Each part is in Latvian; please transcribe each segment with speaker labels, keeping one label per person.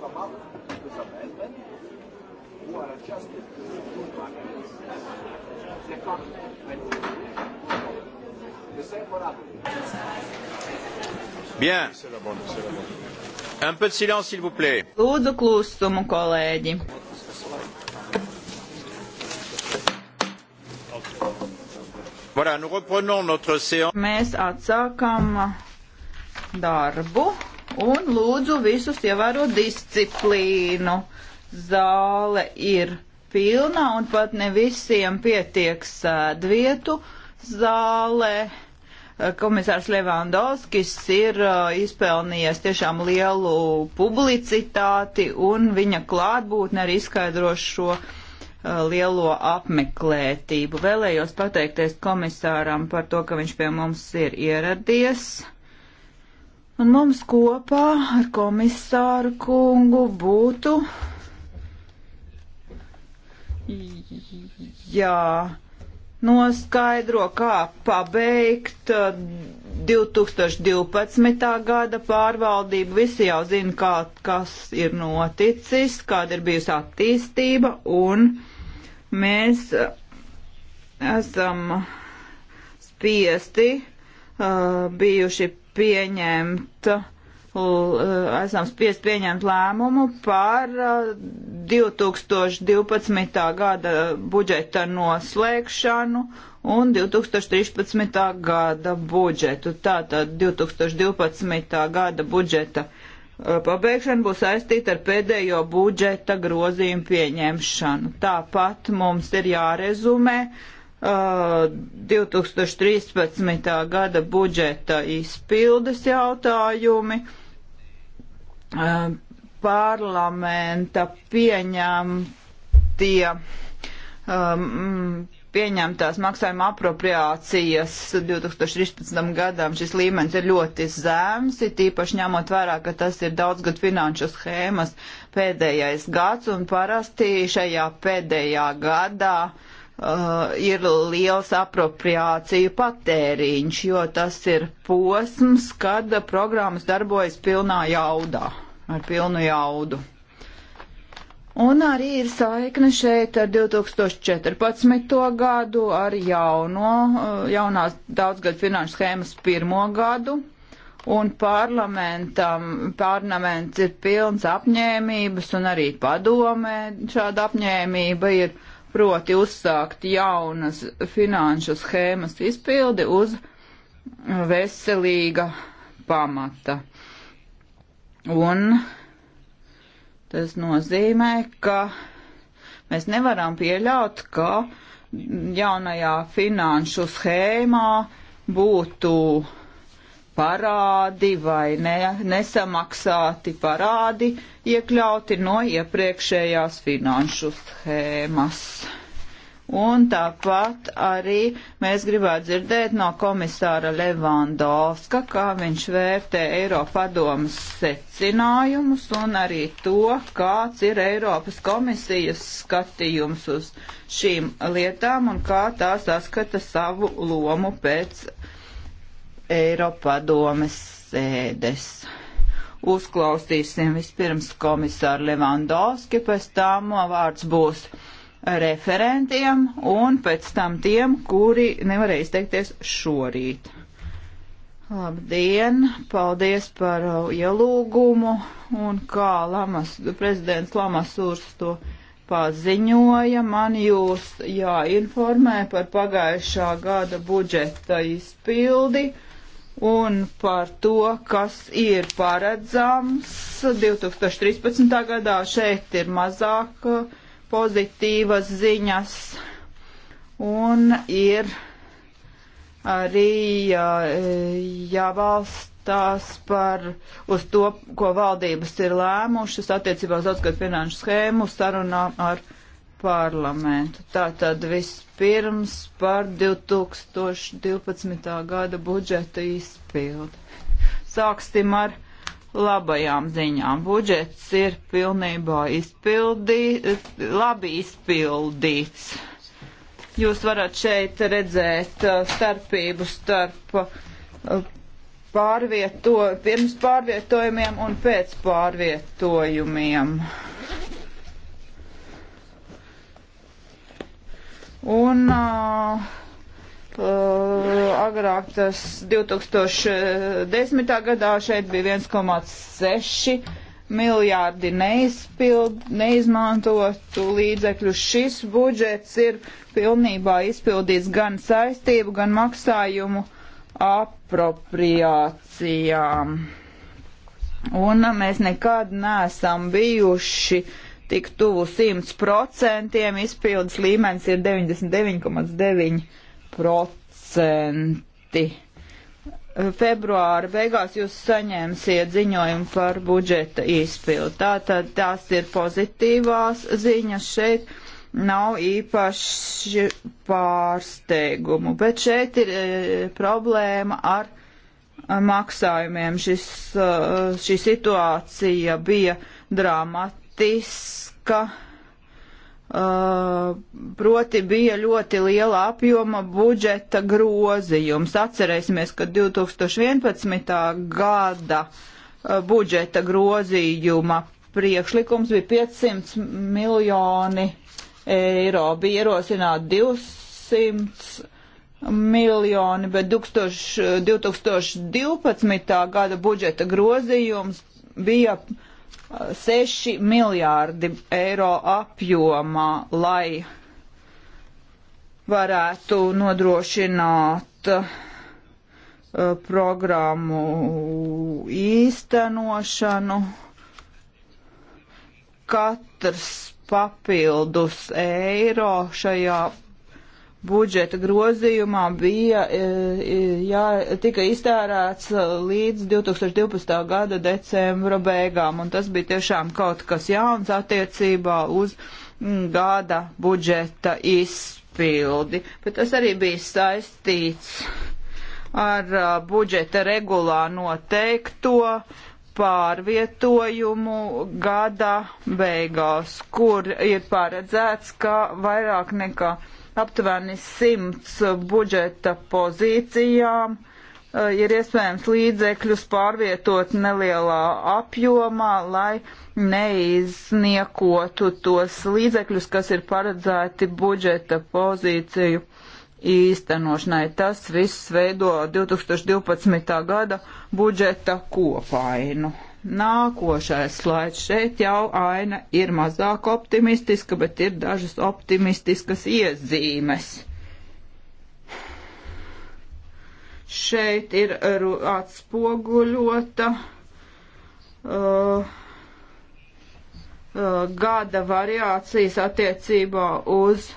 Speaker 1: come up with amendments who are adjusted to the
Speaker 2: new markets. They come 20 The same for others.
Speaker 1: Bien. Un peu de silence, s'il vous plaît. Lūdzu klusumu, kolēģi. Voilà, nous reprenons notre séance. Mēs atsākam darbu un lūdzu visus ievērot disciplīnu. Zāle ir pilna un pat ne visiem pietiek sēdvietu zālē. Eh, komisārs Levandovskis ir eh, izpelnījies tiešām lielu publicitāti un viņa klātbūtne arī izskaidro šo eh, lielo apmeklētību. Vēlējos pateikties komisāram par to, ka viņš pie mums ir ieradies. Un mums kopā ar komisāru kungu būtu jā, noskaidro, kā pabeigt 2012. Eh, gada pārvaldību. Visi jau zina, kā, kas ir noticis, kāda ir bijusi attīstība, un mēs eh, esam spiesti uh, bijuši pieņemt, eh, esam spiest pieņemt lēmumu par 2012. Eh, gada budžeta noslēgšanu un 2013. gada budžetu. Tātad 2012. gada budžeta eh, pabeigšana būs saistīta ar pēdējo budžeta grozījumu pieņemšanu. Tāpat mums ir jārezumē 2013. Uh, gada budžeta izpildes jautājumi. Uh, parlamenta pieņemtie, um, pieņemtās maksājuma apropriācijas 2013. gadam šis līmenis ir ļoti zems, ir tīpaši ņemot vērā, ka tas ir daudzgad finanšu schēmas pēdējais gads un parasti šajā pēdējā gadā uh, uh, ir liels apropriāciju patēriņš, jo tas ir posms, kad programmas darbojas pilnā jaudā, ar pilnu jaudu. Un arī ir saikne šeit ar 2014. gadu, ar jauno, eh, jaunās daudzgad finanšu schēmas pirmo gadu, un parlamentam, parlaments ir pilns apņēmības, un arī padomē šāda apņēmība ir proti uzsākt jaunas finanšu schēmas izpildi uz veselīga pamata. Un tas nozīmē, ka mēs nevaram pieļaut, ka jaunajā finanšu schēmā būtu uh, parādi vai ne, nesamaksāti parādi iekļauti no iepriekšējās finanšu schēmas. Un tāpat arī mēs gribētu dzirdēt no komisāra Levandovska, kā viņš vērtē Eiropadomas secinājumus un arī to, kāds ir Eiropas komisijas skatījums uz šīm lietām un kā tā saskata savu lomu pēc Eiropadomes sēdes. Uzklausīsim vispirms komisāru Levandovski, pēc tam vārds būs referentiem un pēc tam tiem, kuri nevarēja izteikties šorīt. Labdien, paldies par uh, ielūgumu un kā Lamas, prezidents Lamasurs to paziņoja, man jūs jāinformē par pagājušā gada budžeta izpildi un par to, kas ir paredzams 2013. gadā. Šeit ir mazāk uh, pozitīvas ziņas un ir arī uh, jābalstās par uz to, ko valdības ir lēmušas attiecībā uz atskatu finanšu schēmu sarunām ar parlamentu. Tātad vispirms par 2012. gada budžeta izpētību jāizpild. Sāksim ar labajām ziņām. Budžets ir pilnībā izpildīts, labi izpildīts. Jūs varat šeit redzēt uh, starpību starp uh, pārvieto, pirms pārvietojumiem un pēc pārvietojumiem. Un uh, Uh, agrāk tas 2010. gadā šeit bija 1,6 miljārdi neizpild, neizmantotu līdzekļu. Šis budžets ir pilnībā izpildīts gan saistību, gan maksājumu apropriācijām. Un uh, mēs nekad neesam bijuši tik tuvu 100%, izpildes līmenis ir 99,9% procenti. Februāra beigās jūs saņemsiet ziņojumu par budžeta izpildu. Tātad tās ir pozitīvās ziņas šeit. Nav īpaši pārsteigumu, bet šeit ir e, problēma ar e, maksājumiem. Šis, e, šī situācija bija dramatiska Uh, proti bija ļoti liela apjoma budžeta grozījums. Atcerēsimies, ka 2011. gada uh, budžeta grozījuma priekšlikums bija 500 miljoni eiro, bija ierosināti 200 miljoni, bet 2000, 2012. gada budžeta grozījums bija 6 miljārdi eiro apjomā, lai varētu nodrošināt uh, programmu īstenošanu. Katrs papildus eiro šajā budžeta grozījumā bija, e, e, jā, tika iztērēts e, līdz 2012. gada decembra beigām, un tas bija tiešām kaut kas jauns attiecībā uz gada budžeta izpildi. Bet tas arī bija saistīts ar budžeta regulā noteikto pārvietojumu gada beigās, kur ir paredzēts, ka vairāk nekā aptuveni simts budžeta pozīcijām e, ir iespējams līdzekļus pārvietot nelielā apjomā, lai neizniekotu tos līdzekļus, kas ir paredzēti budžeta pozīciju īstenošanai. Tas viss veido 2012. gada budžeta kopainu. Nākošais slaids šeit jau aina ir mazāk optimistiska, bet ir dažas optimistiskas iezīmes. Šeit ir atspoguļota uh, uh, gada variācijas attiecībā uz uh,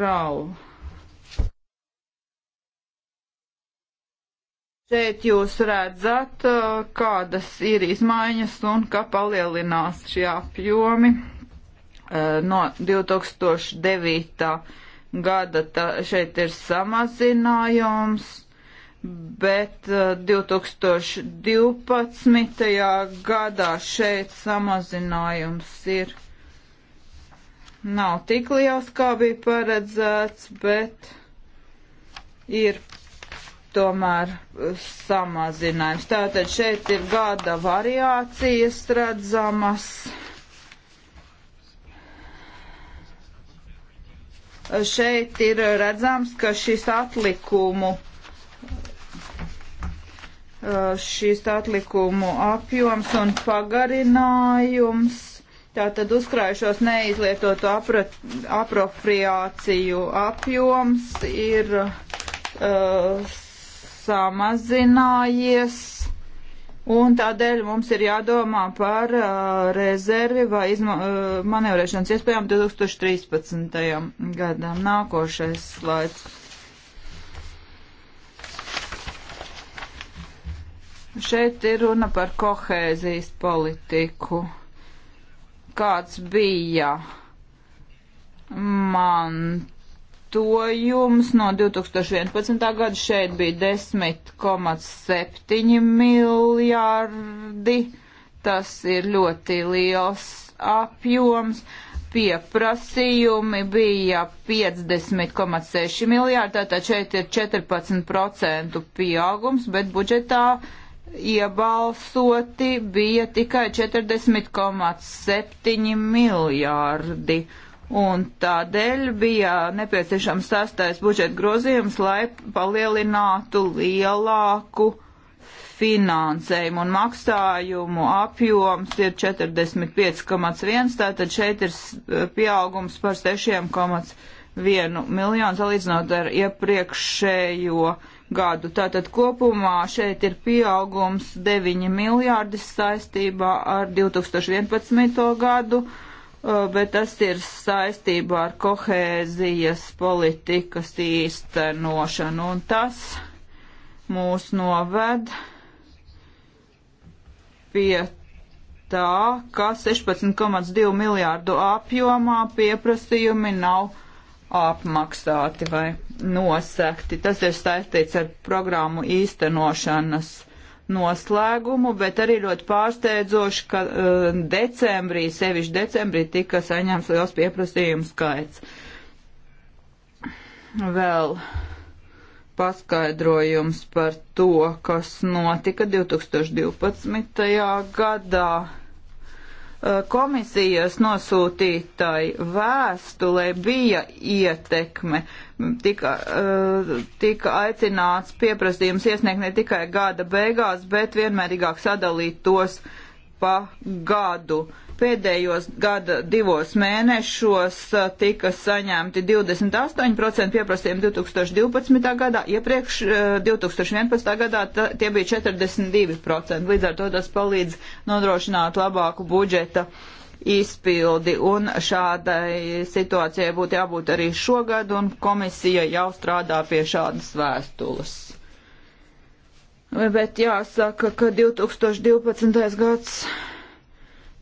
Speaker 1: rau. Šeit jūs redzat, uh, kādas ir izmaiņas un ka palielinās šie apjomi uh, no 2009. gada. Tā, šeit ir samazinājums, bet 2012. Uh, gadā šeit samazinājums ir. Nav tik liels, kā bija paredzēts, bet ir tomēr uh, samazinājums. Tātad šeit ir gada variācijas redzamas. Uh, šeit ir uh, redzams, ka šis atlikumu, šis atlikumu apjoms un pagarinājums Tātad uzkrājušos neizlietotu apra, apropriāciju apjoms ir uh, samazinājies, un tādēļ mums ir jādomā par uh, rezervi vai izma, uh, manevrēšanas iespējām 2013. gadam. Nākošais slaids. Šeit ir runa par kohēzijas politiku. Kāds bija mans Tojums no 2011. gada šeit bija 10,7 miljārdi. Tas ir ļoti liels apjoms. Pieprasījumi bija 50,6 miljārdi, tātad šeit ir 14% pieaugums, bet budžetā iebalsoti bija tikai 40,7 miljārdi un tādēļ bija nepieciešams sastais budžeta grozījums, lai palielinātu lielāku finansējumu un maksājumu apjoms ir 45,1, tātad šeit ir eh, pieaugums par 6,1 miljonu salīdzinot ar iepriekšējo gadu. Tātad kopumā šeit ir pieaugums 9 miljārdi saistībā ar 2011. gadu Uh, bet tas ir saistībā ar kohēzijas politikas īstenošanu, un tas mūs noved pie tā, ka 16,2 miljārdu apjomā pieprasījumi nav apmaksāti vai nosekti. Tas ir saistīts ar programmu īstenošanas noslēgumu, bet arī ļoti pārsteidzoši, ka uh, decembrī, sevišķi decembrī, tika saņemts liels pieprasījumu skaits. Vēl paskaidrojums par to, kas notika 2012. gadā Eh, komisijas nosūtītai vēstulē bija ietekme. Tika, eh, tika aicināts pieprasījums iesniegt ne tikai gada beigās, bet vienmērīgāk sadalīt tos pa gadu pēdējos gada divos mēnešos uh, tika saņemti 28% pieprasījumi 2012. gadā, iepriekš 2011. Uh, gadā tie bija 42%. Līdz ar to tas palīdz nodrošināt labāku budžeta izpildi, un šādai situācijai būtu jābūt arī šogad, un komisija jau strādā pie šādas vēstules. Bet jāsaka, ka 2012. gads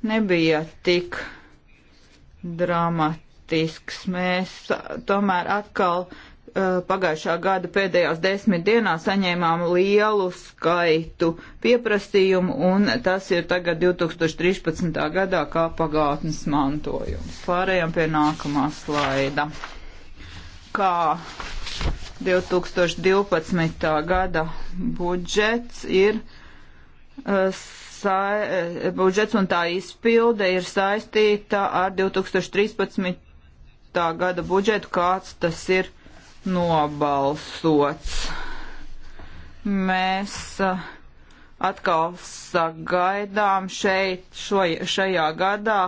Speaker 1: nebija tik dramatisks. Mēs tomēr atkal eh, pagājušā gada pēdējās desmit dienās saņēmām lielu skaitu pieprasījumu, un tas ir tagad 2013. gadā kā pagātnes mantojums. Pārējām pie nākamā slaida. Kā 2012. gada budžets ir uh, sa, budžets un tā izpilde ir saistīta ar 2013. gada budžetu, kāds tas ir nobalsots. Mēs atkal sagaidām šeit, šo, šajā gadā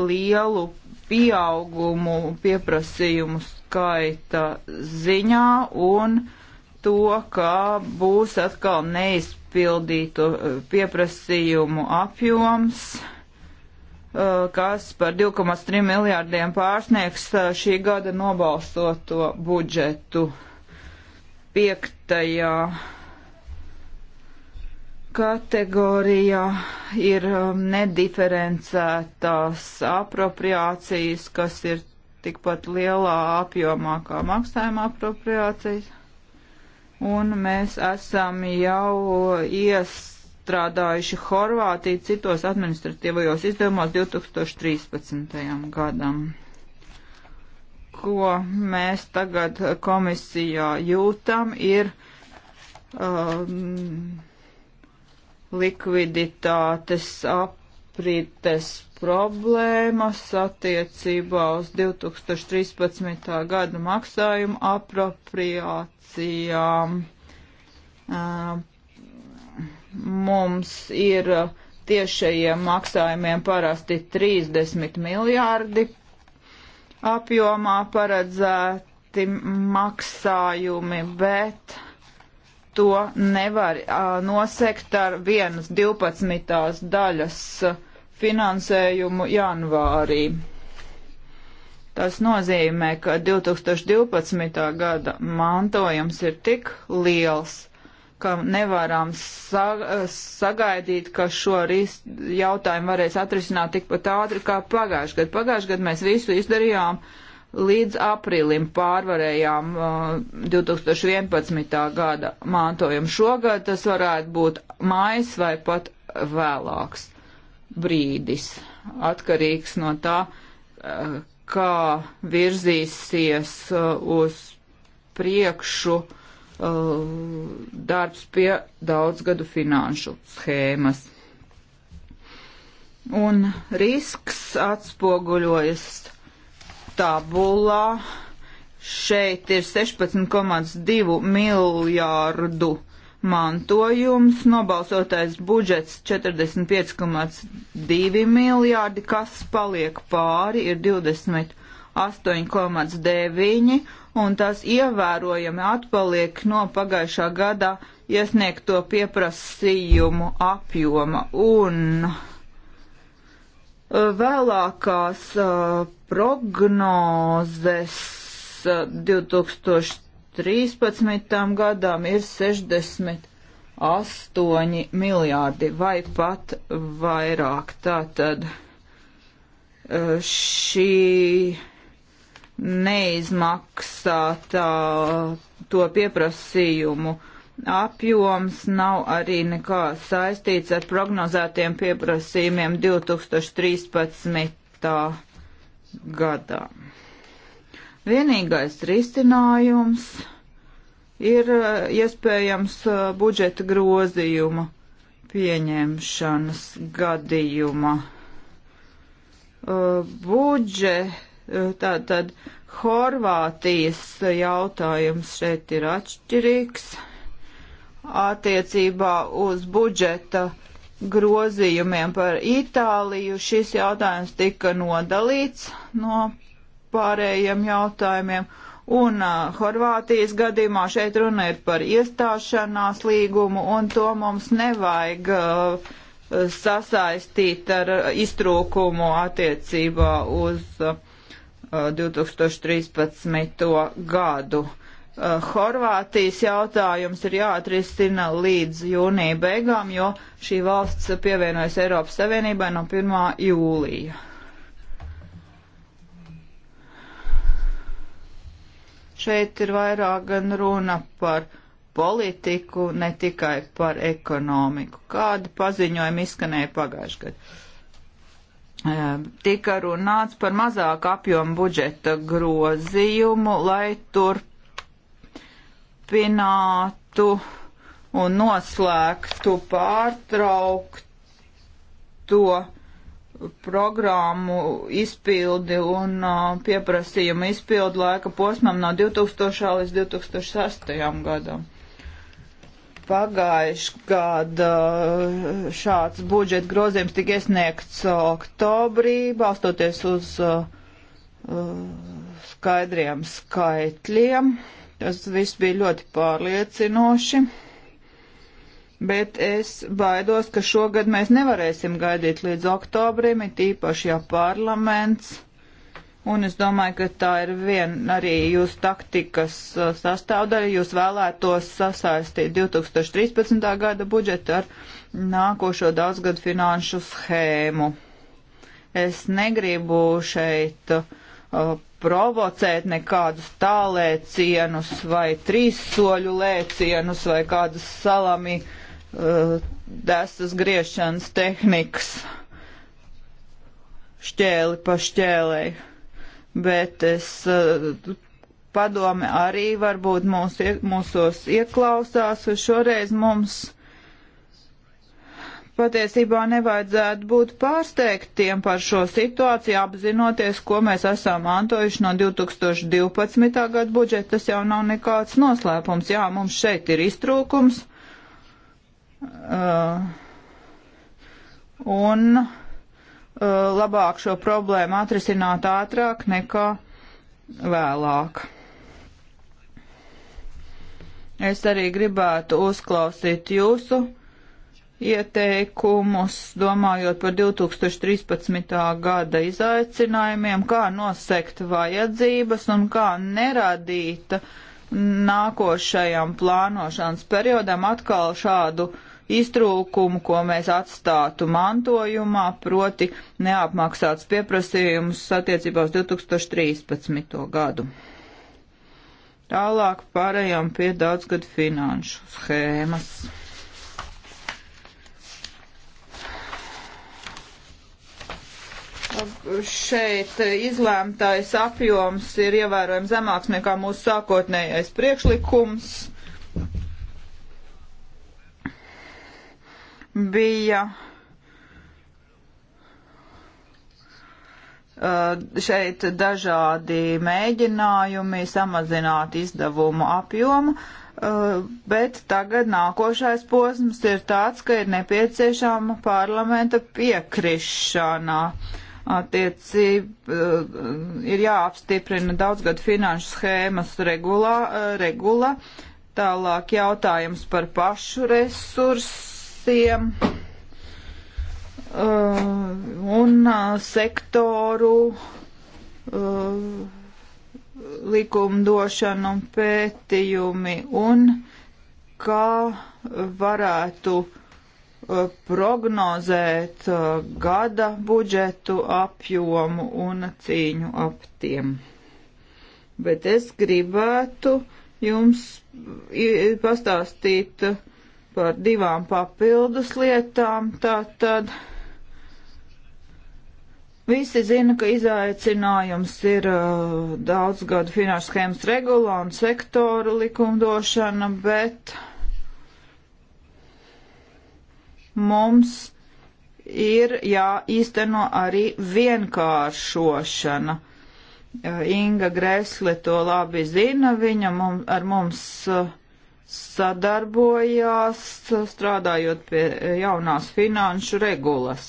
Speaker 1: lielu pieaugumu pieprasījumu skaita ziņā un to, ka būs atkal neizpildīts izpildīto eh, pieprasījumu apjoms, eh, kas par 2,3 miljārdiem pārsniegs eh, šī gada nobalstoto budžetu. Piektajā kategorijā ir um, nediferencētās apropriācijas, kas ir tikpat lielā apjomā kā maksājuma apropriācijas un mēs esam jau iestrādājuši Horvātiju citos administratīvajos izdevumos 2013. gadam. Ko mēs tagad komisijā jūtam, ir um, likviditātes aprites problēmas attiecībā uz 2013. gada maksājumu apropriācijām. Mums ir tiešajiem maksājumiem parasti 30 miljārdi apjomā paredzēti maksājumi, bet to nevar uh, nosekt ar vienas 12. daļas uh, finansējumu janvārī. Tas nozīmē, ka 2012. gada mantojums ir tik liels, ka nevaram sagaidīt, ka šo jautājumu varēs atrisināt tikpat ātri kā pagājušajā gadā. Pagājušajā gadā mēs visu izdarījām līdz aprīlim pārvarējām uh, 2011. gada mantojumu. Šogad tas varētu būt mājas vai pat vēlāks brīdis, atkarīgs no tā, eh, kā virzīsies eh, uz priekšu eh, darbs pie daudzgadu finanšu schēmas. Un risks atspoguļojas tabulā. Šeit ir 16,2 miljārdu mantojums, nobalsotais budžets 45,2 miljārdi, kas paliek pāri, ir 28,9 un tas ievērojami atpaliek no pagājušā gada iesniegto pieprasījumu apjoma. Un e, vēlākās e, prognozes 2000. E, 2013. gadam ir 68 miljārdi vai pat vairāk. Tātad eh, šī neizmaksātā eh, to pieprasījumu apjoms nav arī nekā saistīts ar prognozētiem pieprasījumiem 2013. gadā. Vienīgais risinājums ir uh, iespējams uh, budžeta grozījuma pieņemšanas gadījuma. Uh, Budžet, tātad Horvātijas jautājums šeit ir atšķirīgs attiecībā uz budžeta grozījumiem par Itāliju. Šis jautājums tika nodalīts no pārējiem jautājumiem. Un uh, Horvātijas gadījumā šeit runa ir par iestāšanās līgumu, un to mums nevajag uh, sasaistīt ar uh, iztrūkumu attiecībā uz uh, 2013. gadu. Uh, Horvātijas jautājums ir jāatrisina līdz jūnija beigām, jo šī valsts pievienojas Eiropas Savienībai no 1. jūlija. Šeit ir vairāk gan runa par politiku, ne tikai par ekonomiku. Kādi paziņojumi izskanēja pagājušajā gadā? Tika runāts par mazāku apjomu budžeta grozījumu, lai turpinātu un noslēgtu pārtraukto programmu izpildi un uh, pieprasījumu izpildu laika posmam no 2000. līdz 2006. gadam. Pagājuši gada šāds budžeta grozījums tika iesniegts oktobrī, balstoties uz uh, skaidriem skaitļiem. Tas viss bija ļoti pārliecinoši bet es baidos, ka šogad mēs nevarēsim gaidīt līdz oktobrim, it īpaši ja parlaments. Un es domāju, ka tā ir viena arī jūsu taktikas uh, sastāvdaļa. Jūs vēlētos sasaistīt 2013. gada budžetu ar nākošo daudzgadu finanšu schēmu. Es negribu šeit uh, provocēt nekādus tālēcienus vai trīssoļu lēcienus vai kādas salami uh, Uh, desas griešanas tehnikas šķēli pa šķēlei, bet es uh, padome arī varbūt mūs, mūsos ieklausās, un šoreiz mums patiesībā nevajadzētu būt pārsteigtiem par šo situāciju, apzinoties, ko mēs esam mantojuši no 2012. gada budžeta. Tas jau nav nekāds noslēpums. Jā, mums šeit ir iztrūkums. Uh, Uh, un uh, labāk šo problēmu atrisināt ātrāk nekā vēlāk. Es arī gribētu uzklausīt jūsu ieteikumus, domājot par 2013. gada izaicinājumiem, kā nosekt vajadzības un kā neradīt nākošajam plānošanas periodam atkal šādu uh, iztrūkumu, ko mēs atstātu mantojumā, proti neapmaksāts pieprasījums attiecībā uz 2013. gadu. Tālāk pārējām pie daudzgadu finanšu schēmas. šeit izlēmtais apjoms ir ievērojami zemāks nekā mūsu sākotnējais priekšlikums. bija uh, šeit dažādi mēģinājumi samazināt izdevumu apjomu, uh, bet tagad nākošais posms ir tāds, ka ir nepieciešama parlamenta piekrišana. Attiecība uh, ir jāapstiprina daudzgad finanšu schēmas regulā, regula, tālāk jautājums par pašu resursu visiem uh, un uh, sektoru uh, likumdošanu un pētījumi un kā varētu prognozēt gada budžetu apjomu un cīņu ap tiem. Bet es gribētu jums pastāstīt uh, par divām papildus lietām. Tātad visi zina, ka izaicinājums ir uh, daudz gadu finanšu schēmas regulā un sektoru likumdošana, bet mums ir jāīsteno arī vienkāršošana. Uh, Inga Gresle to labi zina, viņa mums, ar mums uh, sadarbojās, strādājot pie jaunās finanšu regulas.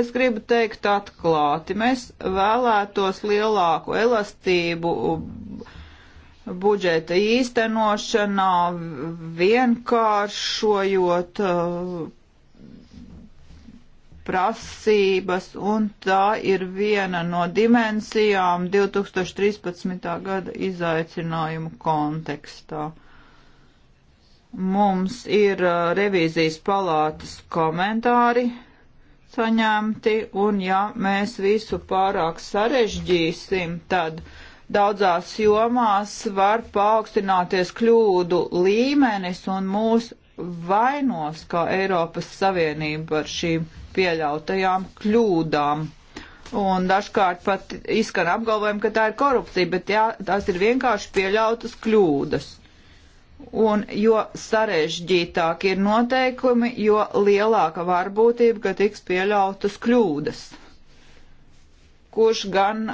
Speaker 1: Es gribu teikt atklāti, mēs vēlētos lielāku elastību budžeta īstenošanā, vienkāršojot prasības, un tā ir viena no dimensijām 2013. gada izaicinājumu kontekstā. Mums ir revīzijas palātas komentāri saņemti, un ja mēs visu pārāk sarežģīsim, tad daudzās jomās var paaugstināties kļūdu līmenis un mūs vainos kā Eiropas Savienība par šīm pieļautajām kļūdām. Un dažkārt pat izskan apgalvojumi, ka tā ir korupcija, bet jā, tās ir vienkārši pieļautas kļūdas. Un jo sarežģītāk ir noteikumi, jo lielāka varbūtība, ka tiks pieļautas kļūdas. Kurš gan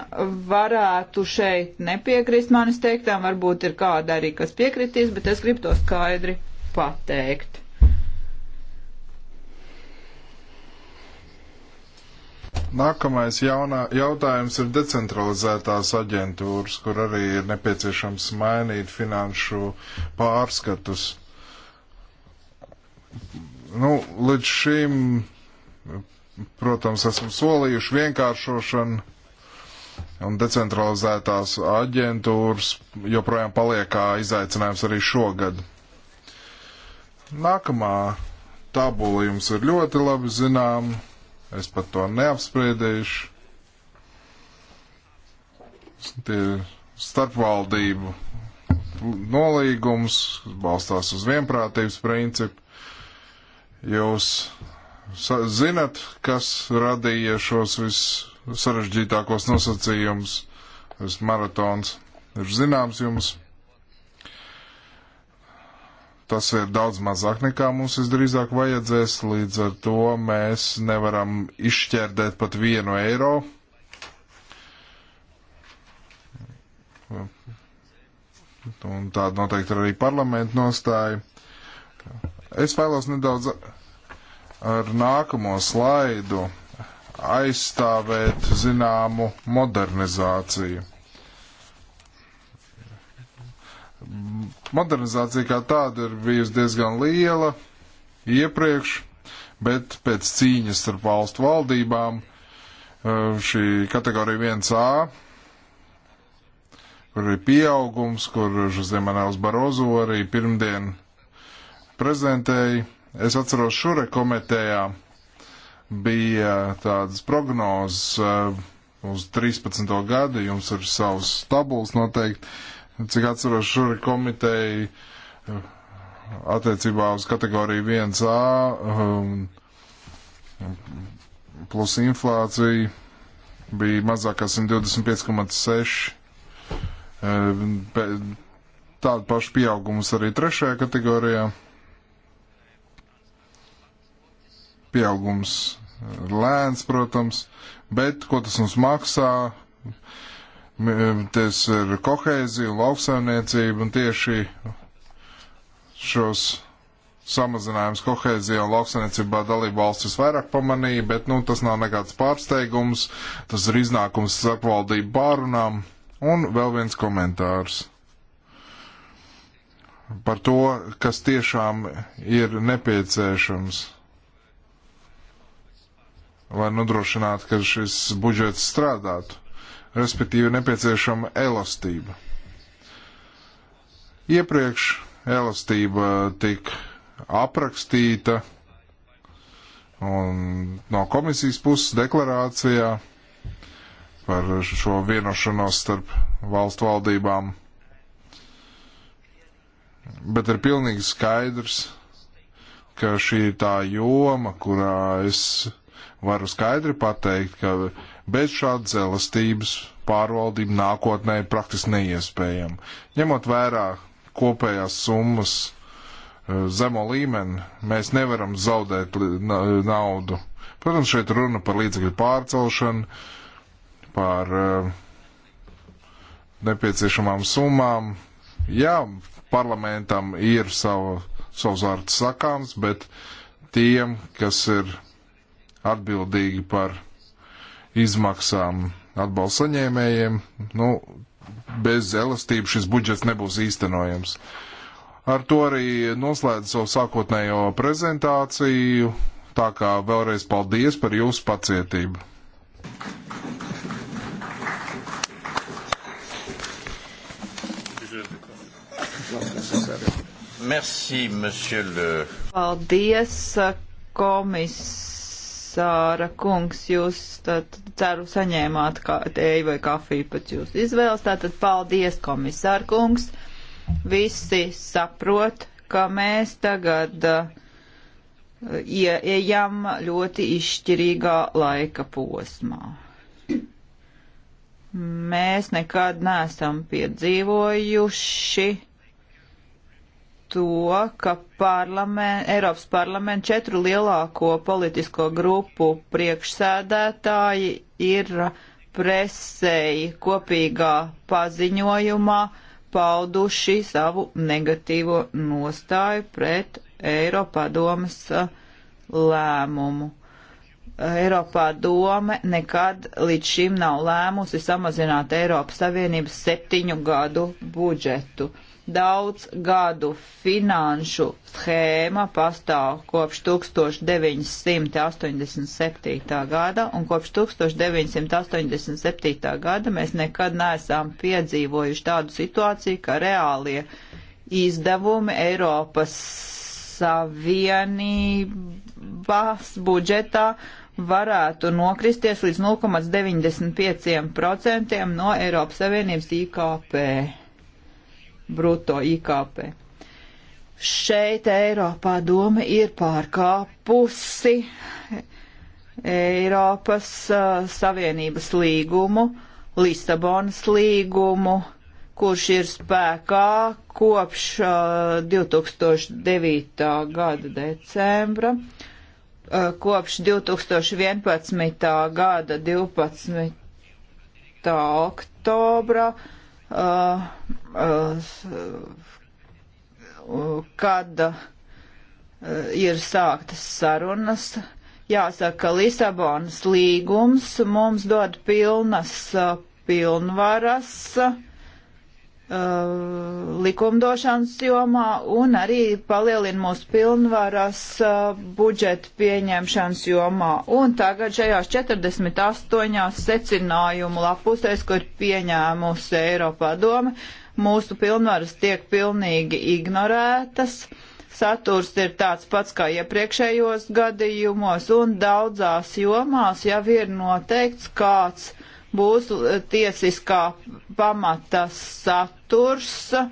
Speaker 1: varētu šeit nepiekrist manis teiktām, varbūt ir kāda arī, kas piekritīs, bet es gribu to skaidri pateikt.
Speaker 2: Nākamais jaunā, jautājums ir decentralizētās aģentūras, kur arī ir nepieciešams mainīt finanšu pārskatus. Nu, līdz šim, protams, esam solījuši vienkāršošanu un decentralizētās aģentūras joprojām paliek kā izaicinājums arī šogad. Nākamā tabula jums ir ļoti labi zināma. Es pat to neapspriedēšu. Tie starpvaldību nolīgums balstās uz vienprātības principu. Jūs zinat, kas radīja šos vissarežģītākos nosacījumus, tas maratons ir zināms jums. Tas ir daudz mazāk nekā mums visdrīzāk vajadzēs, līdz ar to mēs nevaram izšķērdēt pat vienu eiro. Un tāda noteikti arī parlamenta nostāja. Es vēlos nedaudz ar nākamo slaidu aizstāvēt zināmu modernizāciju. modernizācija kā tāda ir bijusi diezgan liela iepriekš, bet pēc cīņas ar valstu valdībām eh, šī kategorija 1A, kur ir pieaugums, kur Žozē Manēls Barozo arī pirmdien prezentēja. Es atceros, šure komitejā bija tādas prognozes eh, uz 13. gadu, jums ir savs tabuls noteikti Cik atceros, šur komiteja eh, attiecībā uz kategoriju 1A um, plus inflācija bija mazākā 125,6. Um, eh, Tādu pašu pieaugumus arī trešajā kategorijā. Pieaugums eh, lēns, protams, bet ko tas mums maksā? Uh, Tas ir kohēzija un lauksaimniecība un tieši šos samazinājums kohēzijā un lauksainiecībā dalību valstis vairāk pamanīja, bet nu, tas nav nekāds pārsteigums, tas ir iznākums starpvaldību pārunām. Un vēl viens komentārs par to, kas tiešām ir nepieciešams, lai nodrošinātu, ka šis budžets strādātu respektīvi nepieciešama elastība. Iepriekš elastība tika aprakstīta un no komisijas puses deklarācijā par šo vienošanos starp valstu valdībām. Bet ir pilnīgi skaidrs, ka šī ir tā joma, kurā es varu skaidri pateikt, ka Bez šādas elastības pārvaldība nākotnē ir praktiski neiespējama. Ņemot vērā kopējās summas eh, zemo līmeni, mēs nevaram zaudēt naudu. Protams, šeit runa par līdzekļu pārcelšanu, par eh, nepieciešamām summām. Jā, parlamentam ir sava, savs vārds sakāms, bet tiem, kas ir atbildīgi par izmaksām atbalsta saņēmējiem, nu, bez elastības šis budžets nebūs īstenojams. Ar to arī noslēdzu savu sākotnējo prezentāciju, tā kā vēlreiz paldies par jūsu pacietību.
Speaker 1: Merci, le... Paldies, komisija komisāra kungs, jūs tad ceru saņēmāt kā teju vai kafiju pēc jūsu izvēles. Tātad paldies, komisāra kungs. Visi saprot, ka mēs tagad uh, ieejam ļoti izšķirīgā laika posmā. Mēs nekad neesam piedzīvojuši to, ka parlament, Eiropas parlament četru lielāko politisko grupu priekšsēdētāji ir presēji kopīgā paziņojumā pauduši savu negatīvo nostāju pret Eiropadomas uh, lēmumu. Eiropā doma nekad līdz šim nav lēmusi samazināt Eiropas Savienības septiņu gadu budžetu. Uh, daudz gadu finanšu schēma pastāv kopš 1987. gada, un kopš 1987. gada mēs nekad neesam piedzīvojuši tādu situāciju, ka reālie izdevumi Eiropas Savienības budžetā varētu nokristies līdz 0,95% no Eiropas Savienības IKP bruto IKP. Šeit Eiropā doma ir pārkāpusi Eiropas uh, Savienības līgumu, Lisabonas līgumu, kurš ir spēkā kopš uh, 2009. gada decembra uh, kopš 2011. gada 12. oktobra kad uh, uh, ir sāktas sarunas. Jāsaka, Lisabonas līgums mums dod pilnas uh, pilnvaras Uh, likumdošanas jomā un arī palielina mūsu pilnvaras uh, budžeta pieņemšanas jomā. Un tagad šajās 48 secinājumu lapusēs, kur pieņēmusi Eiropā doma, mūsu pilnvaras tiek pilnīgi ignorētas. Saturs ir tāds pats kā iepriekšējos gadījumos un daudzās jomās jau ir noteikts kāds uh, būs eh, tiesiskā pamata saturs eh,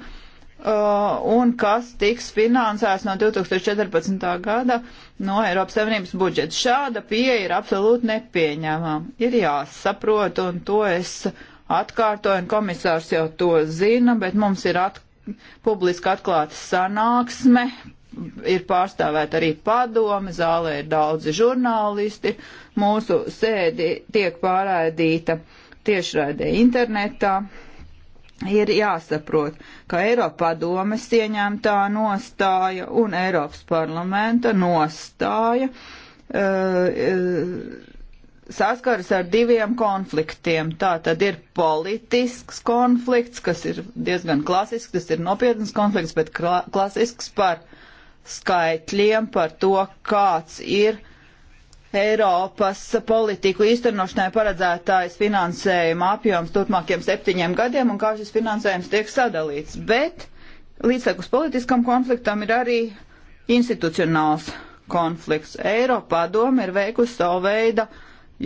Speaker 1: un kas tiks finansēts no 2014. gada no Eiropas Savienības budžeta. Šāda pieeja ir absolūti nepieņemama. Ir jāsaprot, un to es atkārtoju, un komisārs jau to zina, bet mums ir at publiski atklāta sanāksme ir pārstāvēta arī padome, zālē ir daudzi žurnālisti, mūsu sēdi tiek pārraidīta tiešraidē internetā. Ir jāsaprot, ka Eiropadomes ieņemtā nostāja un Eiropas parlamenta nostāja uh, saskaras ar diviem konfliktiem. Tā tad ir politisks konflikts, kas ir diezgan klasisks, tas ir nopietns konflikts, bet klasisks par uh, skaitļiem par to, kāds ir Eiropas politiku īstenošanai paredzētājs finansējuma apjoms turpmākiem septiņiem gadiem un kā šis finansējums tiek sadalīts. Bet līdztekus politiskam konfliktam ir arī institucionāls konflikts. Eiropā doma ir veikusi savu veidu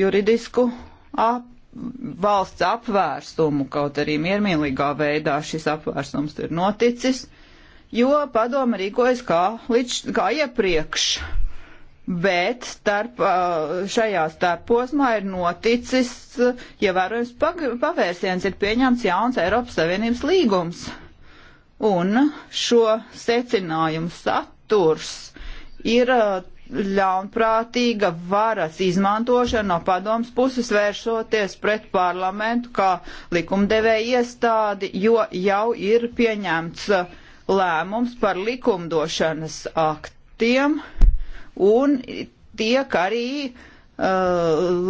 Speaker 1: juridisku ap, valsts apvērsumu, kaut arī miermīlīgā veidā šis apvērsums ir noticis. Uh, jo padoma rīkojas kā, līdz, kā iepriekš. Bet starp, šajā starposmā ir noticis ievērojams ja pavērsiens, ir pieņemts jauns Eiropas Savienības līgums. Un šo secinājumu saturs ir ļaunprātīga varas izmantošana no padomas puses vēršoties pret parlamentu kā likumdevēja iestādi, jo jau ir pieņemts uh, lēmums par likumdošanas aktiem un tiek arī uh,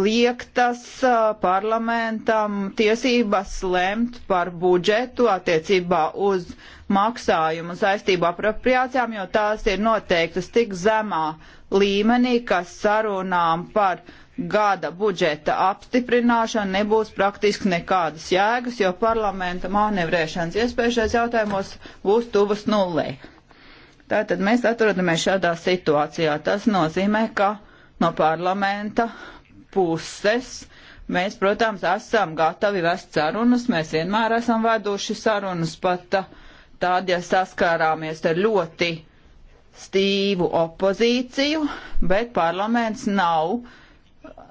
Speaker 1: liektas uh, parlamentam tiesības lemt par budžetu attiecībā uz maksājumu saistību apropriācijām, jo tās ir noteiktas tik zemā līmenī, ka sarunām par uh, gada budžeta apstiprināšana nebūs praktiski nekādas jēgas, jo parlamenta manevrēšanas iespējas šajos jautājumos būs tuvas nullei. Tātad mēs atrodamies šādā situācijā. Tas nozīmē, ka no parlamenta puses mēs, protams, esam gatavi vest sarunas, mēs vienmēr esam veduši sarunas, pat uh, tad, ja saskārāmies ar ļoti stīvu opozīciju, bet parlaments nav uh,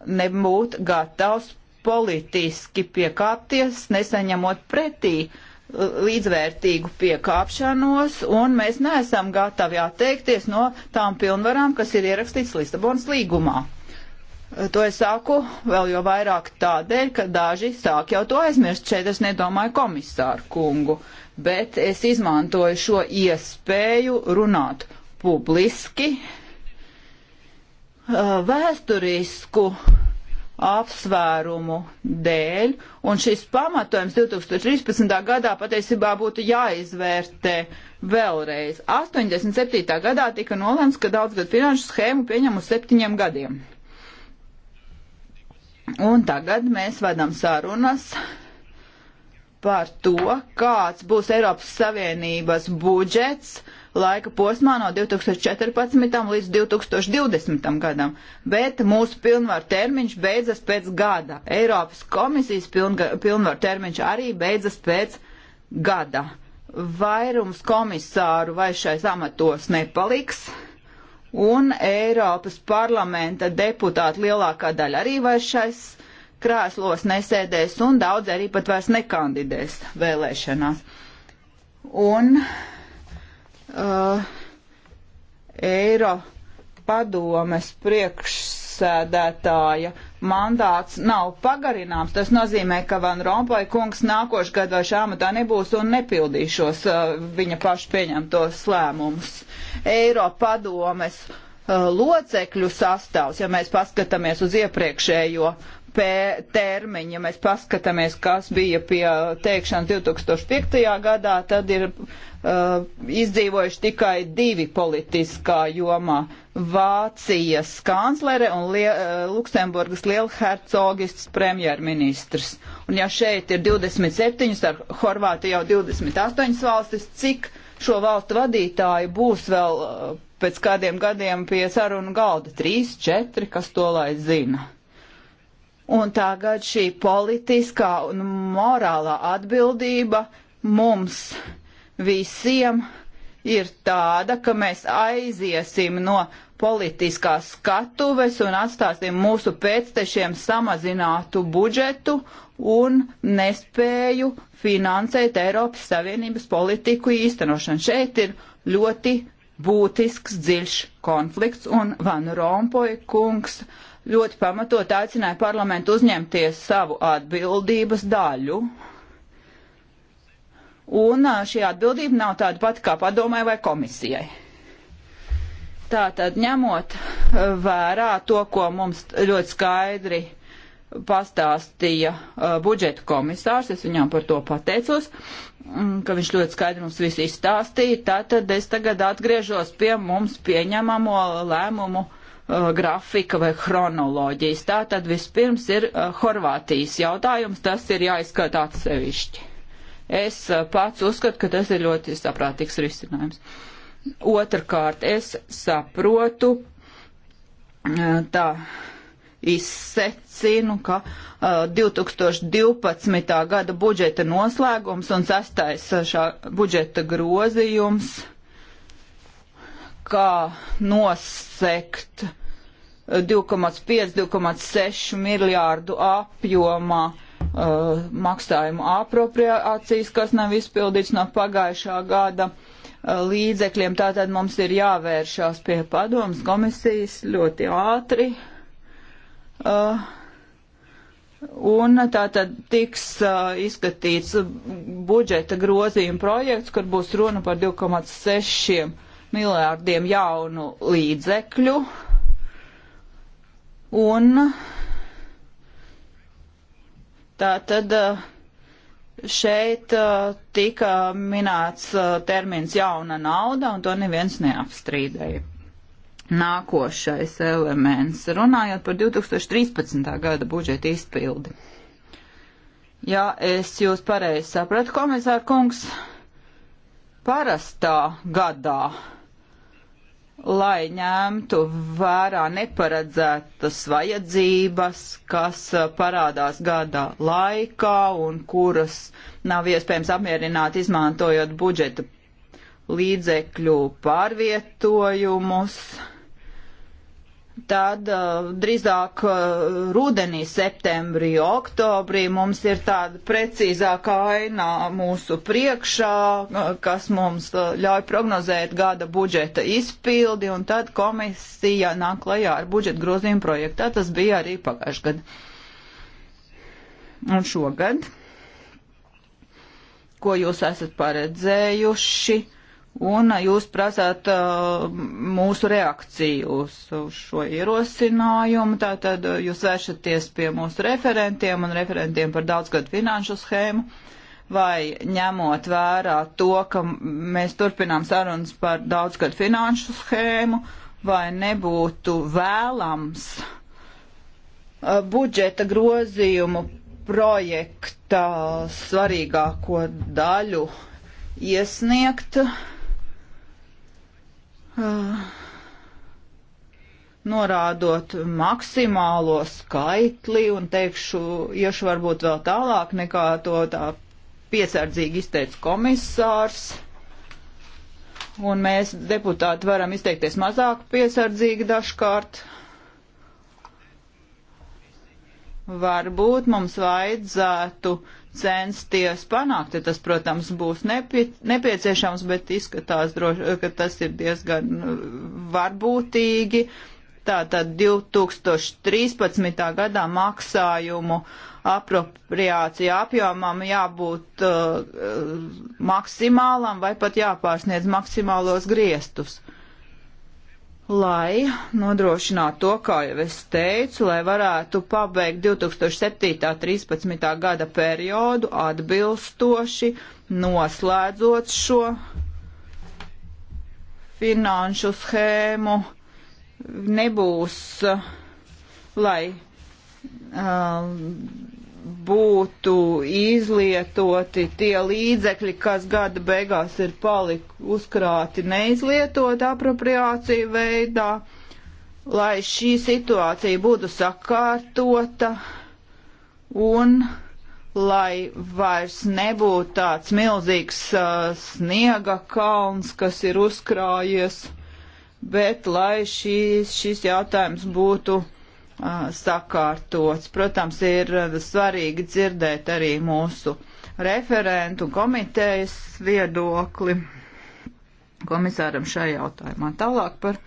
Speaker 1: nebūt gatavs politiski piekāpties, nesaņemot pretī līdzvērtīgu piekāpšanos, un mēs neesam gatavi atteikties no tām pilnvarām, kas ir ierakstīts Lisabonas līgumā. To es saku vēl jo vairāk tādēļ, ka daži sāk jau to aizmirst. Šeit es nedomāju komisāru kungu, bet es izmantoju šo iespēju runāt publiski, uh, Uh, vēsturisku apsvērumu dēļ, un šis pamatojums 2013. gadā patiesībā būtu jāizvērtē vēlreiz. 87. gadā tika nolēmts, ka daudzgad finanšu schēmu pieņem uz septiņiem gadiem. Un tagad mēs vedam sarunas par to, kāds būs Eiropas Savienības budžets uh, laika posmā no 2014. līdz 2020. gadam, bet mūsu pilnvaru termiņš beidzas pēc gada. Eiropas komisijas pilnvaru termiņš arī beidzas pēc gada. Vairums komisāru vai šais amatos nepaliks. Un Eiropas parlamenta deputāti lielākā daļa arī vairs šais krēslos nesēdēs un daudz arī pat vairs nekandidēs vēlēšanās. Un uh, Eiro padomes priekšsēdētāja mandāts nav pagarināms. Tas nozīmē, ka Van Rompuy kungs nākošu gadu vairs amatā nebūs un nepildīšos uh, viņa pašu pieņemtos lēmumus. Eiro padomes uh, locekļu sastāvs, ja mēs paskatāmies uz iepriekšējo termiņu. Ja mēs paskatāmies, kas bija pie teikšanas 2005. gadā, tad ir uh, izdzīvojuši tikai divi politiskā jomā - Vācijas kanclere un Lie uh, Luksemburgas lielhercogists premjerministrs. Un ja šeit ir 27, ar Horvātu jau 28 valstis, cik šo valstu vadītāji būs vēl uh, pēc kādiem gadiem pie sarunu galda? 3, 4, kas to lai zina? Un tagad šī politiskā un morālā atbildība mums visiem ir tāda, ka mēs aiziesim no politiskās skatuves un atstāsim mūsu pēctešiem samazinātu budžetu un nespēju finansēt Eiropas Savienības politiku īstenošanu. Šeit ir ļoti būtisks dziļš konflikts un Van Rompuy kungs uh, ļoti pamatot aicināja parlamentu uzņemties savu atbildības daļu. Un šī atbildība nav tāda pati kā padomai vai komisijai. Tātad ņemot vērā to, ko mums ļoti skaidri pastāstīja uh, budžeta komisārs, es viņam par to pateicos, mm, ka viņš ļoti skaidri mums visu izstāstīja, tātad es tagad atgriežos pie mums pieņemamo lēmumu uh, uh, grafika vai chronoloģijas. Tā tad vispirms ir uh, Horvātijas jautājums, tas ir jāizskat atsevišķi. Es uh, pats uzskatu, ka tas ir ļoti saprātīgs risinājums. Otrakārt, es saprotu, uh, tā izsecinu, ka uh, 2012. gada budžeta noslēgums un sastais uh, šā budžeta grozījums kā nosekt 2,5-2,6 miljārdu apjomā uh, maksājumu apropriācijas, kas nav izpildīts no pagājušā gada uh, līdzekļiem. Tātad mums ir jāvēršās pie padomas komisijas ļoti ātri. Uh, Un tā tad tiks uh, izskatīts budžeta grozījuma projekts, kur būs runa par 2,6 miljārdiem jaunu līdzekļu. Uh, Un tā tad eh, šeit eh, tika minēts eh, termins jauna nauda, un to neviens neapstrīdēja. Nākošais elements, runājot par 2013. gada budžeta izpildi. Ja es jūs pareizi sapratu, komisār kungs, parastā gadā lai ņemtu vērā neparedzētas vajadzības, kas uh, parādās gada laikā un kuras nav iespējams apmierināt izmantojot budžeta līdzekļu pārvietojumus. Uh, tad uh, drīzāk uh, rudenī, septembrī, oktobrī mums ir tāda precīzāka aina mūsu priekšā, uh, kas mums uh, ļauj prognozēt gada budžeta izpildi, un tad komisija nāk klajā ar budžeta grozījumu projektā. Tas bija arī pagājušajā gadā. Un šogad, ko jūs esat paredzējuši? un jūs prasāt uh, mūsu reakciju uz, uz šo ierosinājumu. Tātad uh, jūs vēršaties pie mūsu referentiem un referentiem par daudzgadu finanšu schēmu. Vai ņemot vērā to, ka mēs turpinām sarunas par daudzgadu finanšu schēmu, vai nebūtu vēlams uh, budžeta grozījumu projekta svarīgāko daļu iesniegt uh, uh, norādot maksimālo skaitli un teikšu, iešu varbūt vēl tālāk nekā to tā piesardzīgi izteica komisārs. Un mēs deputāti varam izteikties mazāk piesardzīgi dažkārt. Varbūt mums vajadzētu uh, censties panākt. Ja tas, protams, būs nepie, nepieciešams, bet izskatās, droši, ka tas ir diezgan mm, varbūtīgi. Tātad 2013. gadā maksājumu apropriācija apjomam jābūt uh, uh, maksimālam vai pat jāpārsniedz maksimālos griestus. Uh, lai nodrošinātu to, kā jau es teicu, lai varētu pabeigt 2007.13. gada periodu atbilstoši noslēdzot šo finanšu schēmu. Nebūs, eh, lai um, būtu izlietoti tie līdzekļi, kas gada beigās ir palikuši uzkrāti neizlietot apropriāciju veidā, lai šī situācija būtu sakārtota un lai vairs nebūtu tāds milzīgs uh, sniega kalns, kas ir uzkrājies, bet lai šī, šis jautājums būtu sakārtots. Protams, ir svarīgi dzirdēt arī mūsu referentu komitejas viedokli komisāram šajā jautājumā. Tālāk par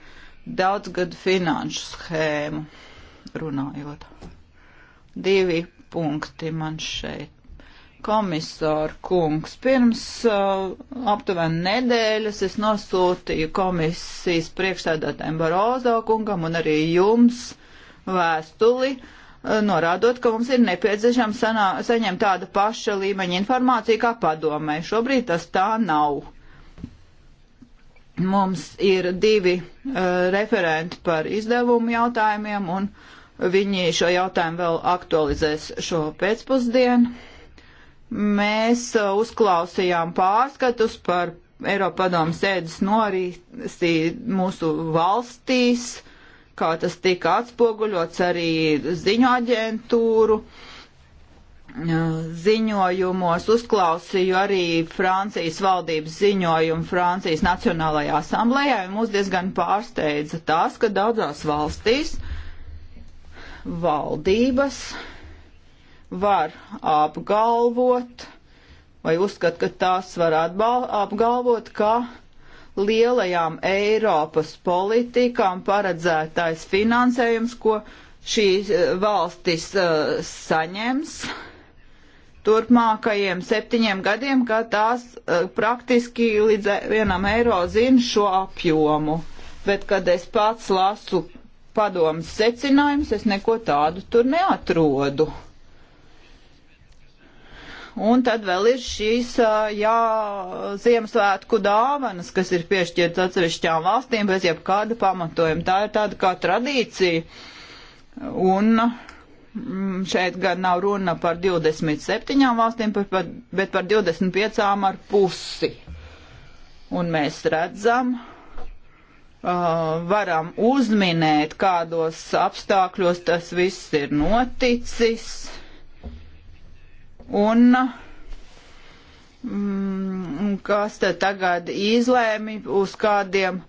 Speaker 1: daudzgadu finanšu schēmu runājot. Divi punkti man šeit. Komisāra kungs, pirms uh, aptuveni nedēļas es nosūtīju komisijas priekšsēdētājiem Barozo kungam un arī jums vēstuli, eh, norādot, ka mums ir nepieciešams sanā, saņemt tādu paša līmeņa informāciju kā padomē. Šobrīd tas tā nav. Mums ir divi uh, referenti par izdevumu jautājumiem, un viņi šo jautājumu vēl aktualizēs šo pēcpusdienu. Mēs uh, uzklausījām pārskatus par Eiropadomu sēdes norīsi mūsu valstīs. Uh, kā tas tika atspoguļots arī ziņu aģentūru ziņojumos. Uzklausīju arī Francijas valdības ziņojumu Francijas Nacionālajā asamblējā, un mūs diezgan pārsteidza tas, ka daudzās valstīs valdības var apgalvot vai uzskat, ka tās var apgalvot, ka lielajām Eiropas politikām paredzētais finansējums, ko šīs eh, valstis uh, saņems turpmākajiem septiņiem gadiem, ka tās uh, praktiski līdz vienam eiro zina šo apjomu. Bet, kad es pats lasu padomas secinājumus, es neko tādu tur neatrodu. Un tad vēl ir šīs jā, Ziemassvētku dāvanas, kas ir piešķirtas atsevišķām valstīm bez jebkāda pamatojuma. Tā ir tāda kā tradīcija. Un mm, šeit gan nav runa par 27 valstīm, bet par 25 ar pusi. Un mēs redzam, varam uzminēt, kādos apstākļos tas viss ir noticis Un mm, kas tad tagad izlēmi uz kādiem?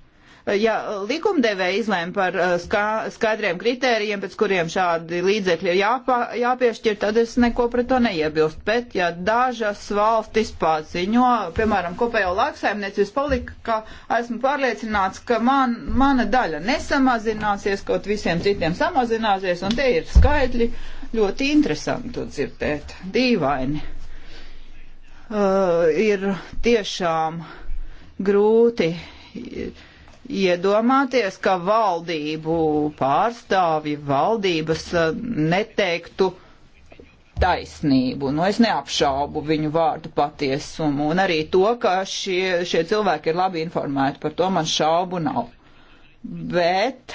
Speaker 1: Ja likumdevēja izlēma par eh, ska, skaidriem kritērijiem, pēc kuriem šādi līdzekļi ir jāpa, jāpiešķir, tad es neko pret to neiebilst. Bet, ja dažas valstis paziņo, piemēram, kopējo lauksaimniecības politika, esmu pārliecināts, ka man, mana daļa nesamazināsies, kaut visiem citiem samazināsies, un tie ir skaitļi, uh, Ļoti interesanti to dzirdēt. Dīvaini. Uh, ir tiešām grūti iedomāties, ka valdību pārstāvji valdības uh, neteiktu taisnību. Nu, es neapšaubu viņu vārdu patiesumu un arī to, ka šie, šie cilvēki ir labi informēti. Par to man šaubu nav. Bet uh,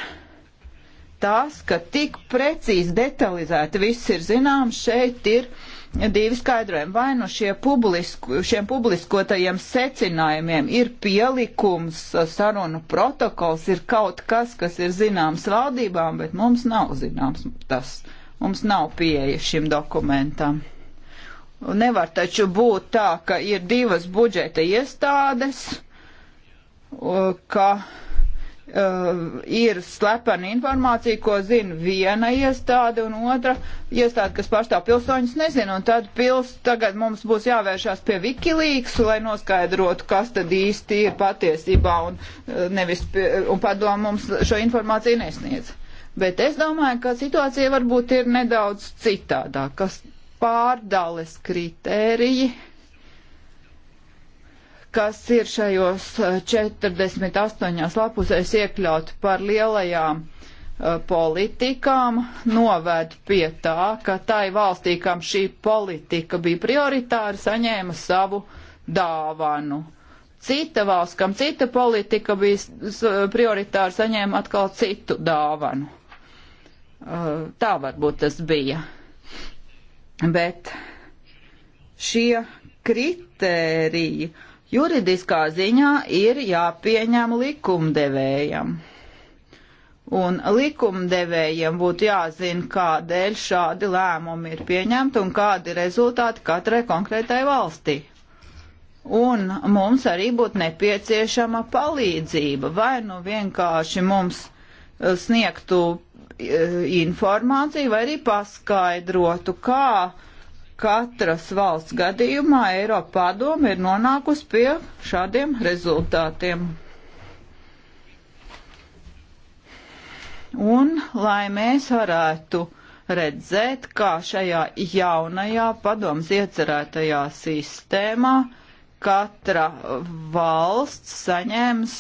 Speaker 1: tas, ka tik precīzi detalizēti viss ir zināms, šeit ir divi skaidrojumi. Vai nu šie publisku, šiem publiskotajiem secinājumiem ir pielikums, sarunu protokols, ir kaut kas, kas ir zināms valdībām, bet mums nav zināms tas. Mums nav pieeja šim dokumentam. Nevar taču būt tā, ka ir divas budžeta iestādes, ka uh, ir slepena informācija, ko zina viena iestāde un otra iestāde, kas pārstāv pilsoņus, nezina. Un tad pils, tagad mums būs jāvēršās pie Wikileaks, lai noskaidrotu, kas tad īsti ir patiesībā un, uh, nevis, pie, un padomu mums šo informāciju nesniedz. Bet es domāju, ka situācija varbūt ir nedaudz citādāk, kas pārdales kritēriji kas ir šajos 48 eh, lapusēs iekļaut par lielajām eh, politikām noved pie tā, ka tai valstī, kam šī politika bija prioritāra, saņēma savu dāvanu. Cita valsts, kam cita politika bija prioritāra, saņēma atkal citu dāvanu. Eh, tā varbūt tas bija. Bet šie kritēriji uh, juridiskā ziņā ir jāpieņem likumdevējam. Un likumdevējiem būtu jāzina, kādēļ šādi lēmumi ir pieņemti un kādi rezultāti katrai konkrētai valstī. Un mums arī būtu nepieciešama palīdzība, vai nu vienkārši mums eh, sniegtu eh, informāciju, vai arī paskaidrotu, kā uh, katras valsts gadījumā Eiropa padoma ir nonākusi pie šādiem rezultātiem. Un lai mēs varētu redzēt, kā šajā jaunajā padomas iecerētajā sistēmā katra valsts saņems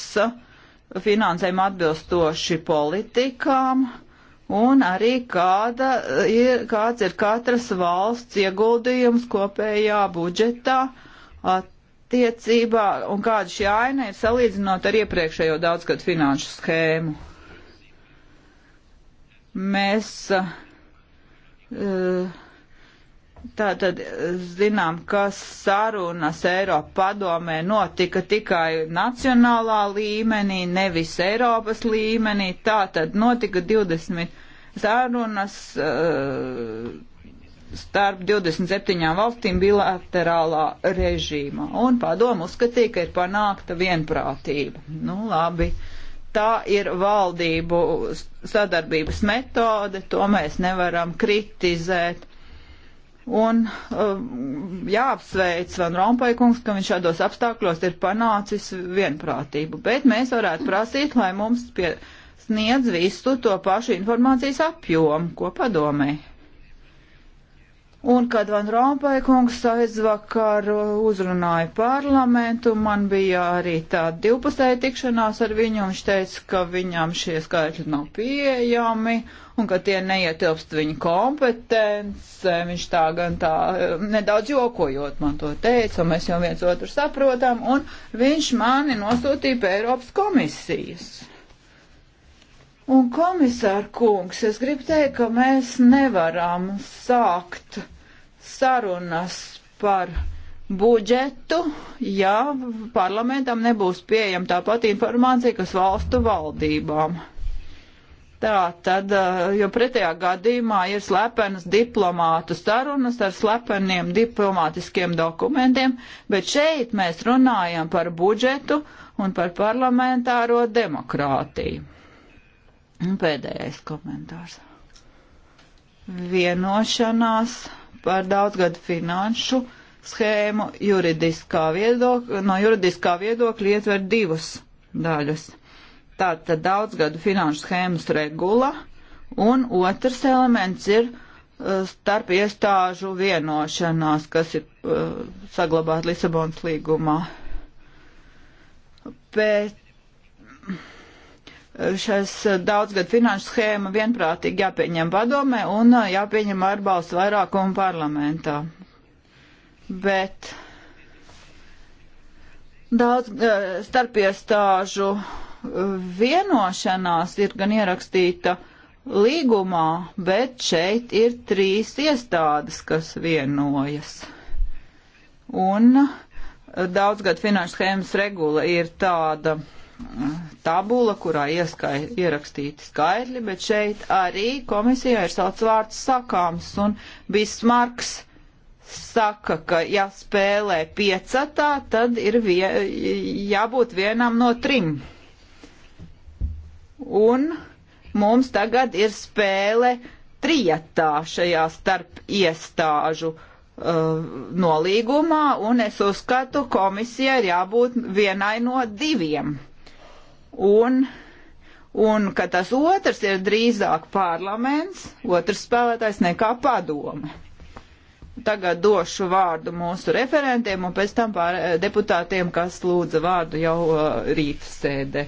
Speaker 1: finansējumu atbilstoši politikām, uh, un arī kāda eh, ir, kāds ir katras valsts ieguldījums kopējā budžetā attiecībā un kāda šī aina ir salīdzinot ar iepriekšējo daudzgad finanšu schēmu. Mēs uh, Tātad zinām, ka sarunas Eiropa padomē notika tikai nacionālā līmenī, nevis Eiropas līmenī. Tātad notika 20 sarunas uh, starp 27 valstīm bilaterālā režīmā. Un padomu uzskatīja, ka ir panākta vienprātība. Nu, labi. Tā ir valdību sadarbības metode, to mēs nevaram kritizēt Un um, jāapsveic Van Rompaikungs, ka viņš šādos apstākļos ir panācis vienprātību, bet mēs varētu prasīt, lai mums pie sniedz visu to pašu informācijas apjomu, ko padomē. Un, kad Van Rompai kungs aizvakar uzrunāja parlamentu, man bija arī tāda divpusēja tikšanās ar viņu, un viņš teica, ka viņam šie skaitļi nav pieejami, un ka tie neietilpst viņa kompetence. Viņš tā gan tā eh, nedaudz jokojot man to teica, un mēs jau viens otru saprotam, un viņš mani nosūtīja pie Eiropas komisijas. Un komisār kungs, es gribu teikt, ka mēs nevaram sākt sarunas par budžetu, ja parlamentam nebūs pieejama tāpat informācija, kas valstu valdībām. Tā tad, eh, jo pretējā gadījumā ir slepenas diplomātu sarunas ar slepeniem diplomātiskiem dokumentiem, bet šeit mēs runājam par budžetu un par parlamentāro demokrātiju. Un pēdējais komentārs. Vienošanās par daudzgadu finanšu schēmu juridiskā viedokļa, no juridiskā viedokļa ietver divas daļas Tātad daudzgadu finanšu schēmas regula, un otrs elements ir uh, starp iestāžu vienošanās, kas ir uh, saglabāta Lisabonas līgumā. Pēc šais daudzgad finanšu schēma vienprātīgi jāpieņem padomē un uh, jāpieņem ar balstu vairākumu parlamentā. Bet daudz uh, starpiestāžu vienošanās ir gan ierakstīta līgumā, bet šeit ir trīs iestādes, kas vienojas. Un daudzgad finanšu schēmas regula ir tāda mm, tabula, kurā ieskai, ierakstīti skaidri, bet šeit arī komisijā ir sauc vārds sakāms un Bismarks saka, ka ja spēlē piecatā, tad ir vie, jābūt vienam no trim un mums tagad ir spēle trijatā šajā starp iestāžu uh, nolīgumā, un es uzskatu, komisija ir jābūt vienai no diviem. Un, un ka tas otrs ir drīzāk parlaments, otrs spēlētājs nekā padome. Tagad došu vārdu mūsu referentiem un pēc tam pār, deputātiem, kas lūdza vārdu jau uh, rīta sēdē.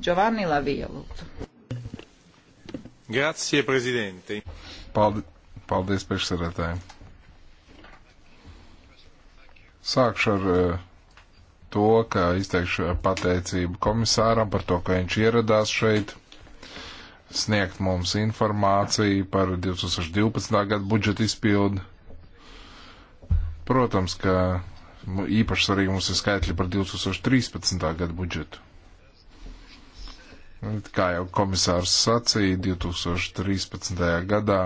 Speaker 1: Giovanni Lavija, lūdzu.
Speaker 2: Grazie, prezidenti. Paldies, paldies priekšsarētāji. Sākšu ar eh, to, ka izteikšu pateicību komisāram par to, ka viņš ieradās šeit sniegt mums informāciju par 2012. gadu budžeta izpildu. Protams, ka īpaši svarīgi mums ir skaitļi par 2013. gadu budžetu. Kā jau komisārs sacīja, 2013. gadā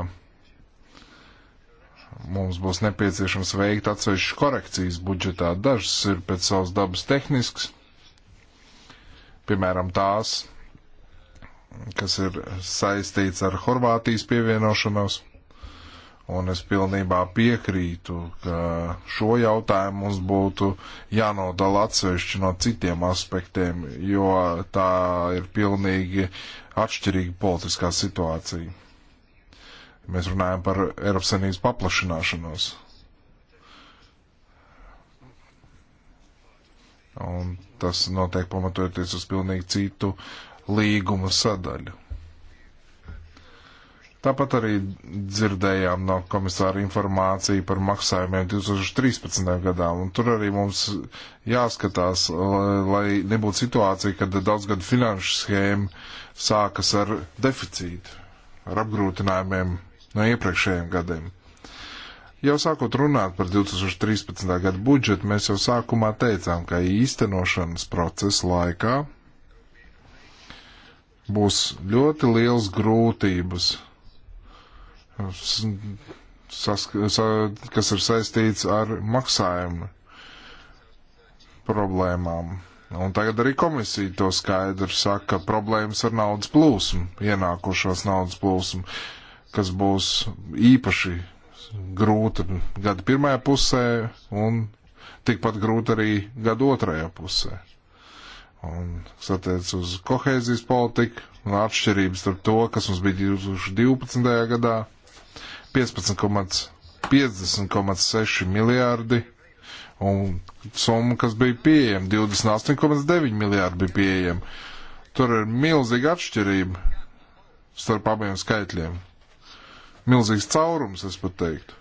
Speaker 2: mums būs nepieciešams veikt atsevišķas korekcijas budžetā. Dažas ir pēc savas dabas tehnisks, piemēram tās, kas ir saistīts ar Horvātijas pievienošanos. Un es pilnībā piekrītu, ka šo jautājumu mums būtu jānodala atsevišķi no citiem aspektiem, jo tā ir pilnīgi atšķirīga politiskā situācija. Mēs runājam par Eiropas Savienības paplašināšanos. Un tas notiek pamatojoties uz pilnīgi citu līguma sadaļu. Tāpat arī dzirdējām no komisāra informāciju par maksājumiem 2013. gadā, un tur arī mums jāskatās, lai nebūtu situācija, kad daudzgad finanšu schēma sākas ar deficītu, ar apgrūtinājumiem no iepriekšējiem gadiem. Jau sākot runāt par 2013. gadu budžetu, mēs jau sākumā teicām, ka īstenošanas procesa laikā būs ļoti liels grūtības sas, sa, kas ir saistīts ar maksājumu problēmām. Un tagad arī komisija to skaidri saka, ka problēmas ar naudas plūsmu, ienākošās naudas plūsmu, kas būs īpaši grūta gada pirmajā pusē un tikpat grūta arī gada otrajā pusē. Un, kas attiec uz kohēzijas politiku un atšķirības starp to, kas mums bija 2012. gadā 15,50 miljārdi un summa, kas bija pieejama, 28,9 miljārdi bija pieejama. Tur ir milzīga atšķirība starp abiem skaitļiem. Milzīgs caurums, es pat teiktu.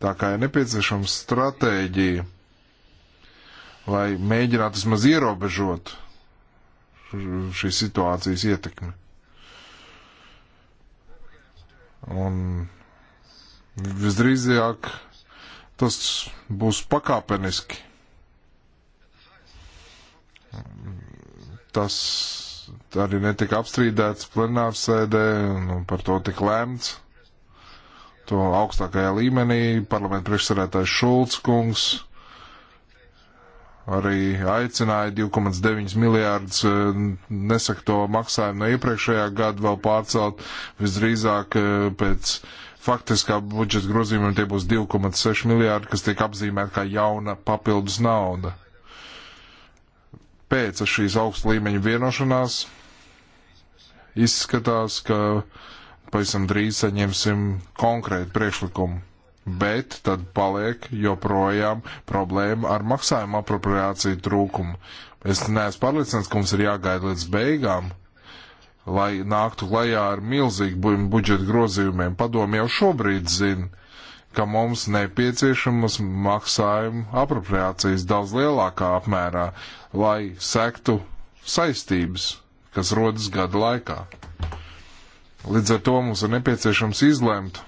Speaker 2: Tā kā ir nepieciešama stratēģija, lai mēģinātu vismaz ierobežot šīs situācijas ietekmi. Un visdrīzāk tas būs pakāpeniski. Tas arī netika apstrīdēts plenārsēdē un nu, par to tik lēmts. To augstākajā līmenī parlamenta priekšsarētājs Šulc kungs arī aicināja 2,9 miljārdus eh, nesakto maksājumu no iepriekšējā gada vēl pārcelt visdrīzāk eh, pēc faktiskā budžeta grozījumiem tie būs 2,6 miljārdi, kas tiek apzīmēta kā jauna papildus nauda. Pēc šīs augsta līmeņa vienošanās izskatās, ka pavisam drīz saņemsim konkrētu priekšlikumu bet tad paliek joprojām problēma ar maksājumu apropriāciju trūkumu. Es neesmu pārliecināts, ka mums ir jāgaida līdz beigām, lai nāktu klajā ar milzīgu budžeta grozījumiem. Padomi jau šobrīd zina, ka mums nepieciešamas maksājuma apropriācijas daudz lielākā apmērā, lai sektu saistības, kas rodas gada laikā. Līdz ar to mums ir nepieciešams izlemt,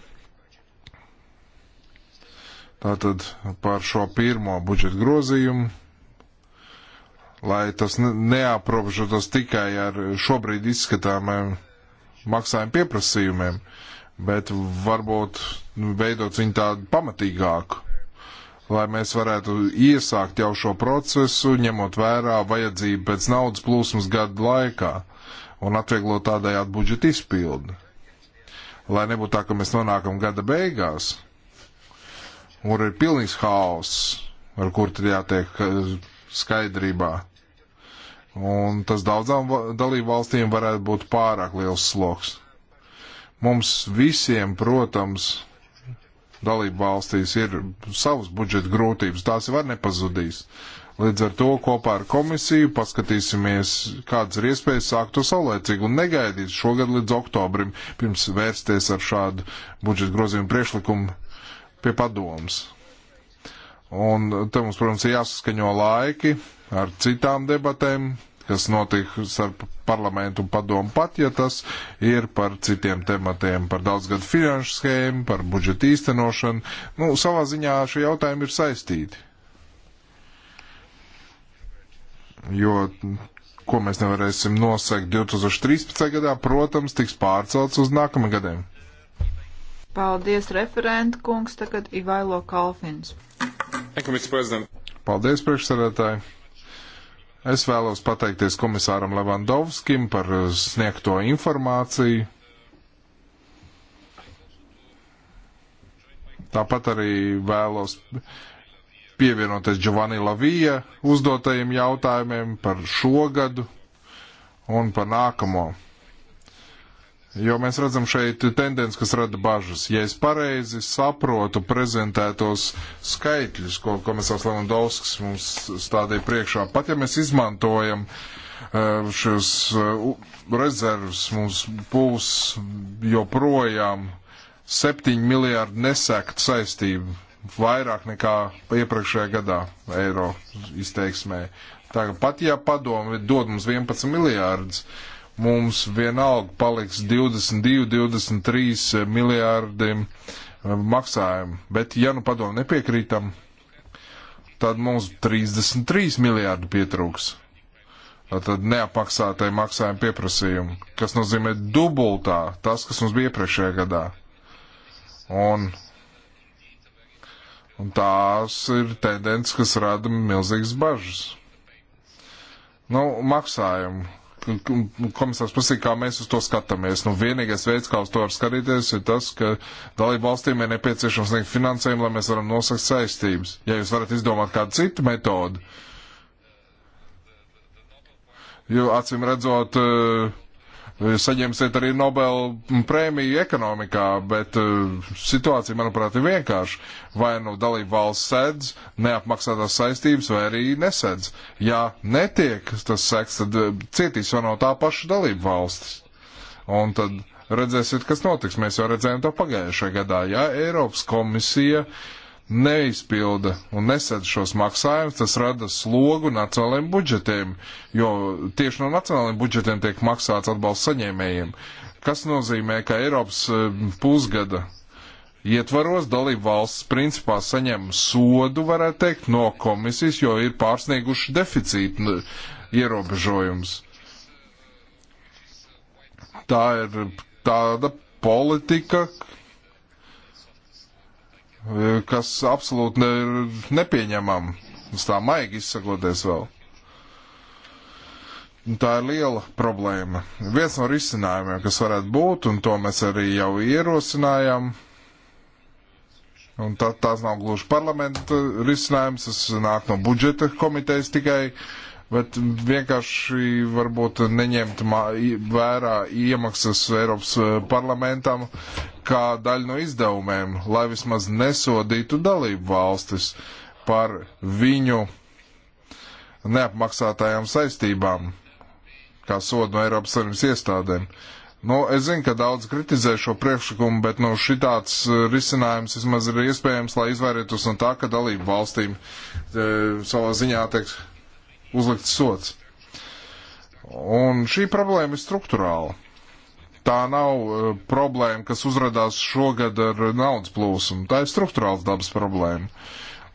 Speaker 2: Tātad par šo pirmo budžeta grozījumu, lai tas neaprobežotos tikai ar šobrīd izskatāmiem maksājumu pieprasījumiem, bet varbūt nu, veidot viņu tādu pamatīgāku, lai mēs varētu iesākt jau šo procesu, ņemot vērā vajadzību pēc naudas plūsmas gadu laikā un atvieglot tādējādi budžeta izpildi. Lai nebūtu tā, ka mēs nonākam gada beigās kur ir pilnīgs haoss, ar kur tad jātiek eh, skaidrībā. Un tas daudzām dalību valstīm varētu būt pārāk liels sloks. Mums visiem, protams, dalību valstīs ir savas budžeta grūtības, tās var nepazudīs. Līdz ar to kopā ar komisiju paskatīsimies, kādas ir iespējas sākt to saulēcīgi un negaidīt šogad līdz oktobrim, pirms vērsties ar šādu budžeta grozījumu priešlikumu pie padomas. Un te mums, protams, ir jāsaskaņo laiki ar citām debatēm, kas notika ar parlamentu un padomu pat, ja tas ir par citiem tematiem, par daudzgadu finanšu schēmu, par budžeta īstenošanu. Nu, savā ziņā šie jautājumi ir saistīti. Jo ko mēs nevarēsim nosegt 2013. gadā, protams, tiks pārcelts uz nākamajiem gadiem.
Speaker 1: Paldies, referenta kungs, tagad Ivailo Kalfins.
Speaker 2: Paldies, priekšsēdētāji. Es vēlos pateikties komisāram Levandovskim par uh, sniegto informāciju. Tāpat arī vēlos pievienoties Giovanni Lavija uzdotajiem jautājumiem par šo gadu un par nākamo. Jo mēs redzam šeit tendenci, kas rada bažas. Ja es pareizi saprotu prezentētos skaitļus, ko komisārs Lemondovskis mums stādīja priekšā, pat ja mēs izmantojam eh, šos eh, rezervus, mums būs joprojām 7 miljārdu nesēkt saistību, vairāk nekā iepriekšējā gadā eiro izteiksmē. Tagad pat ja padomi dod mums 11 miljārdus, uh, mums vienalga paliks 22, 23 eh, miljārdiem eh, maksājumu. Bet, ja nu padomu nepiekrītam, tad mums 33 miljārdi pietrūks. Tad neapmaksātai maksājuma pieprasījumu, kas nozīmē dubultā tas, kas mums bija iepriekšējā gadā. Un, un tās ir tendences, kas rada milzīgas bažas. Nu, maksājumu komisārs prasīja, kā mēs uz to skatāmies. Nu, vienīgais veids, kā uz to var skatīties, ir tas, ka dalību valstīm ir nepieciešams sniegt finansējumu, lai mēs varam nosakt saistības. Ja jūs varat izdomāt kādu citu metodu, jo acīm redzot, uh, saņemsiet arī Nobel prēmiju ekonomikā, bet eh, situācija, manuprāt, ir vienkārša. Vai nu dalība valsts sēdz neapmaksātās saistības, vai arī nesēdz. Ja netiek tas seks, tad eh, cietīs jau no tā paša dalība valstis. Un tad redzēsiet, kas notiks. Mēs jau redzējām to pagājušajā gadā. Ja Eiropas komisija uh, neizpilda un nesad šos maksājumus, tas rada slogu nacionālajiem budžetiem, jo tieši no nacionālajiem budžetiem tiek maksāts atbalsts saņēmējiem. Kas nozīmē, ka Eiropas e, pusgada ietvaros dalību valsts principā saņem sodu, varētu teikt, no komisijas, jo ir pārsnieguši deficīta ierobežojums. Tā ir tāda politika, kas absolūti ne, ir nepieņemama. Uz tā maigi izsakoties vēl. Tā ir liela problēma. Viens no risinājumiem, kas varētu būt, un to mēs arī jau ierosinājām, un tā, tās nav gluži parlamenta risinājums, tas nāk no budžeta komitejas tikai, uh, bet vienkārši varbūt neņemt vērā iemaksas Eiropas eh, parlamentam kā daļu no izdevumiem, lai vismaz nesodītu dalību valstis par viņu neapmaksātajām saistībām, kā sodu no Eiropas Savienības iestādēm. Nu, es zinu, ka daudz kritizē šo priekšlikumu, bet nu, šitāds eh, risinājums vismaz ir iespējams, lai izvairītos no tā, ka dalību valstīm e, savā ziņā tiek uzlikt sots. Un šī problēma ir struktūrāla. Tā nav uh, problēma, kas uzrādās šogad ar naudas plūsmu. Tā ir struktūrāls dabas problēma.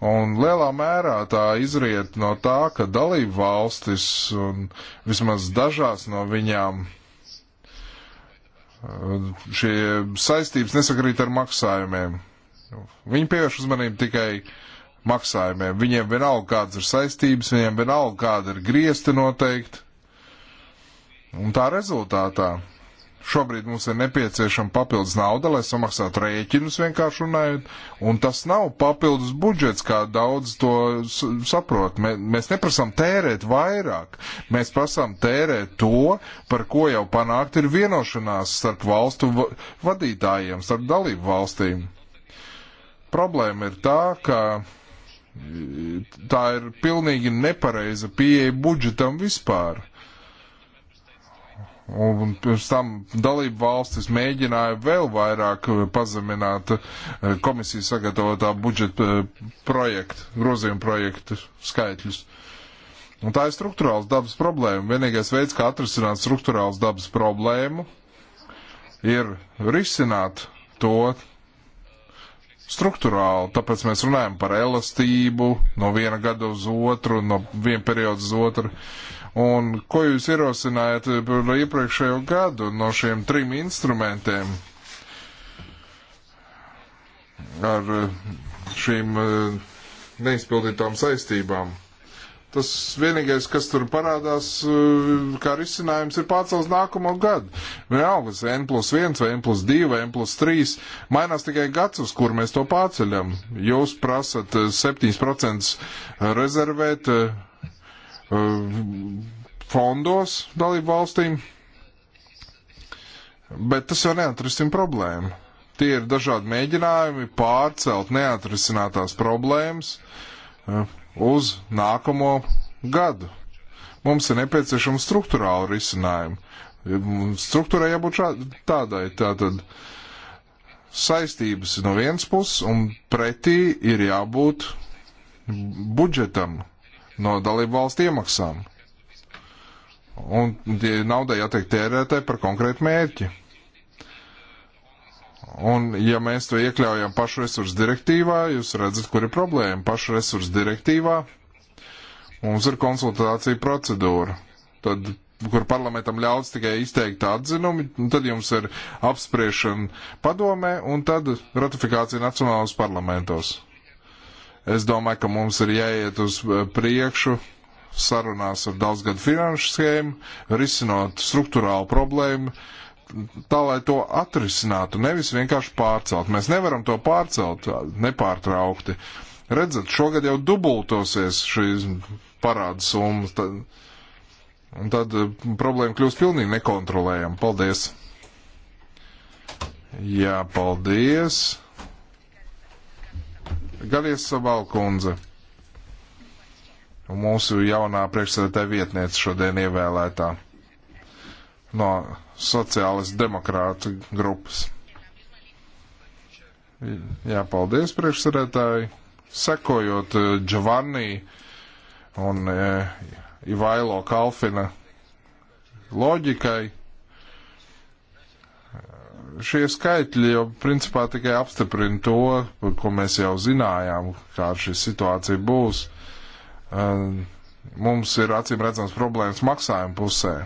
Speaker 2: Un lielā mērā tā izriet no tā, ka dalību valstis un vismaz dažās no viņām uh, šie saistības nesakrīt ar maksājumiem. Viņi pievērš uzmanību tikai uh, maksājumiem. Viņiem vienalga, kādas ir saistības, viņiem vienalga, kāda ir griezti noteikti. Un tā rezultātā šobrīd mums ir nepieciešama papildus nauda, lai samaksātu rēķinus vienkārši runājot, un tas nav papildus budžets, kā daudz to saprot. Mēs neprasām tērēt vairāk, mēs prasām tērēt to, par ko jau panākt ir vienošanās starp valstu vadītājiem, starp dalību valstīm. Problēma ir tā, ka Tā ir pilnīgi nepareiza pieeja budžetam vispār. Un pirms tam dalību valstis mēģināja vēl vairāk pazemināt eh, komisijas sagatavotā budžeta eh, projektu, grozījuma projektu skaitļus. Un tā ir struktūrāls dabas problēma. Vienīgais veids, kā atrisināt struktūrāls dabas problēmu, ir risināt to struktūrāli, tāpēc mēs runājam par elastību no viena gada uz otru, no viena perioda uz otru. Un ko jūs ierosinājat par iepriekšējo gadu no šiem trim instrumentiem ar eh, šīm eh, neizpildītām saistībām? Tas vienīgais, kas tur parādās, eh, kā risinājums, ir pārcels nākamo gadu. Vienalga, vai N plus 1, vai N plus 2, vai N plus 3. Mainās tikai gads, uz kur mēs to pārceļam. Jūs prasat 7% eh, rezervēt eh, fondos dalību valstīm, bet tas jau neatrisin problēmu. Tie ir dažādi mēģinājumi pārcelt neatrisinātās problēmas uz nākamo gadu. Mums ir nepieciešama struktūrāla risinājuma. Struktūrai jābūt tādai, tātad saistības no vienas puses un pretī ir jābūt budžetam no dalību valstu iemaksām. Un naudai jātiek tērētai par konkrētu mērķi. Un, ja mēs to iekļaujam pašu resursu direktīvā, jūs redzat, kur ir problēma. Pašu resursu direktīvā mums ir konsultācija procedūra, tad, kur parlamentam ļauts tikai izteikt atzinumi, tad jums ir apspriešana padomē un tad ratifikācija nacionālos parlamentos. Es domāju, ka mums ir jāiet uz priekšu sarunās ar daudzgadu finanšu schēmu, risinot struktūrālu problēmu tā, lai to atrisinātu, nevis vienkārši pārcelt. Mēs nevaram to pārcelt nepārtraukti. Redzat, šogad jau dubultosies šīs parāda summas, tad, un tad eh, problēma kļūst pilnīgi nekontrolējama. Paldies! Jā, paldies! Galies Sabalkundze! Mūsu jaunā priekšsēdētāja vietniece šodien ievēlētā no sociālas demokrātu grupas. Jā, paldies priekšsarētāji. Sekojot eh, Giovanni un eh, Ivailo Kalfina loģikai, šie skaitļi jau principā tikai apstiprina to, ko mēs jau zinājām, kā šī situācija būs. Eh, mums ir acīm redzams problēmas maksājuma pusē.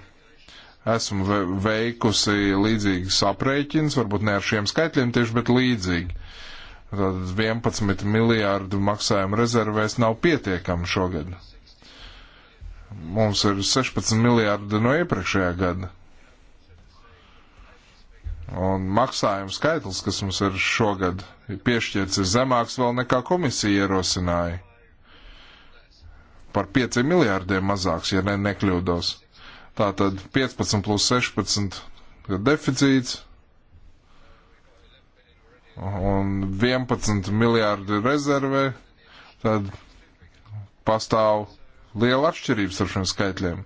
Speaker 2: Esmu veikusi līdzīgas aprēķins, varbūt ne ar šiem skaitļiem tieši, bet līdzīgi. Tad 11 miljārdu maksājumu rezervēs nav pietiekami šogad. Mums ir 16 miljārdi no iepriekšējā gada. Un maksājuma skaitlis, kas mums ir šogad piešķirts, ir zemāks vēl nekā komisija ierosināja. Par 5 miljārdiem mazāks, ja ne, nekļūdos. Tātad 15 plus 16 ir deficīts un 11 miljārdi rezervē. Tad pastāv liela atšķirības ar šiem skaitļiem.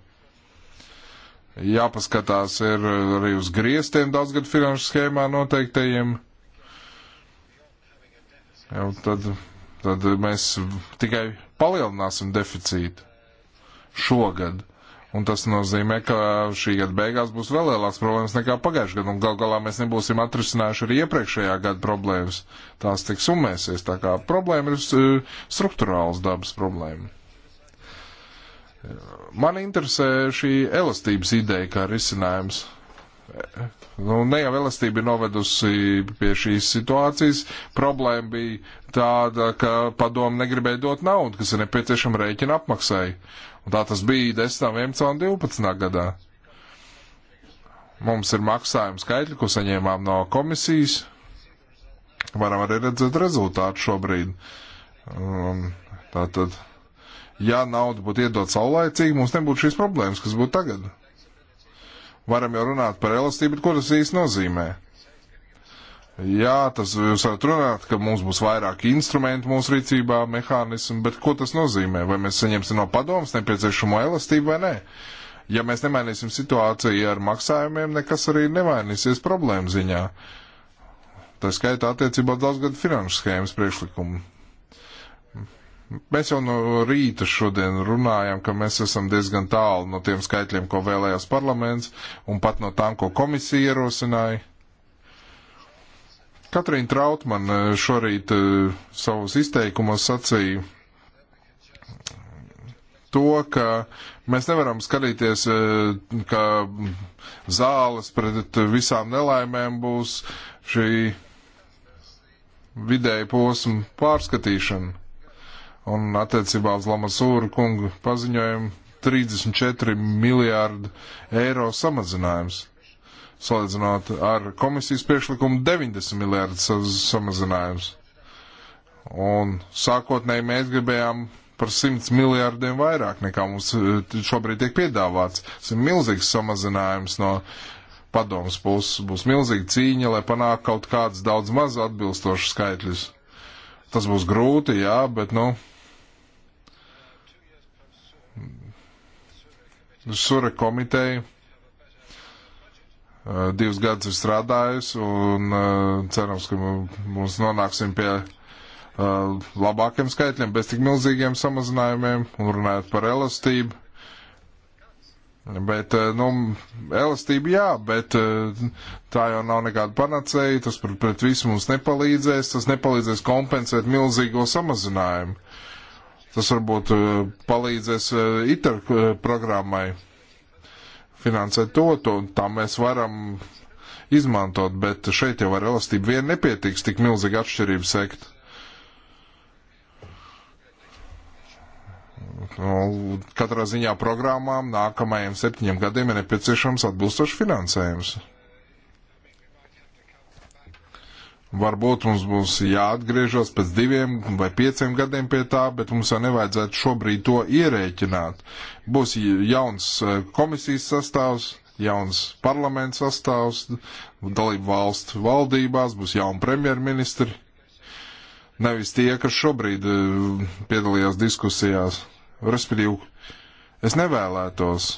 Speaker 2: Jāpaskatās ir arī uz griestiem daudzgad finanšu schēmā noteiktajiem. Jau tad, tad mēs tikai palielināsim deficītu šogad. Un tas nozīmē, ka šī gada beigās būs vēl lielāks problēmas nekā pagājušajā gadā. Un gal galā mēs nebūsim atrisinājuši arī iepriekšējā gada problēmas. Tās tik summēsies. Tā kā problēma ir e, struktūrāls dabas problēma. Man interesē šī elastības ideja kā risinājums. Nu, ne jau elastība ir novedusi pie šīs situācijas. Problēma bija tāda, ka padomu negribēja dot naudu, kas ir nepieciešama rēķina apmaksai. Un tā tas bija 10, 11 un 12 gadā. Mums ir maksājuma skaitļi, ko saņēmām no komisijas. Varam arī redzēt rezultātu šobrīd. Um, Tātad, ja nauda būtu iedot saulēcīgi, mums nebūtu šīs problēmas, kas būtu tagad. Varam jau runāt par elastību, bet ko tas īsti nozīmē? Jā, tas jūs varat runāt, ka mums būs vairāk instrumentu mūsu rīcībā, mehānismu, bet ko tas nozīmē? Vai mēs saņemsim no padomas nepieciešamo elastību vai nē? Ja mēs nemainīsim situāciju ar maksājumiem, nekas arī nemainīsies problēmu ziņā. Tā skaitā attiecībā daudzgadu finanšu schēmas priekšlikumu. Mēs jau no rīta šodien runājam, ka mēs esam diezgan tālu no tiem skaitļiem, ko vēlējās parlaments, un pat no tām, ko komisija ierosināja Katrīna Trautmann eh, šorīt eh, savos izteikumos sacīja to, ka mēs nevaram skatīties, eh, ka zāles pret visām nelaimēm būs šī vidēja posma pārskatīšana. Un attiecībā uz Lamasūra kungu paziņojumu 34 miljārdu eiro samazinājums salīdzinot ar komisijas priekšlikumu 90 miljārdu samazinājums. Un sākotnēji mēs gribējām par 100 miljārdiem vairāk nekā mums eh, šobrīd tiek piedāvāts. Tas ir milzīgs samazinājums no padomas puses. Būs milzīga cīņa, lai panāktu kaut kādus daudz maz atbilstošus skaitļus. Tas būs grūti, jā, bet nu. Sura komiteja Eh, divus gadus ir strādājusi un eh, cerams, ka mums nonāksim pie eh, labākiem skaitļiem, bez tik milzīgiem samazinājumiem un runājot par elastību. Bet, nu, elastība jā, bet tā jau nav nekāda panacēja, tas pret, pret visu mums nepalīdzēs, tas nepalīdzēs kompensēt milzīgo samazinājumu. Tas varbūt palīdzēs ITER programmai finansēt to, to tam mēs varam izmantot, bet šeit jau ar elastību vien nepietiks tik milzīgi atšķirību sekt. Nu, katrā ziņā programmām nākamajiem septiņiem gadiem ir nepieciešams atbilstošs finansējums. Varbūt mums būs jāatgriežas pēc diviem vai pieciem gadiem pie tā, bet mums jau nevajadzētu šobrīd to ierēķināt. Būs jauns e, komisijas sastāvs, jauns parlaments sastāvs, dalību valstu valdībās, būs jauni premjerministri. Nevis tie, kas šobrīd e, piedalījās diskusijās. Respektīvi, es nevēlētos,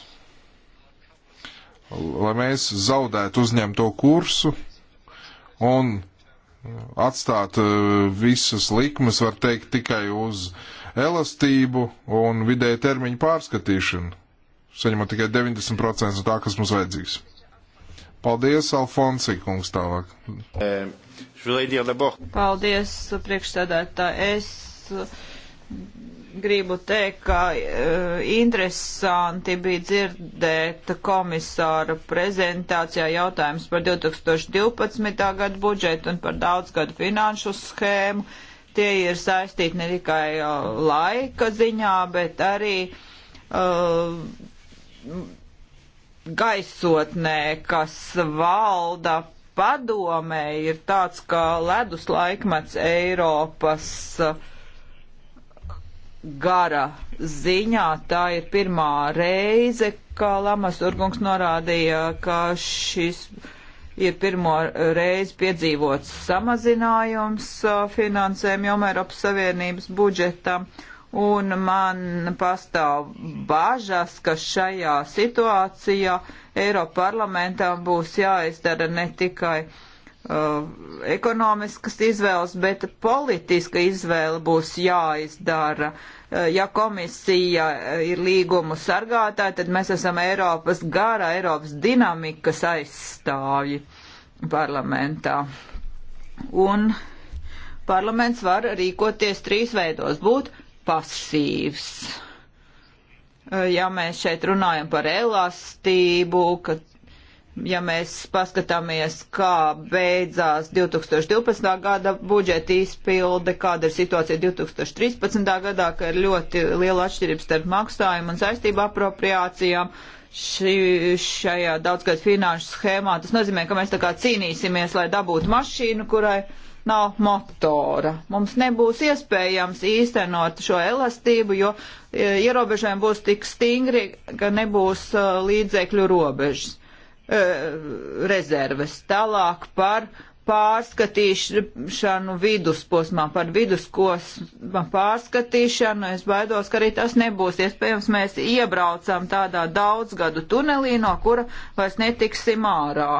Speaker 2: lai mēs zaudētu uzņemto kursu un atstāt e, visas likmes, var teikt, tikai uz elastību un vidēja termiņu pārskatīšanu, saņemot tikai 90% no tā, kas mums vajadzīgs. Paldies, Alfonsī, kungs tālāk. E,
Speaker 1: Paldies, priekšsēdētāji. Es gribu teikt, ka uh, interesanti bija dzirdēt komisāra prezentācijā jautājums par 2012. gadu budžetu un par daudzgadu finanšu schēmu. Tie ir saistīti ne tikai uh, laika ziņā, bet arī uh, gaisotnē, kas valda padomē, ir tāds kā ledus laikmets Eiropas. Uh, gara ziņā. Tā ir pirmā reize, kā Lamas Urgungs norādīja, ka šis ir pirmo reizi piedzīvots samazinājums uh, finansēm jomā Eiropas Savienības budžetam. Un man pastāv bažas, ka šajā situācijā Eiropa parlamentam būs jāizdara ne tikai uh, Uh, ekonomiskas izvēles, bet politiska izvēle būs jāizdara. Uh, ja komisija uh, ir līgumu sargātāja, tad mēs esam Eiropas gara, Eiropas dinamikas aizstāvji parlamentā. Un parlaments var rīkoties trīs veidos - būt pasīvs. Ja mēs šeit runājam par elastību, ka ja mēs paskatāmies, kā beidzās 2012. gada budžeta izpilde, kāda ir situācija 2013. gadā, ka ir ļoti liela atšķirība starp maksājumu un saistību apropriācijām ši, šajā daudzgad finanšu schēmā. Tas nozīmē, ka mēs tā kā cīnīsimies, lai dabūtu mašīnu, kurai nav motora. Mums nebūs iespējams īstenot šo elastību, jo e, ierobežojumi būs tik stingri, ka nebūs e, līdzekļu robežas E, rezerves. Tālāk par pārskatīšanu vidusposmā, par vidusposmā pārskatīšanu. Es baidos, ka arī tas nebūs iespējams. Mēs iebraucam tādā daudzgadu tunelī, no kura vairs netiksim ārā.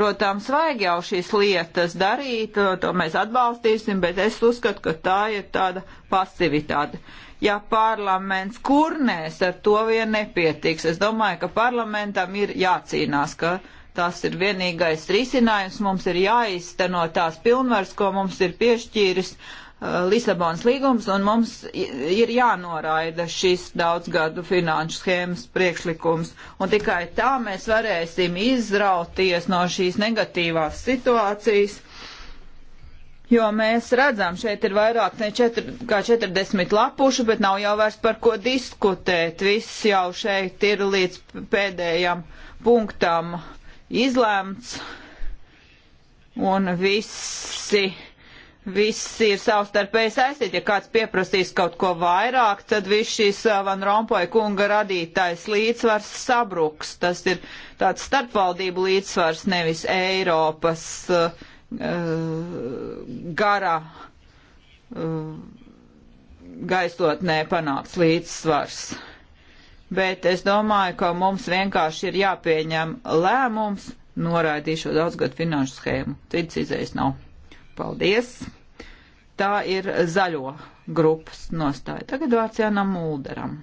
Speaker 1: Protams, vajag jau šīs lietas darīt, to mēs atbalstīsim, bet es uzskatu, ka tā ir tāda pasivitāte. Uh, ja parlaments kurnēs, ar to vien nepietiks. Es domāju, ka parlamentam ir jācīnās, ka tas ir vienīgais risinājums. Mums ir jāizteno tās pilnvars, ko mums ir piešķīris uh, Lisabonas līgums, un mums ir jānoraida šis daudzgadu finanšu schēmas priekšlikums. Un tikai tā mēs varēsim izrauties no šīs negatīvās situācijas jo mēs redzam, šeit ir vairāk ne četri, kā 40 lapušu, bet nav jau vairs par ko diskutēt. Viss jau šeit ir līdz pēdējam punktam izlēmts, un visi, visi ir savstarpēji saistīti. Ja kāds pieprasīs kaut ko vairāk, tad viss šīs uh, Van Rompoja kunga radītais līdzsvars sabruks. Tas ir tāds starpvaldību līdzsvars, nevis Eiropas. Uh, Uh, garā uh, gaisotnē panāks līdzsvars. Bet es domāju, ka mums vienkārši ir jāpieņem lēmums, noraidīšu daudzgad finanšu schēmu. Cits izējas nav. Paldies! Tā ir zaļo grupas nostāja. Tagad vārds Jānam Mulderam.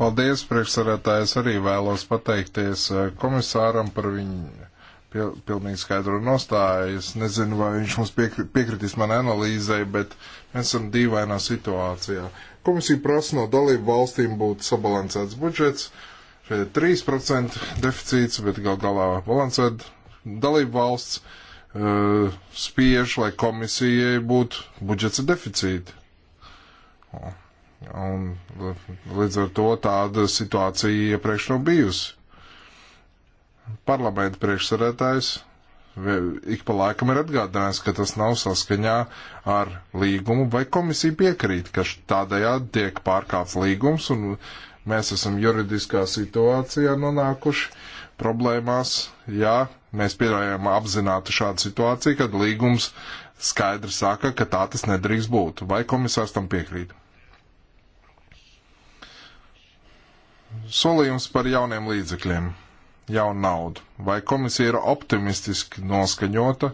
Speaker 2: Paldies, priekšsarētājs, arī vēlos pateikties eh, komisāram par viņu pil, pilnīgi skaidru nostāju. Es nezinu, vai viņš mums piekri, piekritīs man analīzai, bet mēs esam dīvainā situācijā. Komisija prasa no dalību valstīm būt sabalansēts budžets, šeit ir 3% deficīts, bet gal galā balansēt dalību valsts uh, spiež, lai komisijai būtu budžets deficīti. Un līdz ar to tāda situācija iepriekš nav bijusi parlamenta priekšsarētājs ik pa laikam ir atgādinājis, ka tas nav saskaņā ar līgumu, vai komisija piekrīt, ka tādējādi tiek pārkāpts līgums, un mēs esam juridiskā situācijā nonākuši problēmās, ja mēs pieļaujam apzināti šādu situāciju, kad līgums skaidri saka, ka tā tas nedrīkst būt. Vai komisārs tam piekrīt? Solījums par jauniem līdzekļiem jaunu naudu. Vai komisija ir optimistiski noskaņota,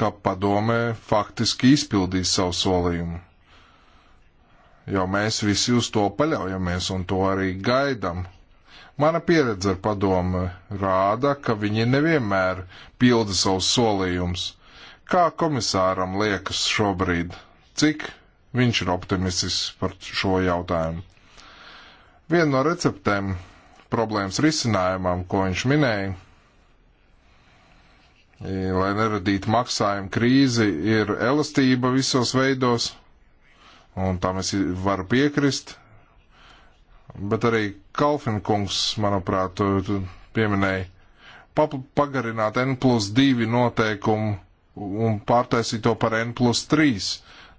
Speaker 2: ka padomē faktiski izpildīs savu solījumu? Jo mēs visi uz to paļaujamies un to arī gaidam. Mana pieredze ar padomu rāda, ka viņi nevienmēr pilda savus solījumus. Kā komisāram liekas šobrīd? Cik viņš ir optimistisks par šo jautājumu? Viena no receptēm problēmas risinājumam, ko viņš minēja, lai neradītu maksājumu krīzi, ir elastība visos veidos, un tam es varu piekrist. Bet arī Kalfinkungs, manuprāt, pieminēja pagarināt N plus 2 noteikumu un pārtaisīt to par N plus 3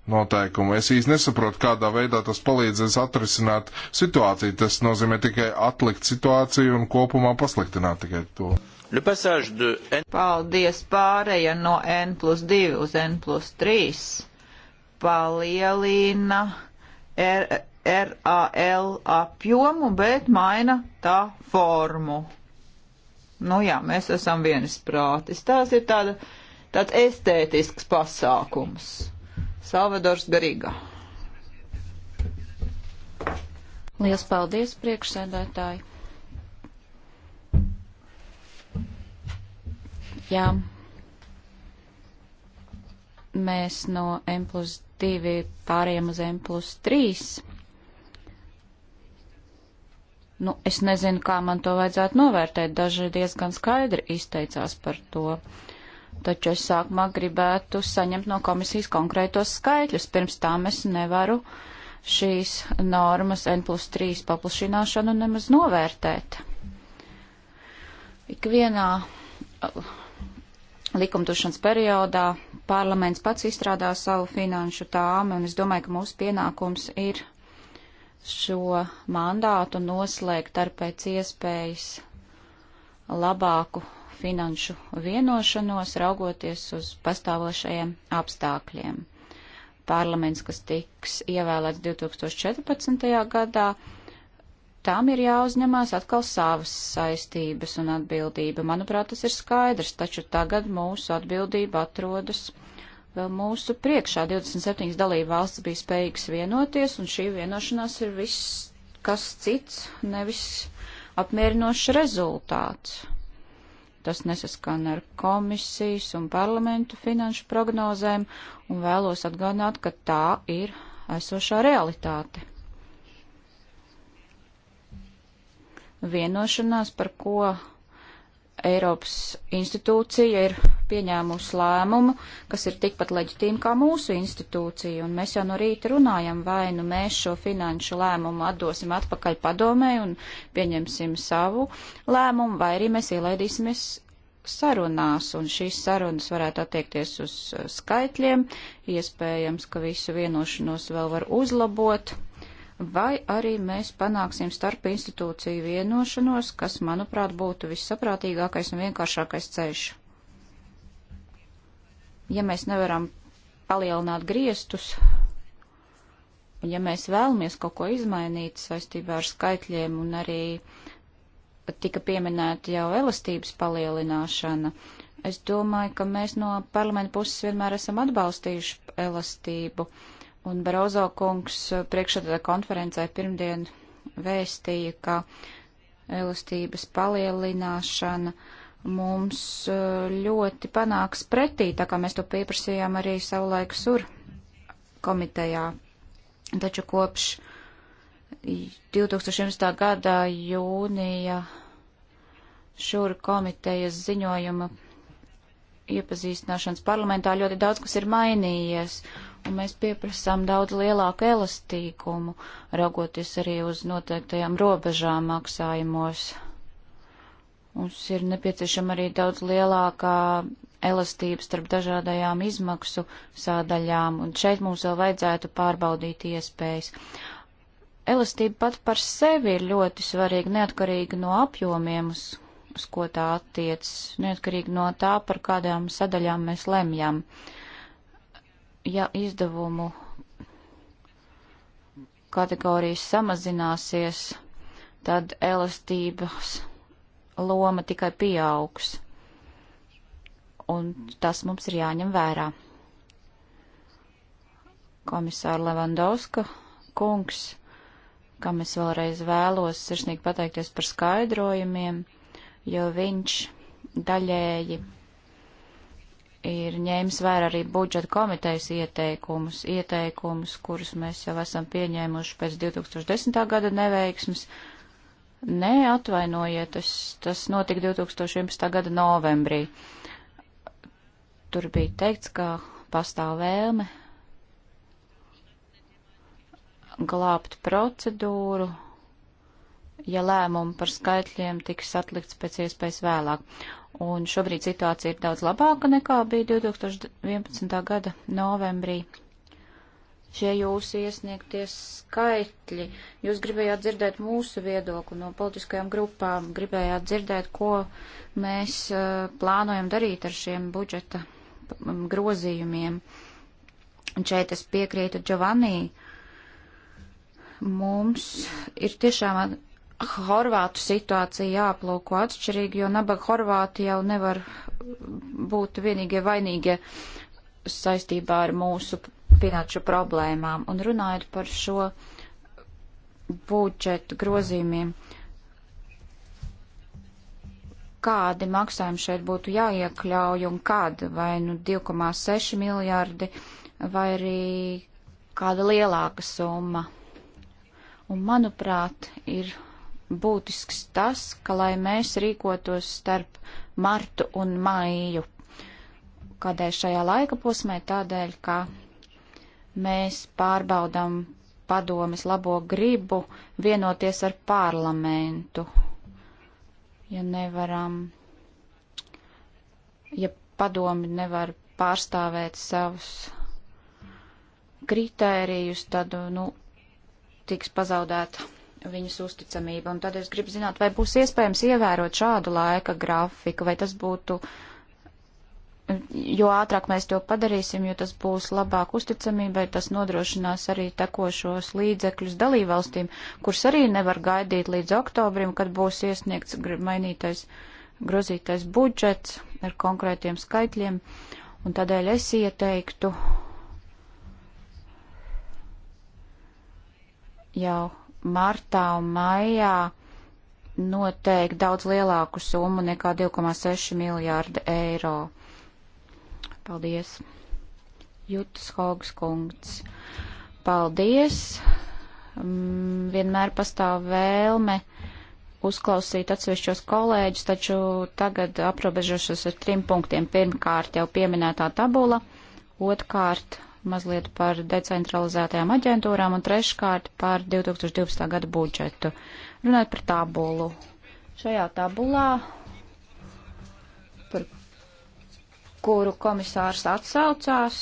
Speaker 2: noteikumu. Es īsti nesaprotu, kādā veidā tas palīdzēs atrisināt situāciju. Tas nozīmē tikai atlikt situāciju un kopumā pasliktināt tikai to. N...
Speaker 1: Paldies pārēja no N plus 2 uz N plus 3. Palielina R, RAL apjomu, bet maina tā formu. Nu jā, mēs esam vienisprātis. Tās ir tāda, tāds estētisks pasākums. Salvadors Garīga.
Speaker 3: Lielas paldies, priekšsēdētāji. Jā. Mēs no M plus 2 pāriem uz M plus 3. Nu, es nezinu, kā man to vajadzētu novērtēt. Daži diezgan skaidri izteicās par to. Uh, Taču es sākumā gribētu saņemt no komisijas konkrētos skaitļus. Pirms tam es nevaru šīs normas N plus 3 paplašināšanu nemaz novērtēt. Ikvienā uh, likumdošanas periodā parlaments pats izstrādā savu finanšu tāmu, un es domāju, ka mūsu pienākums ir šo mandātu noslēgt ar pēc iespējas labāku finanšu vienošanos, raugoties uz pastāvošajiem apstākļiem. Parlaments, kas tiks ievēlēts 2014. gadā, tam ir jāuzņemās atkal savas saistības un atbildība. Manuprāt, tas ir skaidrs, taču tagad mūsu atbildība atrodas vēl mūsu priekšā. 27 dalība valsts bija spējīgas vienoties, un šī vienošanās ir viss kas cits, nevis apmierinošs rezultāts tas nesaskan ar komisijas un parlamentu finanšu prognozēm, un vēlos atgādināt, ka tā ir esošā realitāte. Vienošanās, par ko Eiropas institūcija ir pieņēmusi lēmumu, kas ir tikpat leģitīma kā mūsu institūcija, un mēs jau no rīta runājam, vai nu mēs šo finanšu lēmumu atdosim atpakaļ padomē un pieņemsim savu lēmumu, vai arī mēs ielaidīsimies sarunās, un šīs sarunas varētu attiekties uz skaitļiem, iespējams, ka visu vienošanos vēl var uzlabot vai arī mēs panāksim starp institūciju vienošanos, kas, manuprāt, būtu vissaprātīgākais un vienkāršākais ceļš. Ja mēs nevaram palielināt griestus, un ja mēs vēlamies kaut ko izmainīt saistībā ar skaitļiem un arī tika pieminēta jau elastības palielināšana, es domāju, ka mēs no parlamenta puses vienmēr esam atbalstījuši elastību. Uh, Un Barozo kungs eh, priekšādā konferencē pirmdien vēstīja, ka elastības palielināšana mums eh, ļoti panāks pretī, tā kā mēs to pieprasījām arī savulaik sur komitejā. Taču kopš 2011. gada jūnija šura komitejas ziņojuma iepazīstināšanas parlamentā ļoti daudz kas ir mainījies. Uh, un mēs pieprasām daudz lielāku elastīgumu, raugoties arī uz noteiktajām robežām maksājumos. Mums ir nepieciešama arī daudz lielākā elastība starp dažādajām izmaksu sādaļām, un šeit mums vēl vajadzētu pārbaudīt iespējas. Elastība pat par sevi ir ļoti svarīga, neatkarīgi no apjomiem, uz, uz ko tā attiecas, neatkarīgi no tā, par kādām sadaļām mēs lemjam. Uh, ja izdevumu kategorijas samazināsies, tad elastības loma tikai pieaugs. Un tas mums ir jāņem vērā. Komisāra Levandovska kungs, kam es vēlreiz vēlos sirsnīgi pateikties par skaidrojumiem, jo viņš daļēji ir ņēmis vērā arī budžeta komitejas ieteikumus, ieteikumus, kurus mēs jau esam pieņēmuši pēc 2010. gada neveiksmes. Nē, atvainojiet, tas, tas notika 2011. gada novembrī. Tur bija teikts, ka pastāv vēlme glābt procedūru, ja lēmumu par skaitļiem tiks atlikts pēc iespējas vēlāk. Un šobrīd situācija ir daudz labāka nekā bija 2011. gada novembrī. Šie jūsu iesniegties skaitļi, jūs gribējāt dzirdēt mūsu viedokli no politiskajām grupām, gribējāt dzirdēt, ko mēs uh, plānojam darīt ar šiem budžeta um, grozījumiem. Un šeit es piekrītu Giovanni. Mums ir tiešām Horvātu situācija jāaplūko atšķirīgi, jo nabaga Horvāti jau nevar būt vienīgie vainīgie saistībā ar mūsu finanšu problēmām. Un runājot par šo budžetu grozījumiem, kādi maksājumi šeit būtu jāiekļauj un kad, vai nu 2,6 miljardi, vai arī kāda lielāka summa. Un manuprāt, ir būtisks tas, ka lai mēs rīkotos starp martu un maiju. Kādēļ šajā laika posmē? Tādēļ, ka mēs pārbaudām padomis labo gribu vienoties ar parlamentu. Ja nevaram, ja padomi nevar pārstāvēt savus kritērijus, tad, nu, tiks pazaudēta viņas uzticamība. Un tad es gribu zināt, vai būs iespējams ievērot šādu laika grafiku, vai tas būtu, jo ātrāk mēs to padarīsim, jo tas būs labāk uzticamībai, tas nodrošinās arī tekošos līdzekļus dalībvalstīm, kuras arī nevar gaidīt līdz oktobrim, kad būs iesniegts mainītais grozītais budžets ar konkrētiem skaitļiem. Un tādēļ es ieteiktu jau martā un maijā noteikti daudz lielāku summu nekā 2,6 miljārdi eiro. Paldies. Jūtas Hogs kungs. Paldies. Mm, vienmēr pastāv vēlme uzklausīt atsevišķos kolēģus, taču tagad aprobežošos ar trim punktiem. Pirmkārt jau pieminētā tabula, otrkārt mazliet par decentralizētajām aģentūrām un treškārt par 2012. gada budžetu. Runājot par tabulu. Šajā tabulā, par kuru komisārs atsaucās,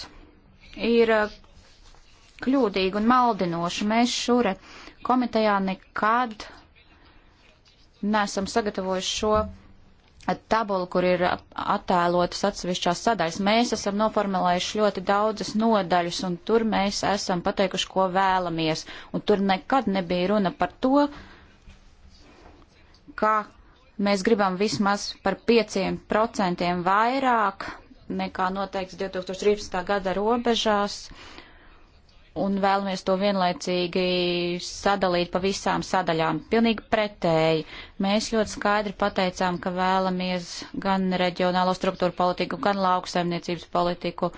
Speaker 3: ir uh, kļūdīgi un maldinoši. Mēs šure komitejā nekad nesam sagatavojuši šo tabulu, kur ir attēlotas atsevišķās sadaļas. Mēs esam noformulējuši ļoti daudzas nodaļas, un tur mēs esam pateikuši, ko vēlamies. Un tur nekad nebija runa par to, ka mēs gribam vismaz par 5% vairāk nekā noteikts 2013. gada robežās. Uh, un vēlamies to vienlaicīgi sadalīt pa visām sadaļām. Pilnīgi pretēji. Mēs ļoti skaidri pateicām, ka vēlamies gan reģionālo struktūru politiku, gan lauksaimniecības politiku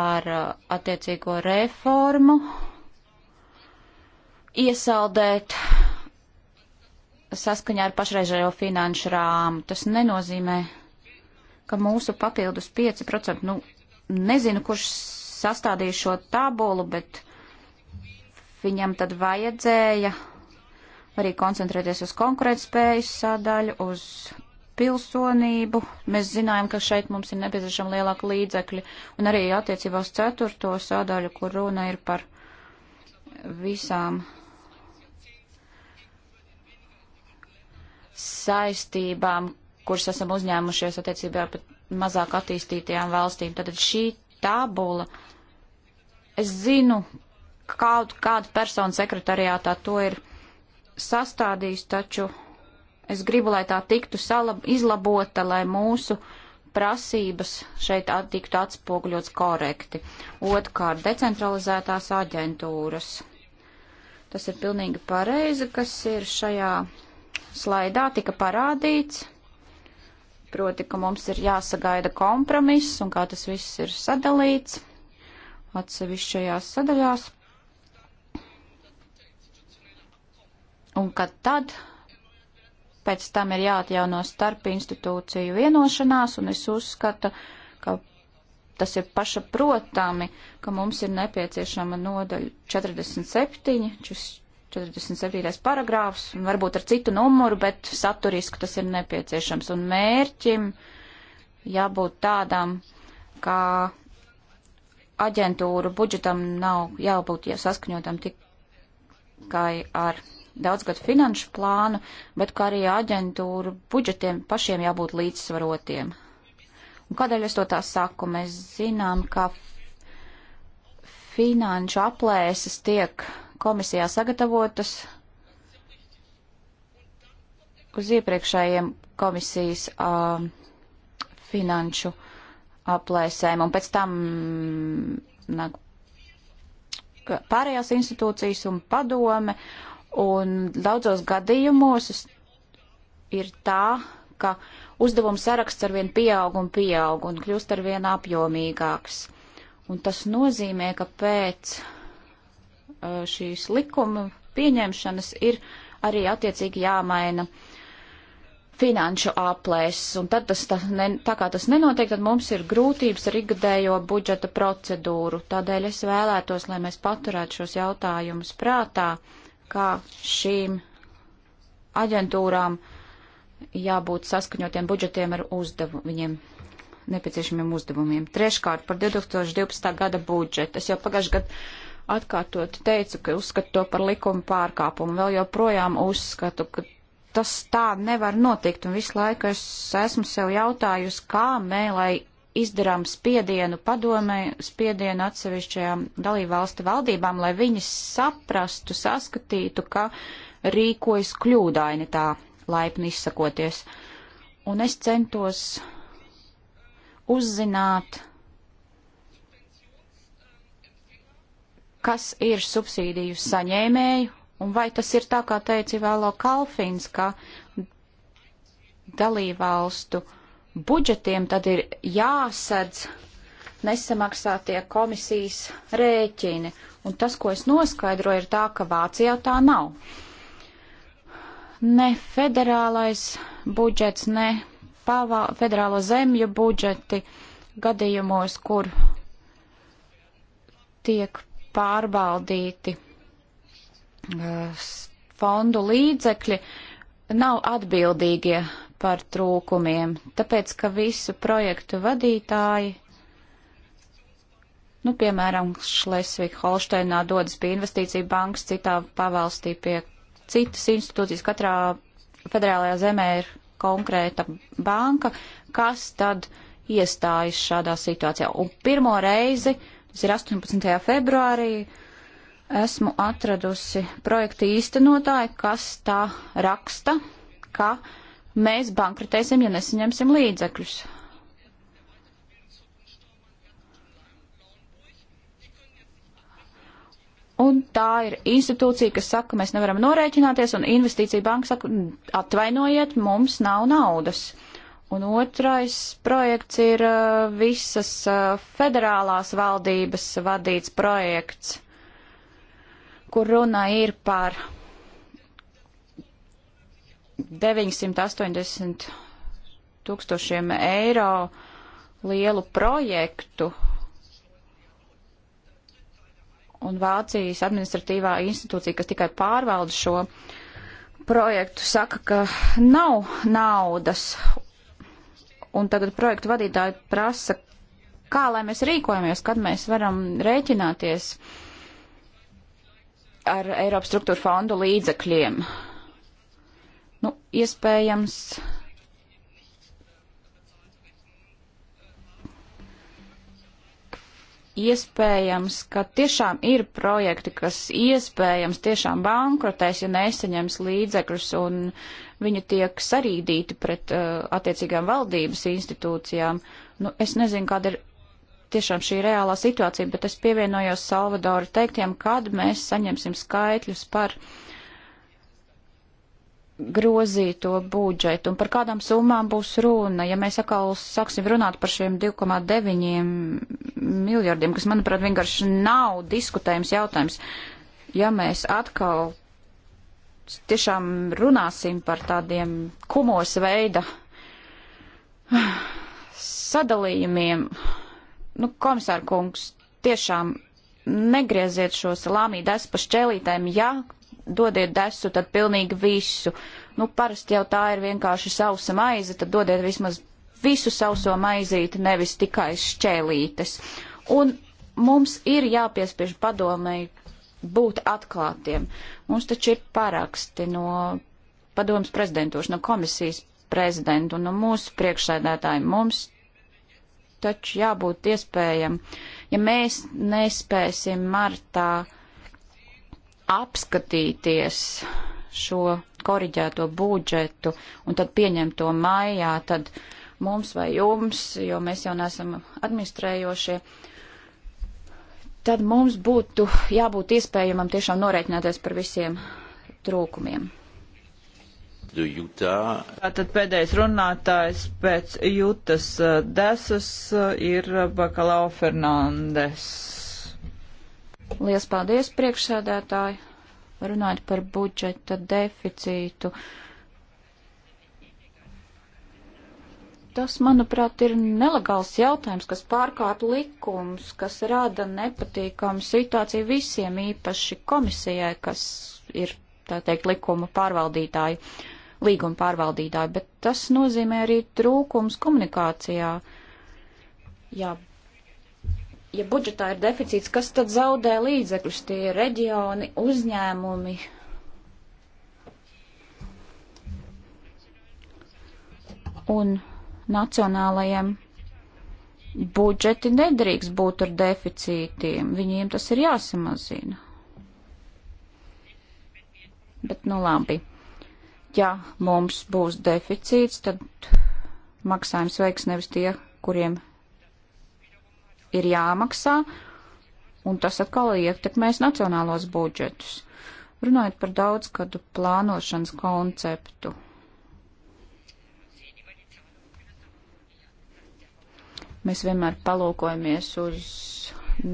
Speaker 3: ar uh, attiecīgo reformu iesaldēt saskaņā ar pašreizējo finanšu rāmu. Tas nenozīmē, ka mūsu papildus 5%, nu, nezinu, kurš sastādīju šo tabulu, bet viņam tad vajadzēja arī koncentrēties uz konkurētspējas sadaļu, uz pilsonību. Mēs zinājām, ka šeit mums ir nepieciešama lielāka līdzekļa, un arī attiecībā uz ceturto sadaļu, kur runa ir par visām saistībām, kuras esam uzņēmušies attiecībā pat mazāk attīstītajām valstīm. Tad šī tabula. Es zinu, kādu, kādu personu sekretariātā to ir sastādījis, taču es gribu, lai tā tiktu salab, izlabota, lai mūsu prasības šeit at, tiktu atspoguļots korekti. Otkārt, decentralizētās aģentūras. Tas ir pilnīgi pareizi, kas ir šajā slaidā tika parādīts proti, ka mums ir jāsagaida kompromiss un kā tas viss ir sadalīts atsevišķajās sadaļās. Un ka tad pēc tam ir jāatjauno starp institūciju vienošanās, un es uzskatu, ka tas ir paša protami, ka mums ir nepieciešama nodaļa 47, 47. paragrāfs, varbūt ar citu numuru, bet saturiski tas ir nepieciešams. Un mērķim jābūt tādam, ka aģentūru budžetam nav jābūt ja saskaņotam tikai ar daudzgad finanšu plānu, bet kā arī aģentūru budžetiem pašiem jābūt līdzsvarotiem. Un kādēļ es to tā saku? Mēs zinām, ka finanšu aplēses tiek komisijā sagatavotas uz iepriekšējiem komisijas uh, finanšu aplēsēm, un pēc tam nāk pārējās institūcijas un padome, un daudzos gadījumos ir tā, ka uzdevumu saraksts arvien pieaug un pieaug un kļūst arvien apjomīgāks. Un tas nozīmē, ka pēc Uh, šīs likuma pieņemšanas ir arī attiecīgi jāmaina finanšu aplēs, un tad tas tā, ne, tā kā tas nenotiek, tad mums ir grūtības ar ikgadējo budžeta procedūru. Tādēļ es vēlētos, lai mēs paturētu šos jautājumus prātā, kā šīm aģentūrām jābūt saskaņotiem budžetiem ar uzdevu, viņiem nepieciešamiem uzdevumiem. Treškārt par 2012. gada budžetu. Es jau pagājušajā gadā atkārtot teicu, ka uzskatu to par likuma pārkāpumu. Vēl joprojām uzskatu, ka tas tā nevar notikt, un visu laiku es esmu sev jautājusi, kā mēs, lai izdarām spiedienu padomē, spiedienu atsevišķajām dalībvalstu valdībām, lai viņas saprastu, saskatītu, ka rīkojas kļūdaini tā laipni izsakoties. Un es centos uzzināt, kas ir subsīdiju saņēmēju, un vai tas ir tā, kā teica Vēlo Kalfins, ka dalībvalstu budžetiem tad ir jāsadz nesamaksātie komisijas rēķini. Un tas, ko es noskaidroju, ir tā, ka Vācijā tā nav. Ne federālais budžets, ne pavā, federālo zemju budžeti gadījumos, kur tiek pārbaudīti uh, fondu līdzekļi nav atbildīgie par trūkumiem, tāpēc ka visu projektu vadītāji, nu, piemēram, Šlesvika Holšteinā dodas pie investīcija bankas, citā pavalstī pie citas institūcijas, katrā federālajā zemē ir konkrēta banka, kas tad iestājas šādā situācijā. Un pirmo reizi uh, Tas ir 18. februārī. Esmu atradusi projekta īstenotāju, kas tā raksta, ka mēs bankrotēsim, ja nesaņemsim līdzekļus. Un tā ir institūcija, kas saka, mēs nevaram norēķināties, un investīcija banka saka, atvainojiet, mums nav naudas. Uh, Un otrais projekts ir uh, visas uh, federālās valdības vadīts projekts, kur runa ir par 980 tūkstošiem eiro lielu projektu, un Vācijas administratīvā institūcija, kas tikai pārvalda šo projektu, saka, ka nav naudas, un tagad projektu vadītāji prasa, kā lai mēs rīkojamies, kad mēs varam rēķināties ar Eiropas struktūra fondu līdzekļiem. Nu, iespējams, iespējams, ka tiešām ir projekti, kas iespējams tiešām bankrotēs, ja nesaņems līdzekļus, un viņi tiek sarīdīti pret uh, attiecīgām valdības institūcijām. Nu, es nezinu, kāda ir tiešām šī reālā situācija, bet es pievienojos Salvadoru teiktiem, kad mēs saņemsim skaitļus par grozīto budžetu un par kādām summām būs runa. Ja mēs atkal sāksim runāt par šiem 2,9 miljardiem, kas, manuprāt, vienkārši nav diskutējums jautājums, ja mēs atkal tiešām runāsim par tādiem kumos veida sadalījumiem. Nu, komisāra kungs, tiešām negrieziet šo salāmī desu pa šķēlītēm, ja dodiet desu, tad pilnīgi visu. Nu, parasti jau tā ir vienkārši sausa maize, tad dodiet vismaz visu sauso maizīti, nevis tikai šķēlītes. Un mums ir jāpiespiež padomēji būt atklātiem. Mums taču ir paraksti no padomas prezidentūras, no komisijas prezidenta un no mūsu priekšsēdētājiem. Mums taču jābūt iespējam, ja mēs nespēsim martā apskatīties šo koriģēto budžetu un tad pieņemt to maijā, tad mums vai jums, jo mēs jau nesam administrējošie, uh, tad mums būtu jābūt iespējamam tiešām norēķināties par visiem trūkumiem.
Speaker 2: Tātad
Speaker 1: pēdējais runātājs pēc Jutas eh, desas eh, ir eh, Bakalau Fernandes. Lielas
Speaker 3: paldies priekšsēdētāji. Runājot par budžeta deficītu. Uh, Tas, manuprāt, ir nelegāls jautājums, kas pārkārt likums, kas rada nepatīkamu situāciju visiem, īpaši komisijai, kas ir, tā teikt, likuma pārvaldītāji, līguma pārvaldītāji, bet tas nozīmē arī trūkums komunikācijā. Jā. Ja budžetā ir deficīts, kas tad zaudē līdzekļus? Tie ir reģioni, uzņēmumi, un nacionālajiem budžeti nedrīkst būt ar deficītiem, viņiem tas ir jāsamazina. Bet nu labi, ja mums būs deficīts, tad maksājums veiks nevis tie, kuriem ir jāmaksā, un tas atkal ietekmēs nacionālos budžetus. Runājot par daudzgadu plānošanas konceptu, Mēs vienmēr palūkojamies uz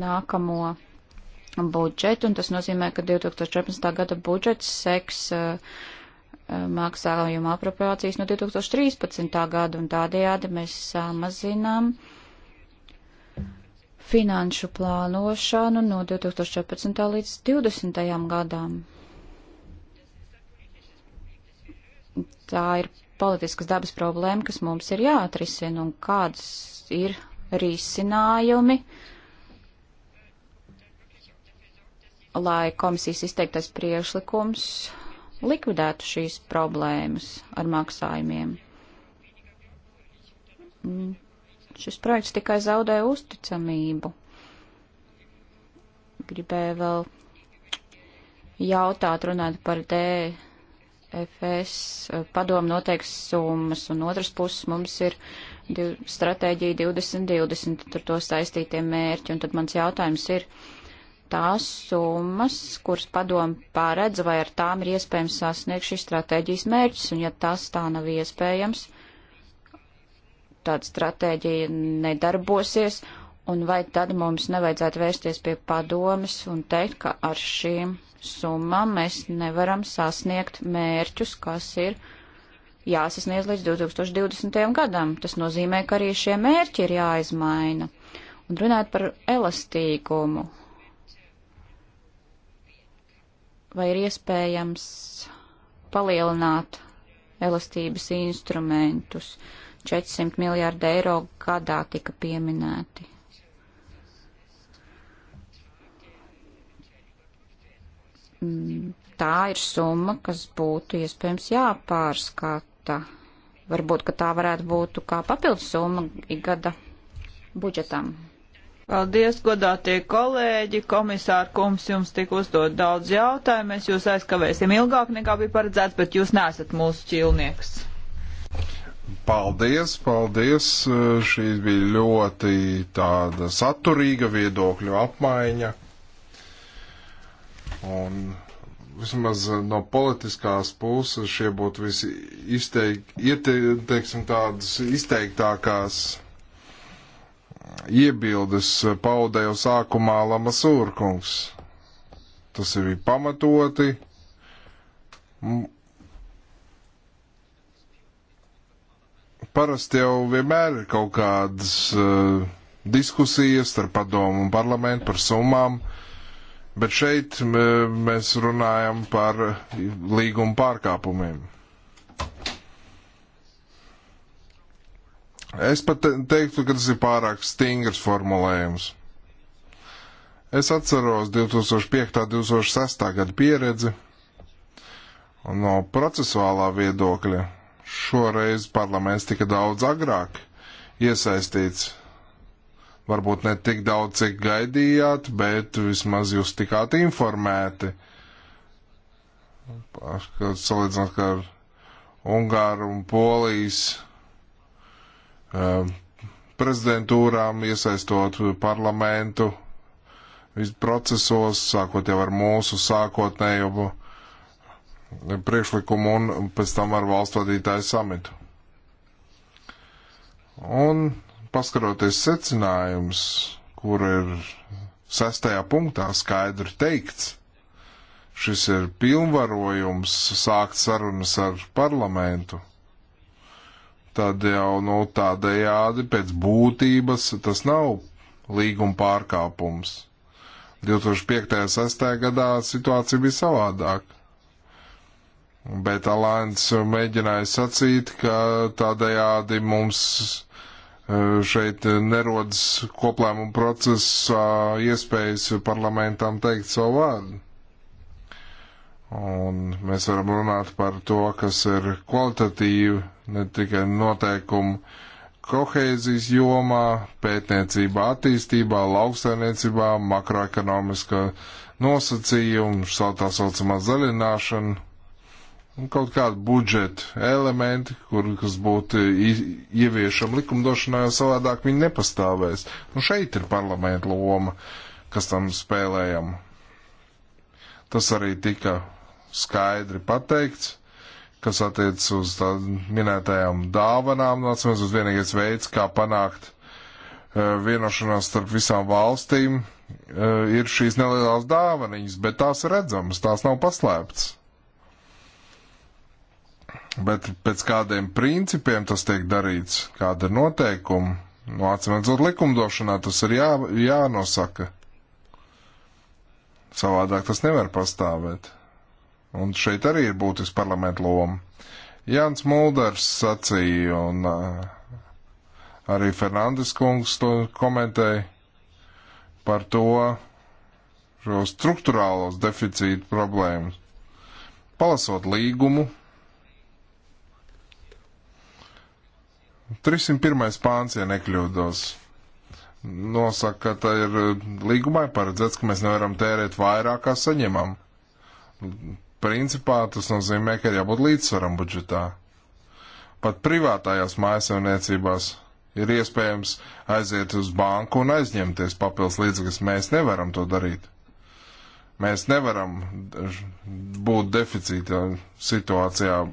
Speaker 3: nākamo budžetu, un tas nozīmē, ka 2014. gada budžets seks uh, uh maksājuma apropriācijas no 2013. gada, un tādējādi mēs samazinām finanšu plānošanu no 2014. līdz 2020. gadām. Tā ir politiskas dabas problēma, kas mums ir jāatrisina un kādas ir risinājumi, lai komisijas izteiktais priešlikums likvidētu šīs problēmas ar maksājumiem. Mm, šis projekts tikai zaudē uzticamību. Gribēju vēl jautāt, runāt par D FS eh, padomu noteiks summas, un otras puses mums ir div, stratēģija 2020, tur to saistītie mērķi, un tad mans jautājums ir, tās summas, kuras padomu paredz, vai ar tām ir iespējams sasniegt šīs stratēģijas mērķis, un ja tas tā nav iespējams, tāda stratēģija nedarbosies, un vai tad mums nevajadzētu vērsties pie padomas un teikt, ka ar šīm summa mēs nevaram sasniegt mērķus, kas ir jāsasniedz līdz 2020. gadam. Tas nozīmē, ka arī šie mērķi ir jāizmaina. Un runāt par elastīgumu. Vai ir iespējams palielināt elastības instrumentus? 400 miljārdi eiro gadā tika pieminēti. Mm, tā ir summa, kas būtu iespējams jāpārskata. Varbūt, ka tā varētu būt kā papildus summa ikgada budžetam.
Speaker 1: Paldies, godātie kolēģi, komisāra kungs, jums tika uzdot daudz jautājumu, mēs jūs aizkavēsim ilgāk nekā bija paredzēts, bet jūs nesat mūsu ķilnieks.
Speaker 2: Paldies, paldies, šī bija ļoti tāda saturīga viedokļu apmaiņa. Un vismaz eh, no politiskās puses šie būtu visi izteik, iete, teiksim, tādas izteiktākās iebildes paudē jau sākumā Lama Sūrkungs. Tas ir pamatoti. Parasti jau vienmēr ir kaut kādas uh, diskusijas starp padomu un parlamentu par summām. Uh, Bet šeit mēs runājam par līguma pārkāpumiem. Es pat teiktu, ka tas ir pārāk stingrs formulējums. Es atceros 2005. un 2006. gada pieredzi, un no procesuālā viedokļa šoreiz parlaments tika daudz agrāk iesaistīts varbūt ne tik daudz, cik gaidījāt, bet vismaz jūs tikāt informēti. Salīdzinot ar Ungāru un Polijas ehm, prezidentūrām, iesaistot parlamentu procesos, sākot jau ar mūsu sākotnējo priekšlikumu un pēc tam ar valstu vadītāju samitu. Un paskaroties secinājums, kur ir sestajā punktā skaidri teikts, šis ir pilnvarojums sākt sarunas ar parlamentu, tad jau no nu, tādējādi pēc būtības tas nav līguma pārkāpums. 2005.6. gadā situācija bija savādāka. Bet Alliance mēģināja sacīt, ka tādējādi mums Eh, šeit eh, nerodas koplēmuma procesā iespējas parlamentam teikt savu vārdu. Un mēs varam runāt par to, kas ir kvalitatīvi, ne tikai noteikumu kohēzijas jomā, pētniecībā, attīstībā, lauksainiecībā, makroekonomiskā nosacījuma, tā saucamā zaļināšana kaut kādu budžetu elementi, kur, kas būtu ieviešami likumdošanā, jo savādāk viņi nepastāvēs. Un nu, šeit ir parlamenta loma, kas tam spēlējam. Tas arī tika skaidri pateikts, kas attiec uz tā, minētajām dāvanām. Nācamies nu, uz vienīgais veids, kā panākt uh, e, vienošanās starp visām valstīm, uh, ir šīs nelielās dāvaniņas, bet tās redzamas, tās nav paslēptas. Bet pēc kādiem principiem tas tiek darīts, kāda ir noteikuma? Nu, Atcīmredzot, likumdošanā tas ir jā, jānosaka. Savādāk tas nevar pastāvēt. Un šeit arī ir būtiski parlamentu loma. Jānis Mulders sacīja, un arī Fernandes kungs to komentēja par to šo struktūrālos deficītu problēmas. Palasot līgumu, 301. pāns, ja nekļūdos, nosaka, ka tā ir eh, līgumai paredzēts, ka mēs nevaram tērēt vairāk, kā saņemam. Principā tas nozīmē, ka ir jābūt līdzsvaram budžetā. Pat privātajās mājasemniecībās ir iespējams aiziet uz banku un aizņemties papildus līdzekļus. Mēs nevaram to darīt. Mēs nevaram būt deficīta situācijā.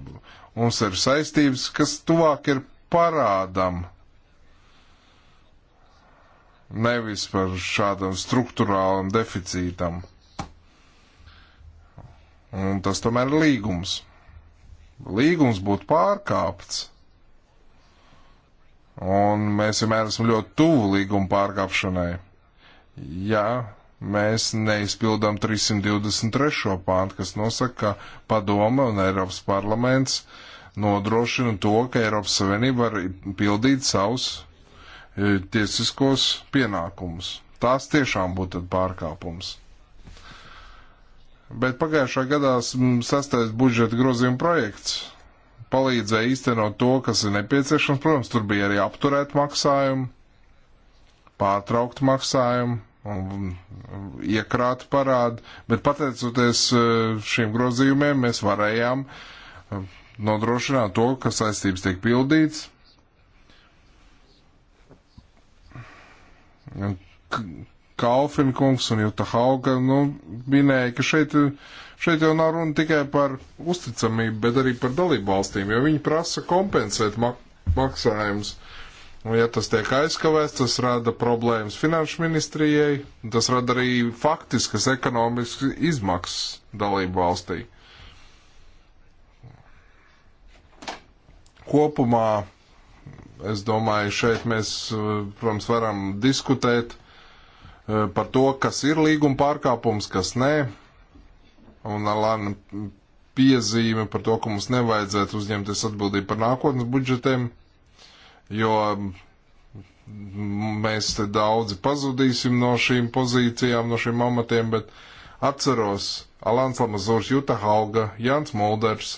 Speaker 2: Mums ir saistības, kas tuvāk ir parādam, nevis par šādam struktūrālam deficītam. Un tas tomēr ir līgums. Līgums būtu pārkāpts. Un mēs vienmēr esam ļoti tuvu līguma pārkāpšanai. Jā, mēs neizpildām 323. pāntu, kas nosaka, ka padome un Eiropas parlaments uh, nodrošina to, ka Eiropas Savienība var pildīt savus e, tiesiskos pienākumus. Tās tiešām būtu pārkāpums. Bet pagājušā gadā sastais budžeta grozījuma projekts palīdzēja īstenot to, kas ir nepieciešams. Protams, tur bija arī apturēt maksājumu, pārtraukt maksājumu, iekrāt parādu, bet pateicoties e, šiem grozījumiem, mēs varējām nodrošināt to, ka saistības tiek pildīts. Kalfin kungs un Juta Hauga nu, minēja, ka šeit, šeit jau nav runa tikai par uzticamību, bet arī par dalību valstīm, jo viņi prasa kompensēt mak maksājumus. Un, ja tas tiek aizkavēts, tas rada problēmas finanšu ministrijai, tas rada arī faktiskas ekonomiskas izmaksas dalību valstī. Kopumā es domāju, šeit mēs, eh, protams, varam diskutēt eh, par to, kas ir līguma pārkāpums, kas nē. Un Alana piezīme par to, ka mums nevajadzētu uzņemties atbildību par nākotnes budžetiem, jo mēs te daudzi pazudīsim no šīm pozīcijām, no šiem amatiem, bet atceros Alans Lamazūrs, Juta Hauga, Jans Mulders,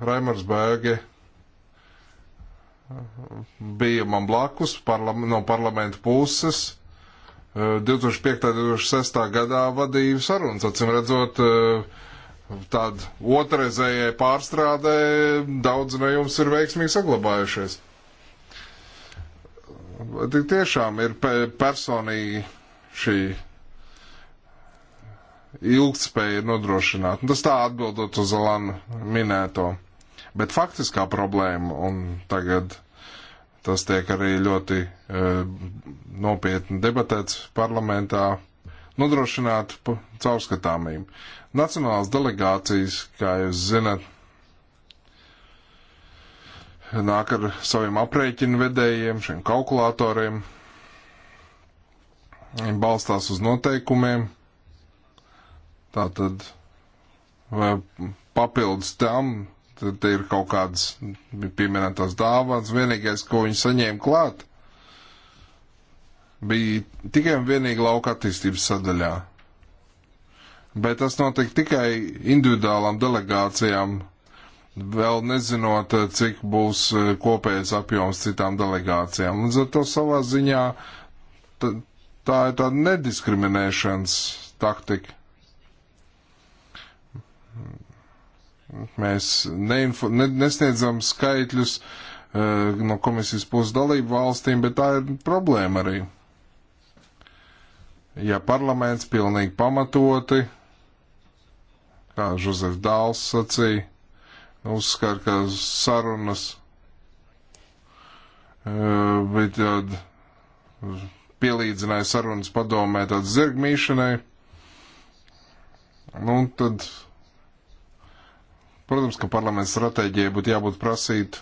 Speaker 2: Raimers Bēge bija man blakus parlam no parlamenta puses. 2005. un 2006. gadā vadīju sarunas, acīm redzot, eh, tāda otrreizējai pārstrādē daudz no jums ir veiksmīgi saglabājušies. Tik tiešām ir personīgi šī ilgtspēja ir nodrošināta. Un tas tā atbildot uz Alana minēto. Bet faktiskā problēma, un tagad tas tiek arī ļoti e, nopietni debatēts parlamentā, nodrošināt caurskatāmību. Nacionālās delegācijas, kā jūs zinat, nāk ar saviem aprēķinu vedējiem, šiem kalkulatoriem, balstās uz noteikumiem, Tātad, vai papildus tam, tad ir kaut kādas pieminētās dāvāns, vienīgais, ko viņi saņēma klāt, bija tikai un vienīgi lauka attīstības sadaļā. Bet tas notika tikai individuālām delegācijām, vēl nezinot, cik būs e, kopējais apjoms citām delegācijām. Līdz ar to savā ziņā tā ir tāda nediskriminēšanas taktika. Mēs neinfo, ne, nesniedzam skaitļus uh, no komisijas puses dalību valstīm, bet tā ir problēma arī. Ja parlaments pilnīgi pamatoti, kā Žozef Dāls sacīja, uzskata, ka sarunas uh, eh, bija tāda, pielīdzināja sarunas padomē tāda zirgmīšanai, nu tad Protams, ka parlamenta stratēģijai būtu jābūt prasīt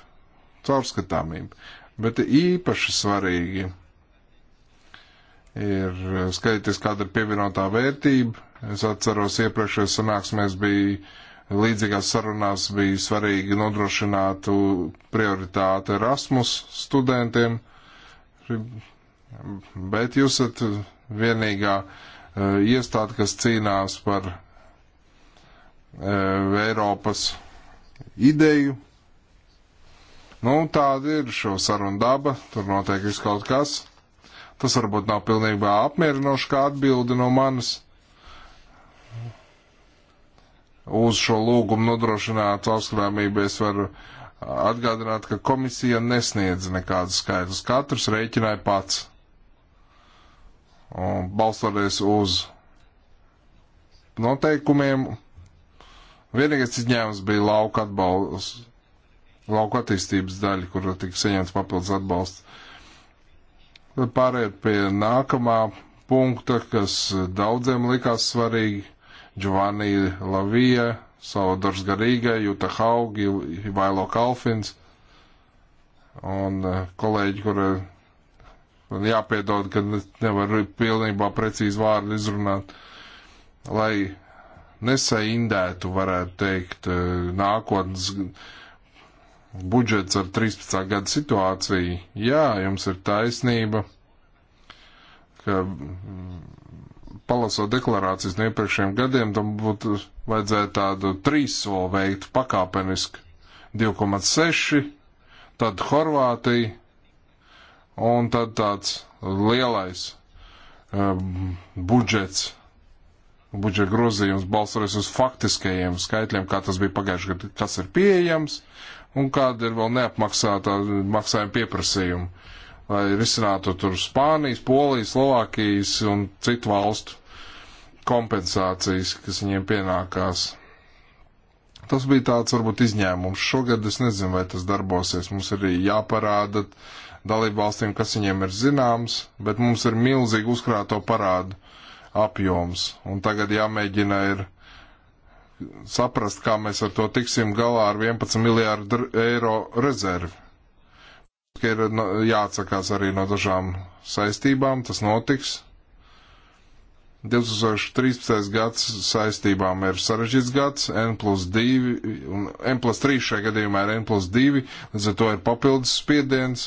Speaker 2: caurskatāmību, bet īpaši svarīgi ir skatīties, kāda ir pievienotā vērtība. Es atceros, iepriekšējā sanāksmēs bija līdzīgās sarunās bija svarīgi nodrošināt prioritāti Erasmus studentiem, bet jūs esat vienīgā e, iestāde, kas cīnās par Eh, Eiropas ideju. Nu, tāda ir šo sarunu daba, tur notiek viss kaut kas. Tas varbūt nav pilnībā apmierinoši kā atbildi no manis uz šo lūgumu nodrošināt caurskatāmību. Es varu atgādināt, ka komisija nesniedz nekādus skaidrus. Katrs rēķināja pats. Un balstoties uz noteikumiem, Vienīgais izņēmums bija lauka atbalsts, lauka attīstības daļa, kur tika saņemts papildus atbalsts. Tad pāriet pie nākamā punkta, kas daudziem likās svarīgi. Giovanni Lavija, Salvadors Garīga, Juta Haugi, Ivailo Kalfins un eh, kolēģi, kur eh, jāpiedod, ka nevar pilnībā precīzi vārdu izrunāt, lai nesaindētu, varētu teikt, eh, nākotnes budžets ar 13. gadu situāciju. Jā, jums ir taisnība, ka mm, palasot deklarācijas no iepriekšējiem gadiem, tam būtu vajadzēja tādu trīs soli veikt pakāpeniski 2,6, tad Horvātija un tad tāds lielais um, budžets budžeta grozījums balsoties uz faktiskajiem skaitļiem, kā tas bija pagājušajā gadā, kas ir pieejams un kāda ir vēl neapmaksātā maksājuma pieprasījuma, lai risinātu tur Spānijas, Polijas, Slovākijas un citu valstu kompensācijas, kas viņiem pienākās. Tas bija tāds varbūt izņēmums. Šogad es nezinu, vai tas darbosies. Mums ir jāparāda dalību valstīm, kas viņiem ir zināms, bet mums ir milzīgi uzkrāto parādu. Uh, apjoms. Un tagad jāmēģina ir saprast, kā mēs ar to tiksim galā ar 11 miljārdu eiro rezervi. Ka ir nu, jāatsakās arī no dažām saistībām, tas notiks. 2013. gads saistībām ir sarežģīts gads, N plus 2, un N plus 3 šajā gadījumā ir N plus 2, līdz ar to ir papildus spiediens.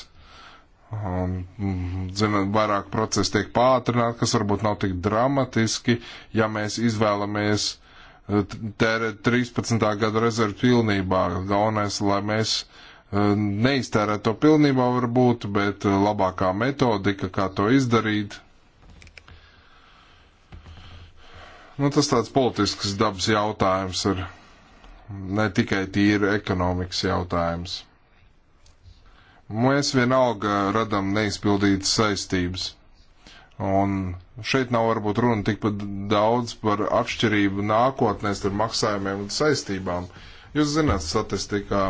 Speaker 2: Un, mm, zinot, vairāk procesi tiek pātrināti, kas varbūt nav tik dramatiski, ja mēs izvēlamies eh, tērēt 13. gada rezervu pilnībā. Galvenais, lai mēs eh, neiztērētu to pilnībā varbūt, bet eh, labākā metodika, kā to izdarīt. Nu, tas tāds politisks dabas jautājums ir, ne tikai tīri ekonomikas jautājums. Mēs vienalga radam neizpildītas saistības. Un šeit nav varbūt runa tikpat daudz par atšķirību nākotnē starp maksājumiem un saistībām. Jūs zināt, statistikā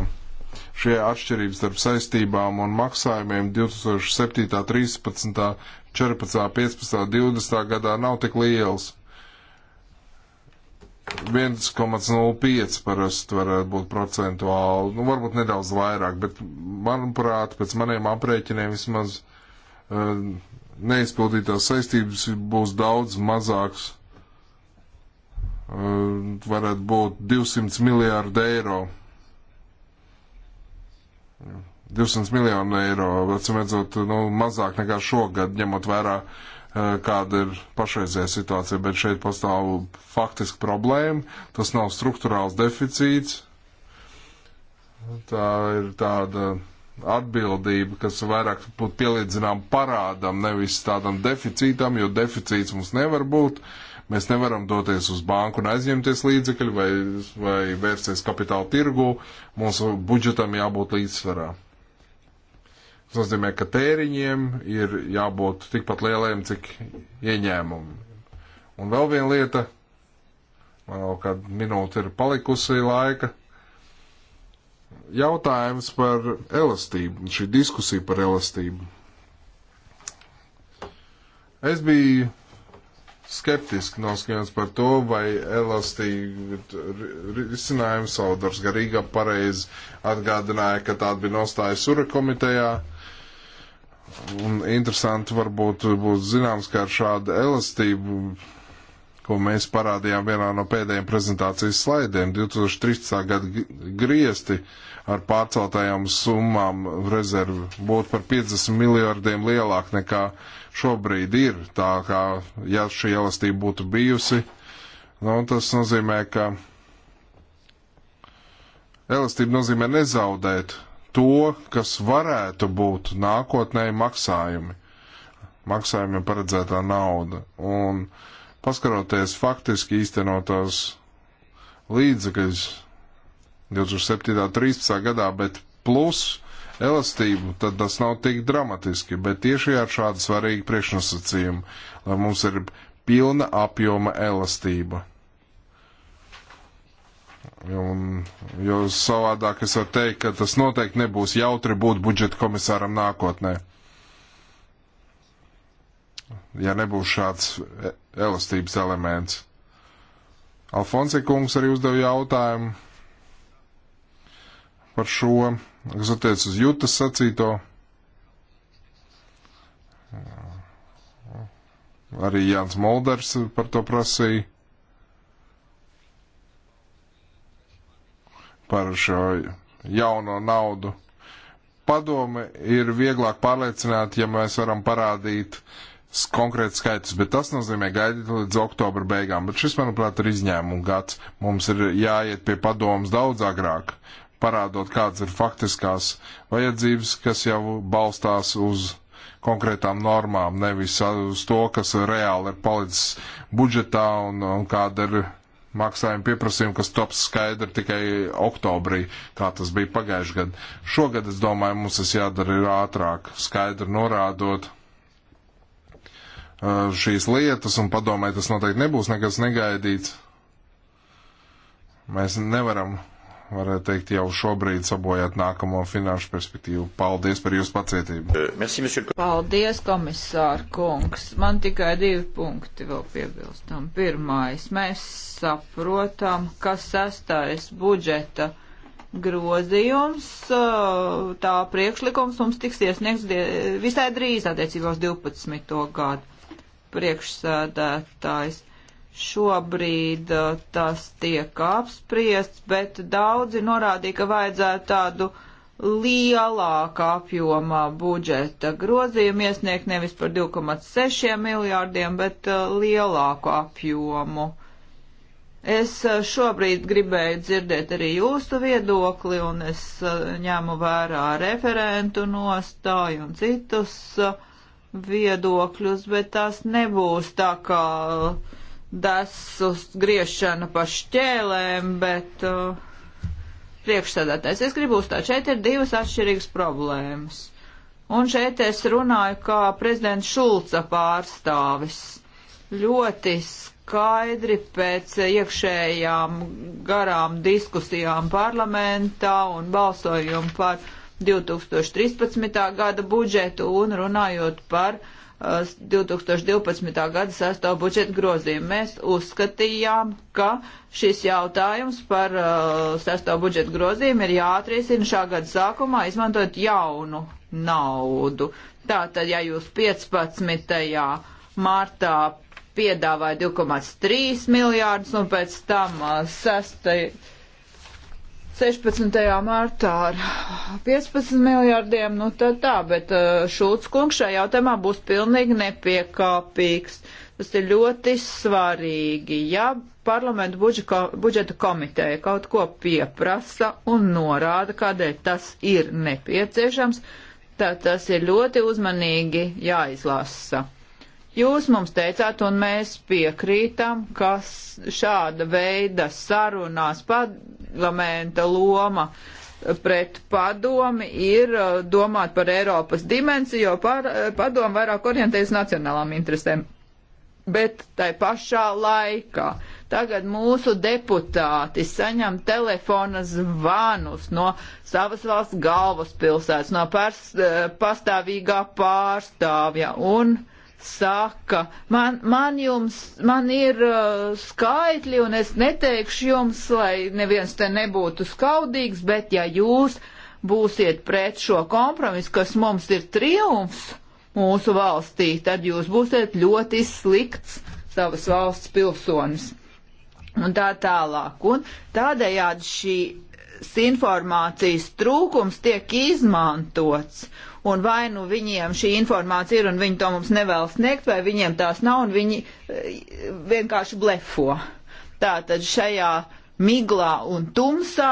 Speaker 2: šie atšķirības starp saistībām un maksājumiem 2007, 13, 14, 15, 20 gadā nav tik liels. 1,05 parasti varētu būt procentuāli, nu varbūt nedaudz vairāk, bet manuprāt, pēc maniem aprēķiniem vismaz uh, neizpildītās saistības būs daudz mazāks, uh, varētu būt 200 miljārdu eiro. 200 miljonu eiro, atsimedzot, nu, mazāk nekā šogad, ņemot vērā uh, kāda ir pašreizējā situācija, bet šeit pastāv faktiski problēma. Tas nav struktūrāls deficīts. Tā ir tāda atbildība, kas vairāk būtu pielīdzinām parādam, nevis tādam deficītam, jo deficīts mums nevar būt. Mēs nevaram doties uz banku un aizņemties līdzekļu vai, vai vērsties kapitāla tirgu. Mūsu budžetam jābūt līdzsvarā. Tas nozīmē, ka tēriņiem ir jābūt tikpat lieliem, cik ieņēmumi. Un vēl viena lieta, vēl kāda minūte ir palikusi laika. Jautājums par elastību, šī diskusija par elastību. Es biju skeptiski noskaņots par to, vai elastīgi risinājums Saudars garīga pareizi atgādināja, ka tāda bija nostāja Sura komitejā. Uh, Un interesanti varbūt būs zināms, ka ar šādu elastību, ko mēs parādījām vienā no pēdējiem prezentācijas slaidiem, 2013. gada griesti ar pārceltajām summām rezervi būtu par 50 miljardiem lielāk nekā šobrīd ir. Tā kā, ja šī elastība būtu bijusi, nu, tas nozīmē, ka elastība nozīmē nezaudēt to, kas varētu būt nākotnēji maksājumi, maksājumiem paredzētā nauda. Un paskaroties faktiski īstenotās līdzekļus 2007.13. gadā, bet plus elastību, tad tas nav tik dramatiski. Bet tieši ar šādu svarīgu priekšnosacījumu, lai mums ir pilna apjoma elastība. Un, jo savādāk es varu teikt, ka tas noteikti nebūs jautri būt budžeta komisāram nākotnē. Ja nebūs šāds e- elastības elements. Alfonsija kungs arī uzdeva jautājumu par šo, kas attiec uz jūtas sacīto. Arī Jānis Molders par to prasīja. par šo jauno naudu. Padome ir vieglāk pārliecināt, ja mēs varam parādīt konkrēts skaits, bet tas nozīmē gaidīt līdz oktobra beigām. Bet šis, manuprāt, ir izņēmuma gads. Mums ir jāiet pie padomas daudz agrāk, parādot, kādas ir faktiskās vajadzības, kas jau balstās uz konkrētām normām, nevis uz to, kas reāli ir palicis budžetā un, un kāda ir maksājumu pieprasījumu, kas tops skaidri tikai oktobrī, kā tas bija pagājušajā gadā. Šogad, es domāju, mums tas jādara ir ātrāk, skaidri norādot uh, šīs lietas, un padomē, tas noteikti nebūs nekas negaidīts. Mēs nevaram varētu teikt, jau šobrīd sabojāt nākamo finanšu perspektīvu. Paldies par jūsu pacietību. Eh, merci, monsieur.
Speaker 1: Paldies, komisār kungs. Man tikai divi punkti vēl piebilstam. Pirmais, mēs saprotam, ka sastais budžeta grozījums, eh, tā priekšlikums mums tiks iesniegts visai drīz attiecībā uz 12. gadu priekšsēdētājs Šobrīd uh, tas tiek apspriests, bet daudzi norādīja, ka vajadzētu tādu lielāka apjoma budžeta grozījumu iesniegt nevis par 2,6 miljārdiem, bet uh, lielāku apjomu. Es uh, šobrīd gribēju dzirdēt arī jūsu viedokli, un es ņēmu vērā referentu nostāju un citus viedokļus, bet tas nebūs tā kā uh, desu griešana pa šķēlēm, bet uh, priekšsēdētājs. Es gribu uzstāt, šeit ir divas atšķirīgas problēmas. Un šeit es runāju kā prezidents Šulca pārstāvis. Ļoti skaidri pēc iekšējām garām diskusijām parlamentā un balsojumu par 2013. gada budžetu un runājot par uh, 2012. gada 6. budžeta grozījumu. Mēs uzskatījām, ka šis jautājums par 6. budžeta grozījumu ir jāatrisina šā gada sākumā, izmantojot jaunu naudu. Tātad, ja jūs 15. martā piedāvāja 2,3 miljārdus un pēc tam 6. 16. martā ar 15 miljārdiem, nu tad tā, bet uh, Šulc kungs šajā jautājumā būs pilnīgi nepiekāpīgs. Tas ir ļoti svarīgi. Ja parlamentu budžeta komiteja kaut ko pieprasa un norāda, kādēļ tas ir nepieciešams, tad tas ir ļoti uzmanīgi jāizlasa. Jūs mums teicāt, un mēs piekrītam, ka šāda veida sarunās pad parlamenta loma pret padomi ir uh, domāt par Eiropas dimensiju, jo par, uh, padomi vairāk orientējas nacionālām interesēm. Bet tai pašā laikā tagad mūsu deputāti saņem telefona zvanus no savas valsts galvaspilsētas, no pers, uh, pastāvīgā pārstāvja un uh, saka, man, man jums, man ir uh, skaitļi un es neteikšu jums, lai neviens te nebūtu skaudīgs, bet ja jūs būsiet pret šo kompromisu, kas mums ir triumfs mūsu valstī, tad jūs būsiet ļoti slikts savas valsts pilsonis. Un tā tālāk. Un tādējādi šī informācijas trūkums tiek izmantots un vai nu viņiem šī informācija ir un viņi to mums nevēlas sniegt, vai viņiem tās nav un viņi e, vienkārši blefo. Tātad šajā miglā un tumsā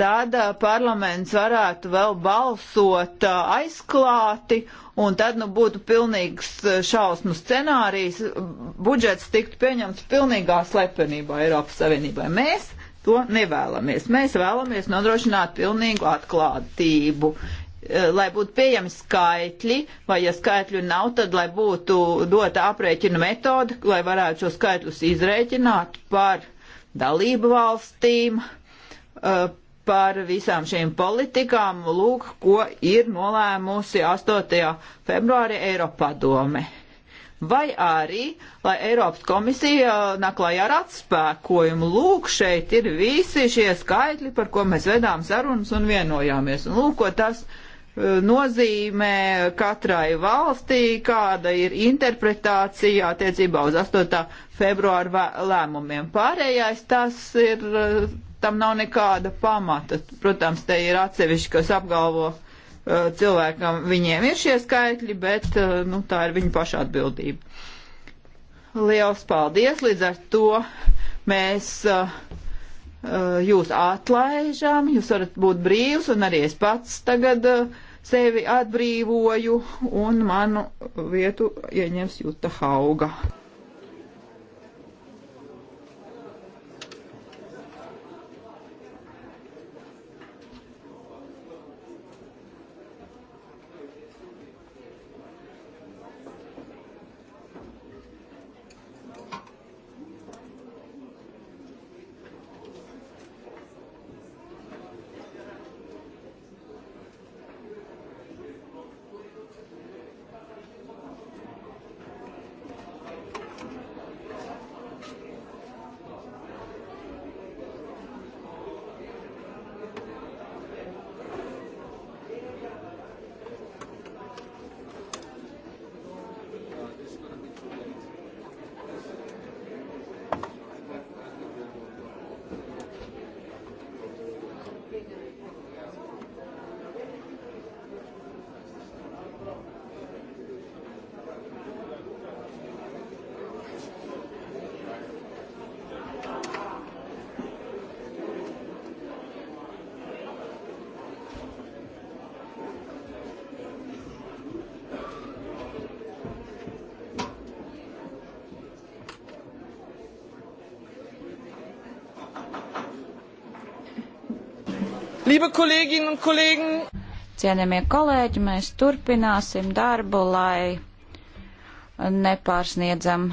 Speaker 1: tad e, parlaments varētu vēl balsot e, aizklāti, un tad nu būtu pilnīgs šausmu scenārijs, budžets tiktu pieņemts pilnīgā slepenībā Eiropas Savienībai. Mēs to nevēlamies. Mēs vēlamies nodrošināt pilnīgu atklātību. Eh, lai būtu pieejami skaitļi, vai ja skaitļu nav, tad lai būtu dota aprēķina metode, lai varētu šo skaitļus izrēķināt par dalību valstīm, eh, par visām šīm politikām, lūk, ko ir nolēmusi 8. februāri Eiropadome. Vai arī, lai Eiropas komisija naklājā ar atspēkojumu, lūk, šeit ir visi šie skaitļi, par ko mēs vedām sarunas un vienojāmies. Un lūk, ko tas uh, nozīmē katrai valstī, kāda ir interpretācija attiecībā uz 8. februāra lēmumiem. Pārējais tas ir, tam nav nekāda pamata. Protams, te ir atsevišķi, kas apgalvo uh, cilvēkam, viņiem ir šie skaitļi, bet uh, nu, tā ir viņa paša atbildība. Liels paldies! Līdz ar to mēs uh, Eh, jūs atlaižam, jūs varat būt brīvs, un arī es pats tagad eh, sevi atbrīvoju, un manu vietu ieņems Juta Hauga. Liebe Kolleginnen un Kollegen!
Speaker 3: Cienījamie kolēģi, mēs turpināsim darbu, lai nepārsniedzam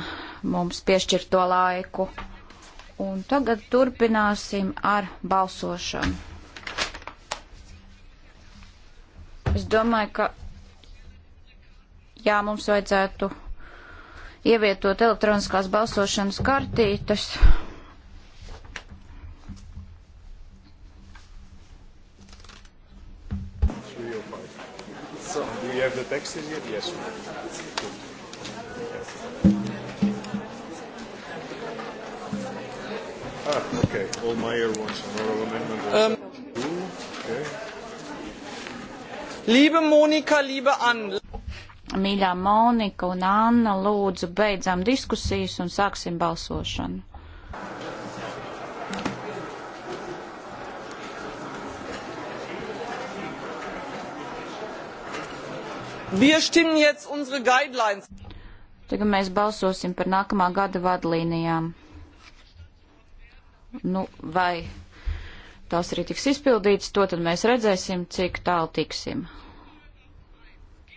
Speaker 3: mums piešķirto laiku. Un tagad turpināsim ar balsošanu. Es domāju, ka jā, mums vajadzētu ievietot elektroniskās balsošanas kartītes.
Speaker 2: text is here? Yes. Ah, okay. All Meyer wants an oral amendment. Um, ähm. Two. okay.
Speaker 1: Liebe Monika, liebe Anne. Mīļā
Speaker 3: Monika un Anna, lūdzu, beidzam diskusijas un sāksim balsošanu. Tagad mēs balsosim par nākamā gada vadlīnijām. Nu, vai tās arī tiks izpildītas, to tad mēs redzēsim, cik tālu tiksim.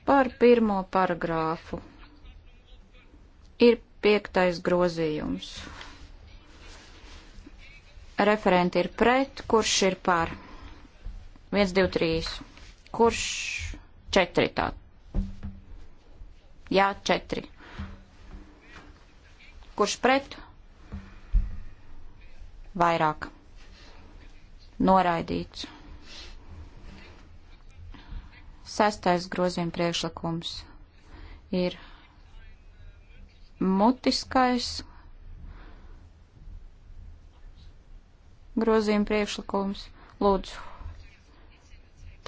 Speaker 3: Par pirmo paragrāfu ir piektais grozījums. Referenti ir pret, kurš ir par? 1, 2, 3. Kurš 4 tātad? Jā, 4. Kurš pret? Vairāk. Noraidīts. Sestais grozījuma priekšlikums ir mutiskais grozījuma priekšlikums. Lūdzu,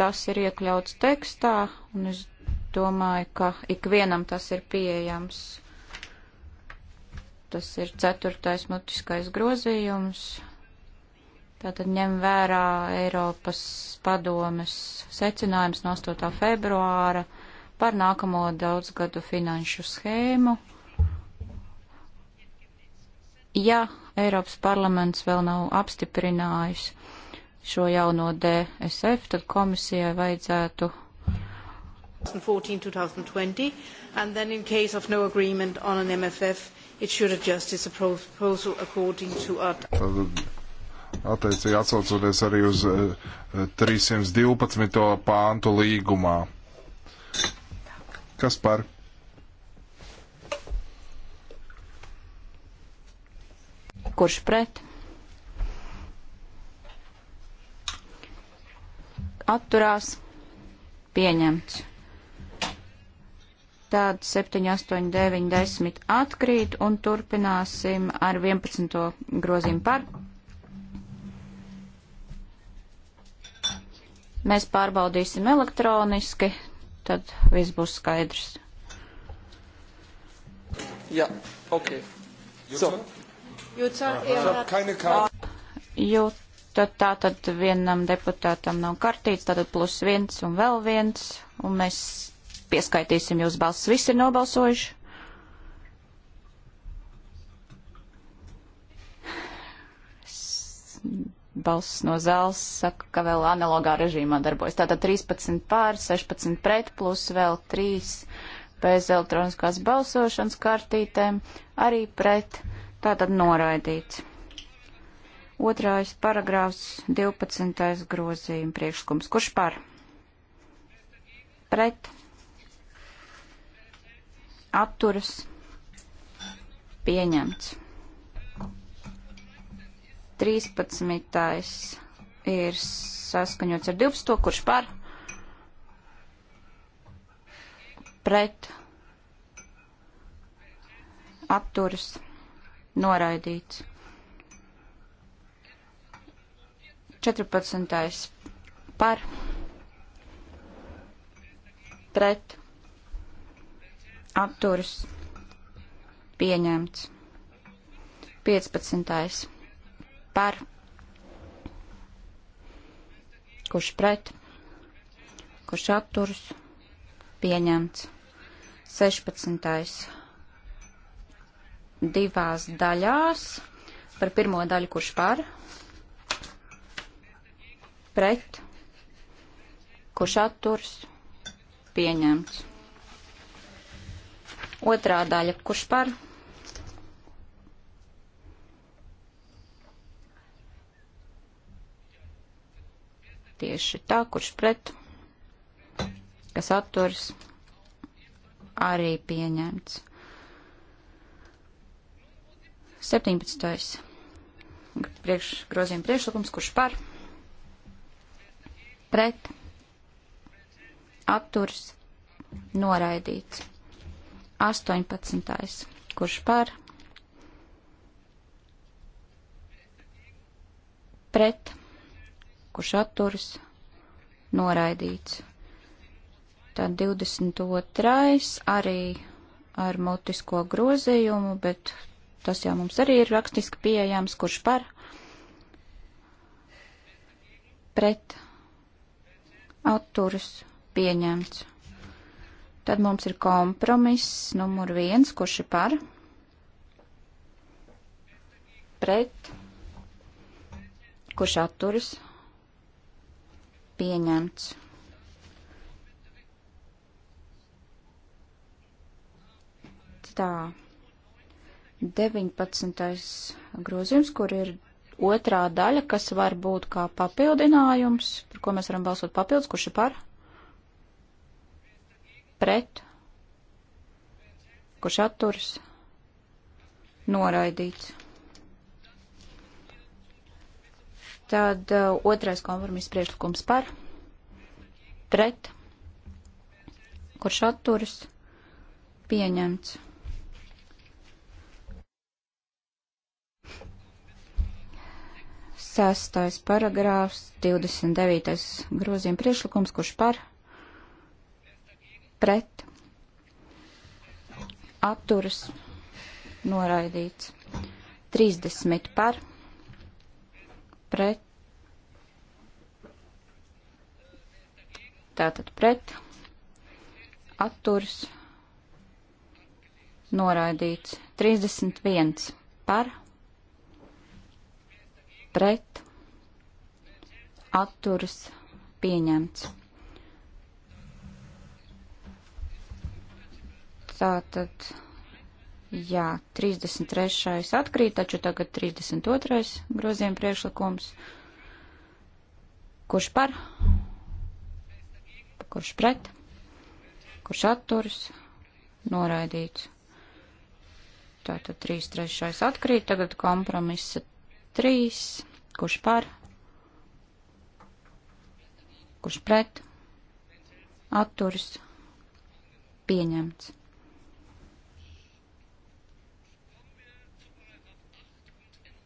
Speaker 3: tas ir iekļauts tekstā, un es domāju, ka ikvienam tas ir pieejams. Tas ir ceturtais mutiskais grozījums. Tātad ņem vērā Eiropas padomes secinājums no 8. februāra par nākamo daudzgadu finanšu schēmu. Ja Eiropas parlaments vēl nav apstiprinājis šo jauno DSF, tad komisijai vajadzētu
Speaker 1: 2014-2020, and then in case of no agreement on an MFF, it should adjust its proposal according to our...
Speaker 2: Uh, attiecīgi atsaucoties arī uz 312. Uh, uh, pāntu līgumā. Kas par?
Speaker 3: Kurš pret? Atturās. Pieņemts. Tad 7, 8, 9, 10 atkrīt un turpināsim ar 11. grozīmu par. Mēs pārbaudīsim elektroniski, tad viss būs skaidrs.
Speaker 2: Jā, ok. So. Jūtā,
Speaker 3: Jūtā, tā tad vienam deputātam nav kartīts, tātad plus viens un vēl viens, un mēs pieskaitīsim jūs balsis. Visi ir nobalsojuši. Balss no zāles saka, ka vēl analogā režīmā darbojas. Tātad 13 pār, 16 pret, plus vēl 3 bez elektroniskās balsošanas kartītēm, arī pret, tātad noraidīts. Otrais paragrāfs 12. grozījuma priekšlikums. Kurš par? Pret atturas pieņemts. 13. ir saskaņots ar 12. kurš par pret atturas noraidīts. 14. par pret atturas pieņemts. 15. par kurš pret, kurš atturas pieņemts. 16. divās daļās par pirmo daļu, kurš par pret, kurš atturas pieņemts Otrā daļa, kurš par? Tieši tā, kurš pret, kas atturas, arī pieņemts. 17. Priekš, grozījuma priekšlikums, kurš par, pret, atturs, noraidīts. 18. Kurš par? Pret. Kurš atturas? Noraidīts. Tad 22. arī ar mutisko grozījumu, bet tas jau mums arī ir rakstiski pieejams, kurš par pret atturas pieņemts. Tad mums ir kompromiss numur viens, kurš ir par, pret, kurš atturas, pieņemts. Tā. 19. grozījums, kur ir otrā daļa, kas var būt kā papildinājums, par ko mēs varam balsot papildus, kurš ir par, pret, kurš atturas, noraidīts. Tad uh, otrais kompromiss priekšlikums par, pret, kurš atturas, pieņemts. Sestais paragrāfs, 29. grozījuma priešlikums, kurš par pret atturas noraidīts. 30 par pret tātad pret atturas noraidīts. 31 par pret atturas pieņemts. Tātad, jā, 33. atkrīt, taču tagad 32. grozījuma priekšlikums. Kurš par? Kurš pret? Kurš atturas? Noraidīts. Tātad 3 trešais atkrīt, tagad kompromisa 3. Kurš par? Kurš pret? Atturs? Pieņemts.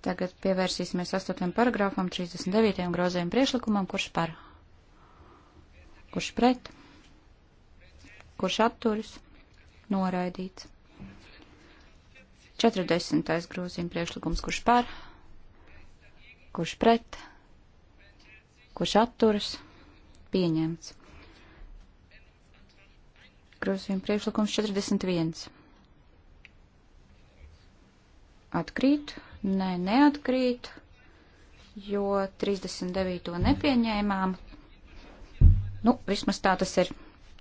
Speaker 3: Tagad pievērsīsimies 8. paragrāfam, 39. grozējuma priešlikumam, kurš par, kurš pret, kurš atturis, noraidīts. 40. grozījuma priešlikums, kurš par, kurš pret, kurš atturis, pieņemts. Grozījuma priekšlikums 41. Atkrīt. Nē, neatkrīt, jo 39. nepieņēmām. Nu, vismaz tā tas ir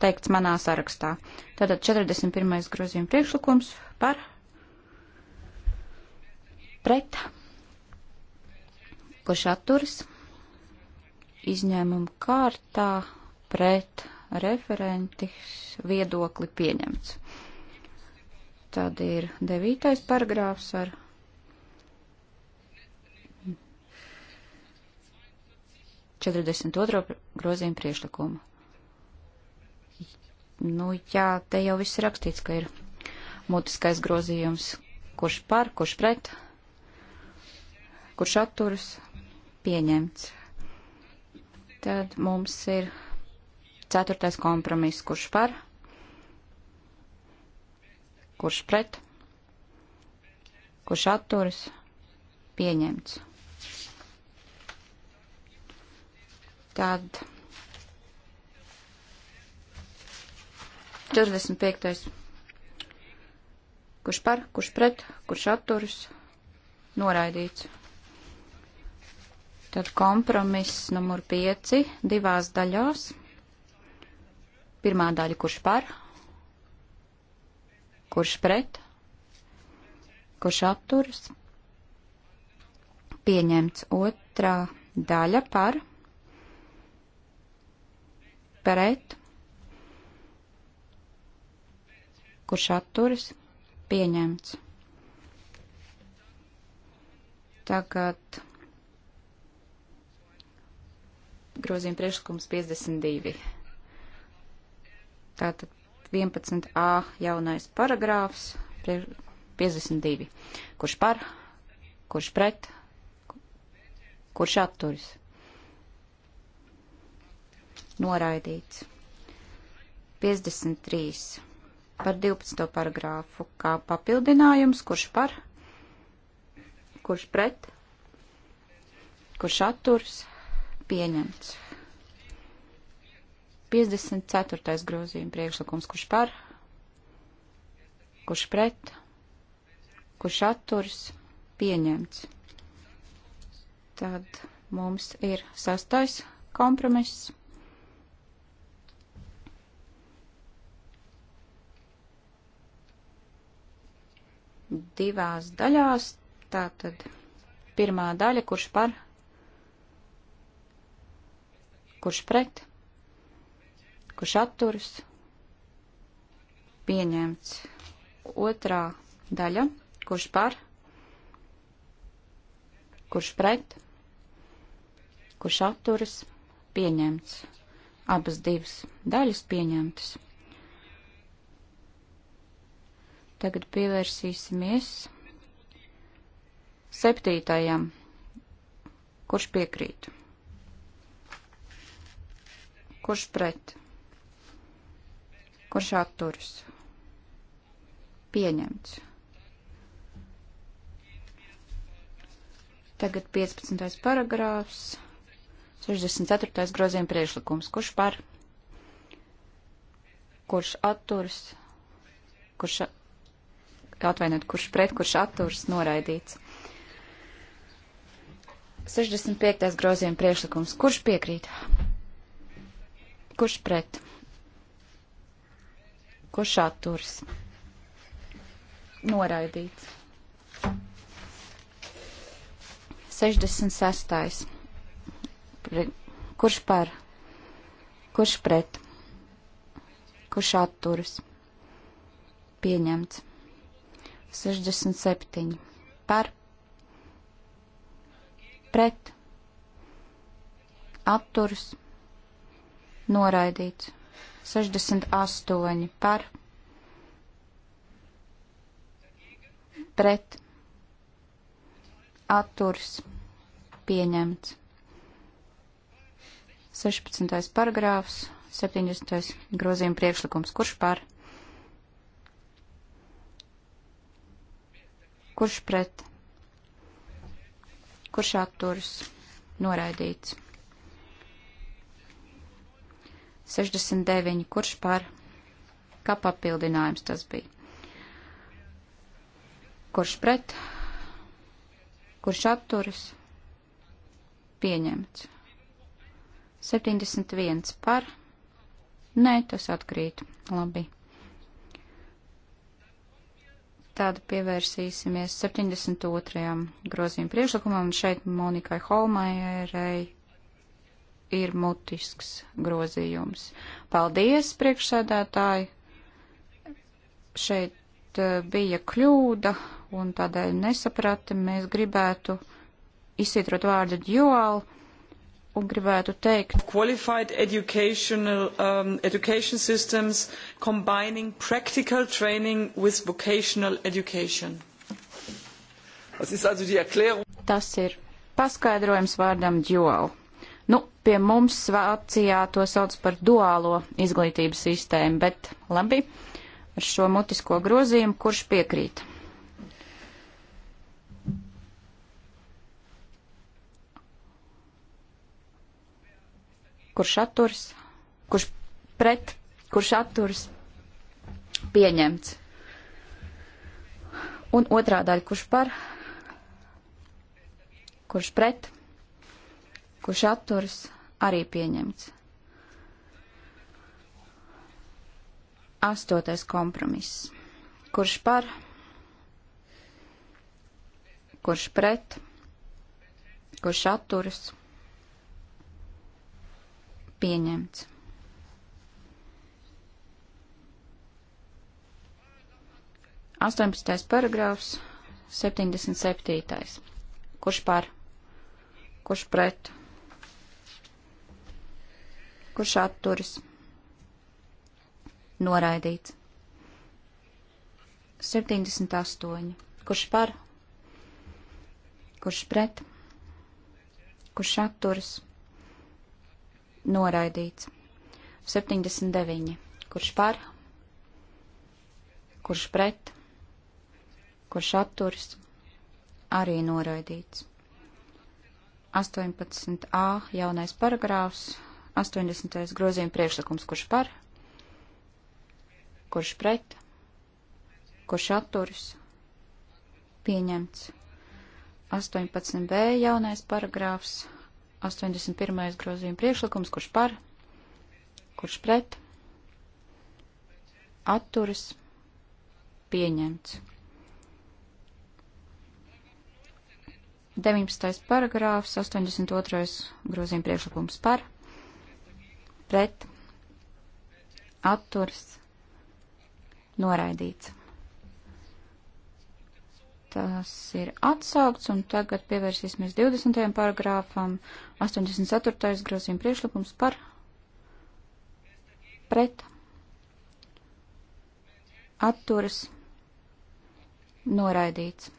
Speaker 3: teikts manā sarakstā. Tātad 41. grozījuma priekšlikums par pret, kurš atturas izņēmumu kārtā pret referenti viedokli pieņemts. Tad ir devītais paragrāfs ar 42. grozījumu priešlikumu. Nu, jā, te jau viss rakstīts, ka ir mutiskais grozījums, kurš par, kurš pret, kurš atturas, pieņemts. Tad mums ir ceturtais kompromiss, kurš par, kurš pret, kurš atturas, pieņemts. Tad 45. Kurš par, kurš pret, kurš atturas, noraidīts. Tad kompromiss numur 5 divās daļās. Pirmā daļa, kurš par, kurš pret, kurš atturas, pieņemts otrā daļa par, pret, kurš atturas, pieņemts. Tagad grozījuma priekšlikums 52. Tātad 11a jaunais paragrāfs 52. Kurš par, kurš pret, kurš atturas? noraidīts. 53 par 12. paragrāfu kā papildinājums, kurš par, kurš pret, kurš atturs, pieņemts. 54. grozījuma priekšlikums, kurš par, kurš pret, kurš atturs, pieņemts. Tad mums ir sastais kompromiss. divās daļās. Tātad pirmā daļa, kurš par, kurš pret, kurš atturs, pieņemts. Otrā daļa, kurš par, kurš pret, kurš atturs, pieņemts. Abas divas daļas pieņemtas. Tagad pievērsīsimies septītajam. Kurš piekrīt? Kurš pret? Kurš atturas? Pieņemts. Tagad 15. paragrāfs, 64. grozījuma priešlikums. Kurš par? Kurš atturas? Kurš atturas? atvainot, kurš pret, kurš atturs noraidīts. 65. grozījuma priekšlikums. Kurš piekrīt? Kurš pret? Kurš atturs? Noraidīts. 66. Kurš par? Kurš pret? Kurš atturas? Pieņemts. 67 par pret apturs noraidīts 68 par pret atturs pieņemts 16. paragrāfs 70. grozījuma priekšlikums kurš par pret Kurš pret? Kurš atturas? Noraidīts. 69. Kurš par? Kā papildinājums tas bija? Kurš pret? Kurš atturas? Pieņemts. 71 par. Nē, tas atkrīt. Labi. Tad pievērsīsimies 72. grozījuma priekšlikumam, un šeit Monikai Holmajerai ir mutisks grozījums. Paldies, priekšsēdētāji! Šeit eh, bija kļūda, un tādēļ nesaprati, mēs gribētu izsītrot vārdu duāli un gribētu teikt.
Speaker 1: Qualified educational um, education systems combining practical training with vocational education.
Speaker 3: Tas ir paskaidrojums vārdam dual. Nu, pie mums Vācijā to sauc par duālo izglītības sistēmu, bet labi, ar šo mutisko grozījumu kurš piekrīt? kurš atturs, kurš pret, kurš atturs, pieņemts. Un otrā daļa, kurš par, kurš pret, kurš atturs, arī pieņemts. Astotais kompromiss. Kurš par, kurš pret, kurš atturs, pieņemts pieņemts. Astoņpadsmitais paragrāfs, septiņdesmit septītais. Kurš par? Kurš pret? Kurš atturis? Noraidīts. 78. Kurš par? Kurš pret? Kurš atturis? noraidīts. 79. Kurš par? Kurš pret? Kurš atturs? Arī noraidīts. 18a jaunais paragrāfs, 80. grozījuma priekšlikums, kurš par, kurš pret, kurš atturs, pieņemts. 18b jaunais paragrāfs, 81. grozījuma priekšlikums, kurš par, kurš pret, atturas, pieņemts. 19. paragrāfs, 82. grozījuma priekšlikums par, pret, atturas, noraidīts tas ir atsaukts, un tagad pievērsīsimies 20. paragrāfam, 84. grozījuma priekšlikums par pret atturas noraidīts.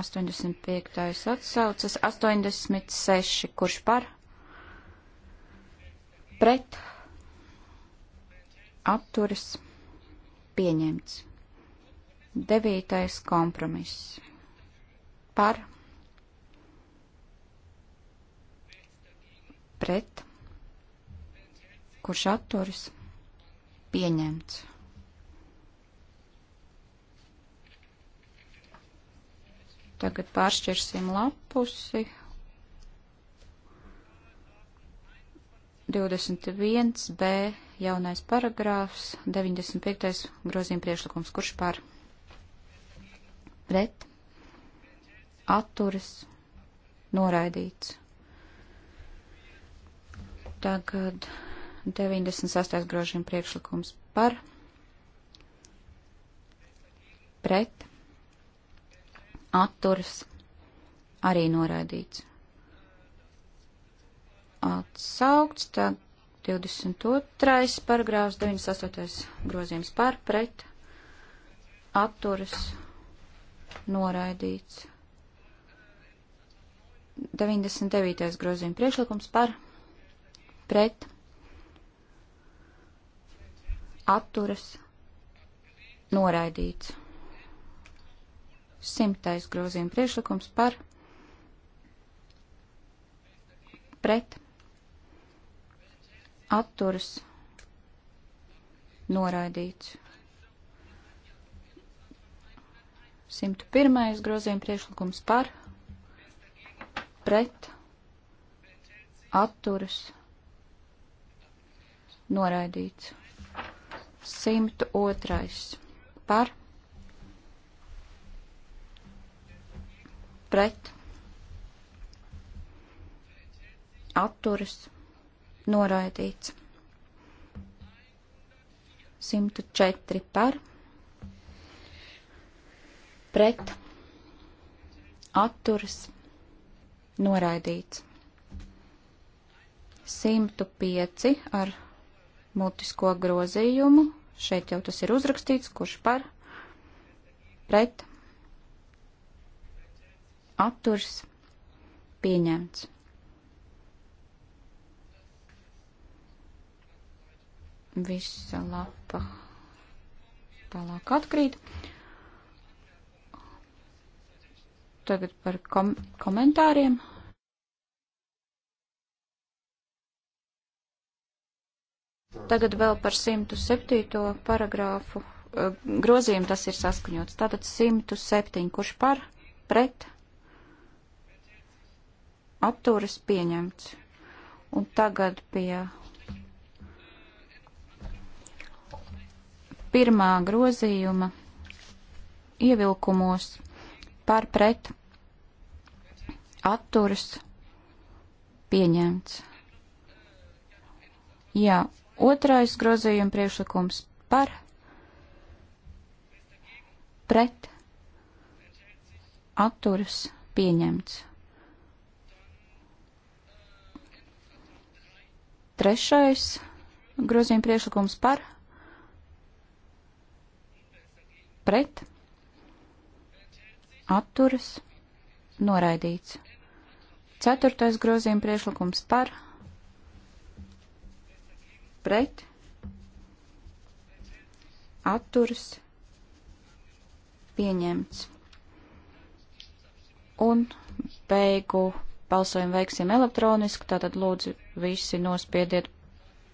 Speaker 3: 85. atsaucas, 86. kurš par pret atturas pieņemts. Devītais kompromiss. Par. Pret. Kurš atturis? Pieņemts. Tagad pāršķirsim lapusi. 21b jaunais paragrāfs, 95. grozījuma priekšlikums, kurš par pret, atturas, noraidīts. Tagad 98. grožiem priekšlikums par, pret, atturas, arī noraidīts. Atsaukts, tad 22. paragrāfs, 98. grozījums par, pret, atturas, noraidīts noraidīts. 99. grozījuma priekšlikums par pret atturas noraidīts. 100. grozījuma priekšlikums par pret atturas noraidīts. 101. grozījuma priekšlikums par, pret, atturas, noraidīts. 102. par, pret, atturas, noraidīts. 104 par, pret, atturas, noraidīts. 105 ar mutisko grozījumu, šeit jau tas ir uzrakstīts, kurš par, pret, atturs, pieņemts. Visa lapa tālāk atkrīt. Tagad par kom komentāriem. Tagad vēl par 107. paragrāfu e, grozījumu tas ir saskaņots. Tātad 107, kurš par, pret, aptūris pieņemts. Un tagad pie pirmā grozījuma ievilkumos par pret atturas pieņemts. Jā, otrais grozījuma priekšlikums par pret atturas pieņemts. Trešais grozījuma priekšlikums par pret atturas pieņemts atturas, noraidīts. Ceturtais grozījuma priešlikums par, pret, atturas, pieņemts. Un beigu balsojumu veiksim elektroniski, tātad lūdzu visi nospiediet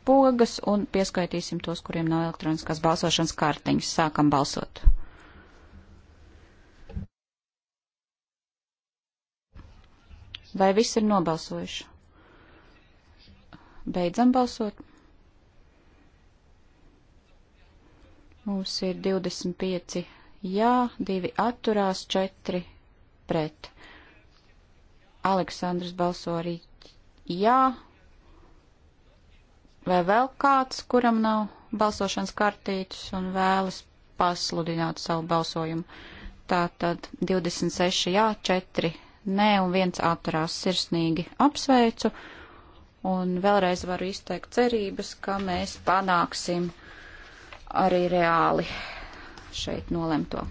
Speaker 3: pogas un pieskaitīsim tos, kuriem nav elektroniskās balsošanas kartiņas. Sākam balsot! Vai viss ir nobalsojuši? Beidzam balsot. Mums ir 25 jā, 2 atturās, 4 pret. Aleksandrs balso arī jā. Vai vēl kāds, kuram nav balsošanas kartītes un vēlas pasludināt savu balsojumu? Tātad 26 jā, 4 nē un viens atturās sirsnīgi apsveicu. Un vēlreiz varu izteikt cerības, ka mēs panāksim arī reāli šeit nolemto.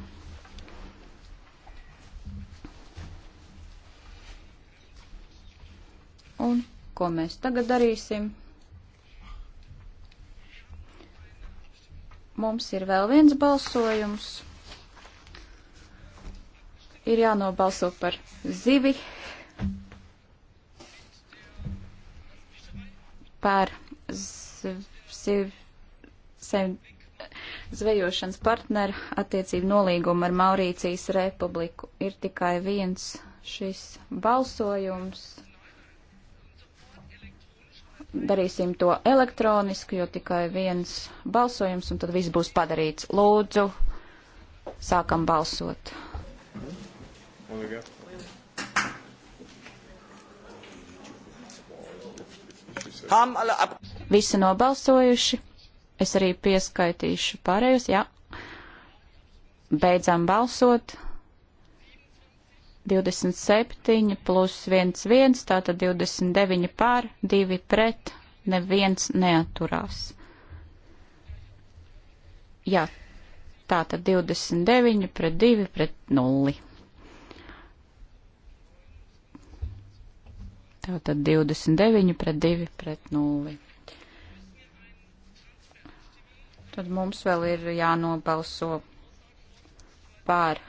Speaker 3: Un ko mēs tagad darīsim? Mums ir vēl viens balsojums ir jānobalso par zivi, par ziv, sev, zvejošanas partneru attiecību nolīgumu ar Maurīcijas republiku. Ir tikai viens šis balsojums. Darīsim to elektroniski, jo tikai viens balsojums un tad viss būs padarīts. Lūdzu, sākam balsot.
Speaker 1: Mm-hmm. On regarde. Oui, oui.
Speaker 3: Visi nobalsojuši. Es arī pieskaitīšu pārējus. Jā. Beidzam balsot. 27 plus 1, 1, tātad 29 pār, 2 pret, neviens neaturās. Jā, tātad 29 pret 2 pret 0. Tātad 29 pret 2 pret 0. Tad mums vēl ir jānobalso pār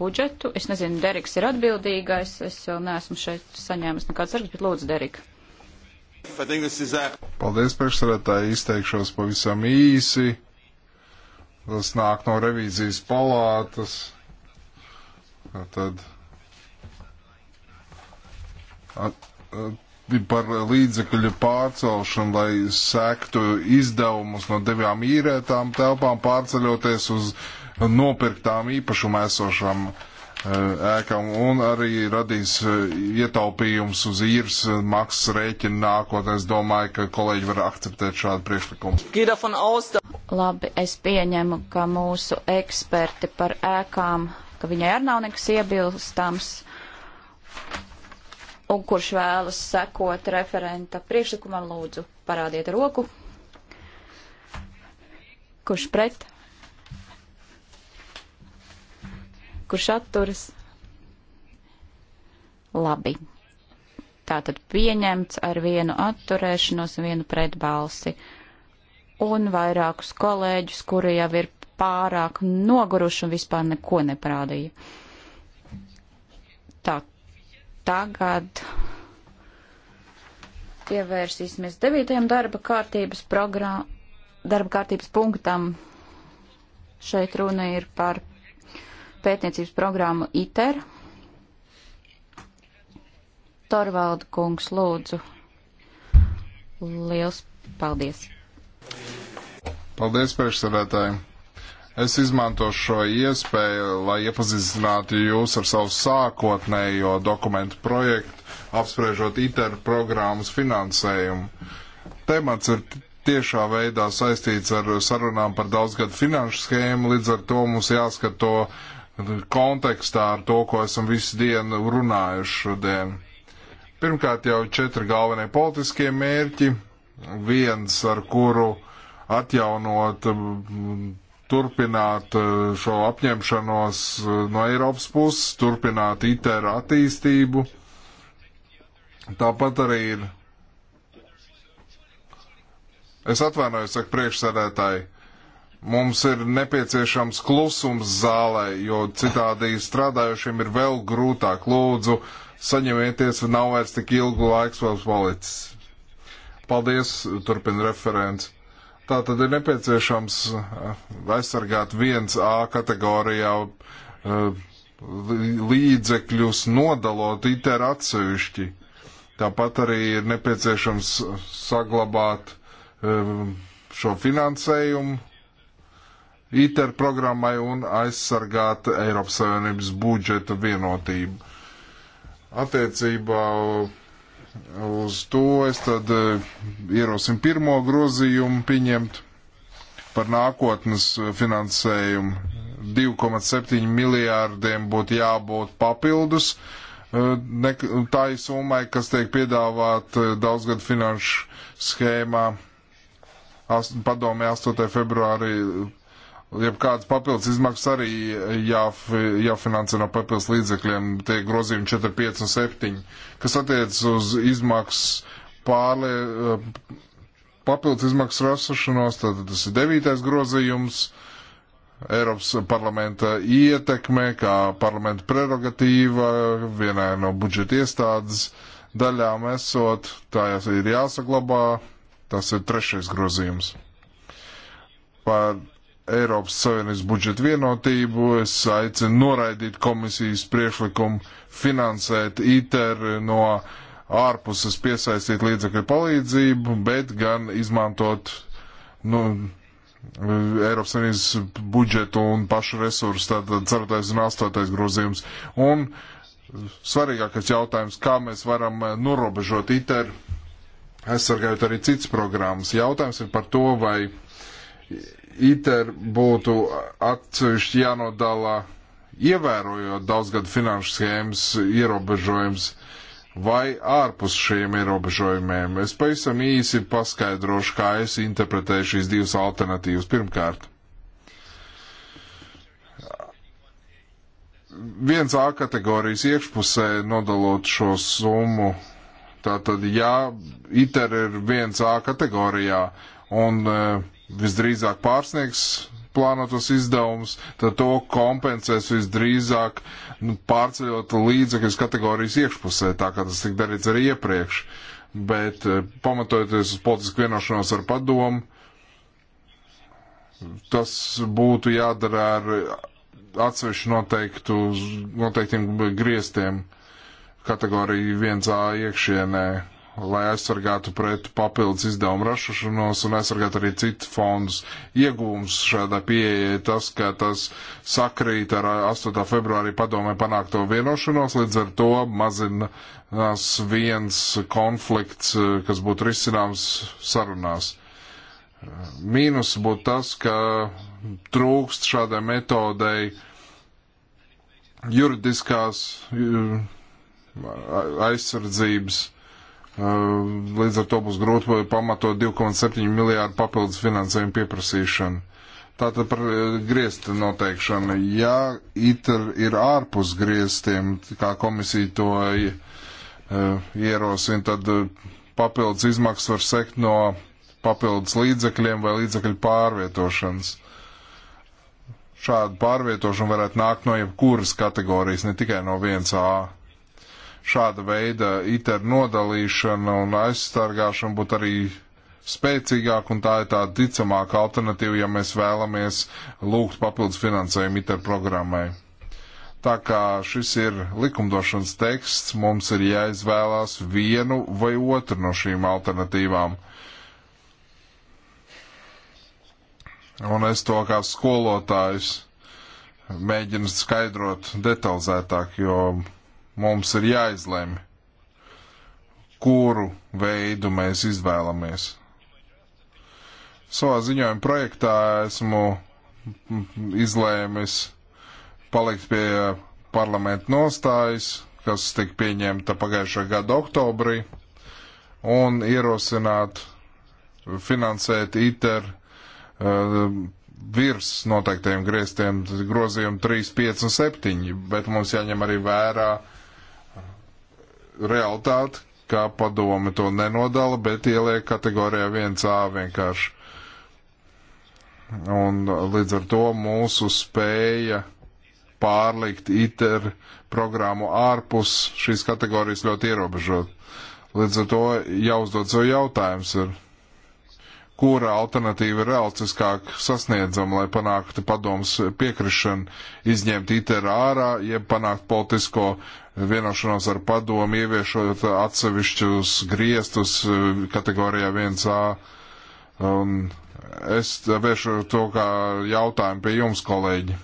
Speaker 3: budžetu. Es nezinu, Deriks ir atbildīgais. Es vēl neesmu šeit saņēmis nekādas sargas, bet lūdzu, Derika.
Speaker 2: Paldies, priekšsarētāji, izteikšos pavisam īsi. Tas nāk no revīzijas palātas. Tad Uh, par līdzekļu pārcelšanu, lai sektu izdevumus no divām īrētām telpām, pārceļoties uz nopirktām īpašumā esošām uh, ēkām un arī radīs uh, ietaupījums uz īres maksas rēķina nākotnē. Es domāju, ka kolēģi var akceptēt šādu priekšlikumu.
Speaker 3: Labi, es pieņemu, ka mūsu eksperti par ēkām, ka viņai arī nav nekas iebilstams. Un kurš vēlas sekot referenta priekšlikumam, lūdzu, parādiet roku. Kurš pret? Kurš atturas? Labi. Tātad pieņemts ar vienu atturēšanos, vienu pretbalsi un vairākus kolēģus, kuri jau ir pārāk noguruši un vispār neko neprādīja tagad pievērsīsimies devītajam darba kārtības programmu, darba kārtības punktam. Šeit runa ir par pētniecības programmu ITER. Torvalda kungs, lūdzu. Liels paldies!
Speaker 2: Paldies priekšsēdētājiem! Es izmantošu šo iespēju, lai iepazīstinātu jūs ar savu sākotnējo dokumentu projektu, apspriežot ITER programmas finansējumu. Temats ir tiešā veidā saistīts ar sarunām par daudzgadu finanšu schēmu, līdz ar to mums jāskato kontekstā ar to, ko esam visu dienu runājuši šodien. Pirmkārt jau četri galvenie politiskie mērķi, viens ar kuru atjaunot turpināt eh, šo apņemšanos eh, no Eiropas puses, turpināt ITER attīstību. Tāpat arī ir. Es atvainojos, saka priekšsēdētāji, mums ir nepieciešams klusums zālē, jo citādi strādājušiem ir vēl grūtāk. Lūdzu, saņemieties, nav vairs tik ilgu laiks vēl palicis. Paldies, turpina referents. Tā tad ir nepieciešams eh, aizsargāt 1A kategorijā eh, līdzekļus nodalot ITER atsevišķi. Tāpat arī ir nepieciešams saglabāt eh, šo finansējumu ITER programmai un aizsargāt Eiropas Savienības budžeta vienotību. Attiecībā uz to es tad eh, ierosim pirmo grozījumu pieņemt par nākotnes eh, finansējumu. 2,7 miljārdiem būtu jābūt papildus eh, ne, tā ir summai, kas tiek piedāvāta daudzgad finanšu schēmā. Padomē 8. februārī ja kādas papildus izmaksas arī jāf, jāfinansē no papildus līdzekļiem, tie grozījumi 4, 5 un 7, kas attiecas uz izmaksas pārlie, papildus izmaksas rasašanos, tad tas ir 9. grozījums, Eiropas parlamenta ietekme, kā parlamenta prerogatīva, vienai no budžeta iestādes daļām esot, tā ir jāsaglabā, tas ir trešais grozījums. Par Eiropas Savienības budžeta vienotību. Es aicinu noraidīt komisijas priekšlikumu finansēt ITER no ārpuses piesaistīt līdzekļu palīdzību, bet gan izmantot nu, Eiropas Savienības budžetu un pašu resursu, tātad ceturtais un astotais grozījums. Un svarīgākais jautājums, kā mēs varam norobežot ITER, aizsargājot arī citas programmas. Jautājums ir par to, vai ITER būtu atsevišķi jānodala, ievērojot daudzgadu finanšu schēmas ierobežojums vai ārpus šiem ierobežojumiem. Es pavisam īsi paskaidrošu, kā es interpretēju šīs divas alternatīvas. Pirmkārt, viens A kategorijas iekšpusē nodalot šo summu. Tātad, ja ITER ir viens A kategorijā un uh, visdrīzāk pārsniegs plānotos izdevumus, tad to kompensēs visdrīzāk nu, pārceļot līdzekļus kategorijas iekšpusē, tā kā tas tika darīts arī iepriekš. Bet eh, pamatojoties uz politisku vienošanos ar padomu, tas būtu jādara ar atsevišķu noteiktu, noteiktiem griestiem kategoriju 1A iekšienē lai aizsargātu pret papildus izdevumu rašošanos un aizsargātu arī citu fondus. Iegūms šādā pieeja ir tas, ka tas sakrīt ar 8. februārī padomē panākto vienošanos, līdz ar to mazinās viens konflikts, kas būtu risināms sarunās. Mīnus būtu tas, ka trūkst šādai metodei juridiskās aizsardzības Līdz ar to būs grūti pamatot 2,7 miljārdu papildus finansējumu pieprasīšanu. Tātad par griezta noteikšanu. Ja ITER ir ārpus grieztiem, kā komisija to ierosina, tad papildus izmaksas var sekt no papildus līdzekļiem vai līdzekļu pārvietošanas. Šādu pārvietošanu varētu nākt no jebkuras kategorijas, ne tikai no 1A šāda veida ITER nodalīšana un aizstargāšana būtu arī spēcīgāk un tā ir tā ticamāka alternatīva, ja mēs vēlamies lūgt papildus finansējumu ITER programmai. Tā kā šis ir likumdošanas teksts, mums ir jāizvēlās vienu vai otru no šīm alternatīvām. Un es to kā skolotājs mēģinu skaidrot detalizētāk, jo Mums ir jāizlemj, kuru veidu mēs izvēlamies. Savā ziņojuma projektā esmu izlēmis palikt pie parlamenta nostājas, kas tika pieņemta pagājušā gada oktobrī, un ierosināt finansēt ITER uh, virs noteiktiem grieztiem grozījumiem 3, 5 un 7, bet mums jāņem arī vērā uh, realitāte, kā padome to nenodala, bet ieliek kategorijā 1A vienkārši. Un līdz ar to mūsu spēja pārlikt ITER programmu ārpus šīs kategorijas ļoti ierobežot. Līdz ar to jāuzdod sev jautājums ir, kura alternatīva ir realistiskāk sasniedzama, lai panāktu padomus piekrišanu, izņemt ITER ārā, jeb panākt politisko vienošanos ar padomu, ieviešot atsevišķus griestus e, kategorijā 1A. Un es vēršu to kā jautājumu pie jums, kolēģi.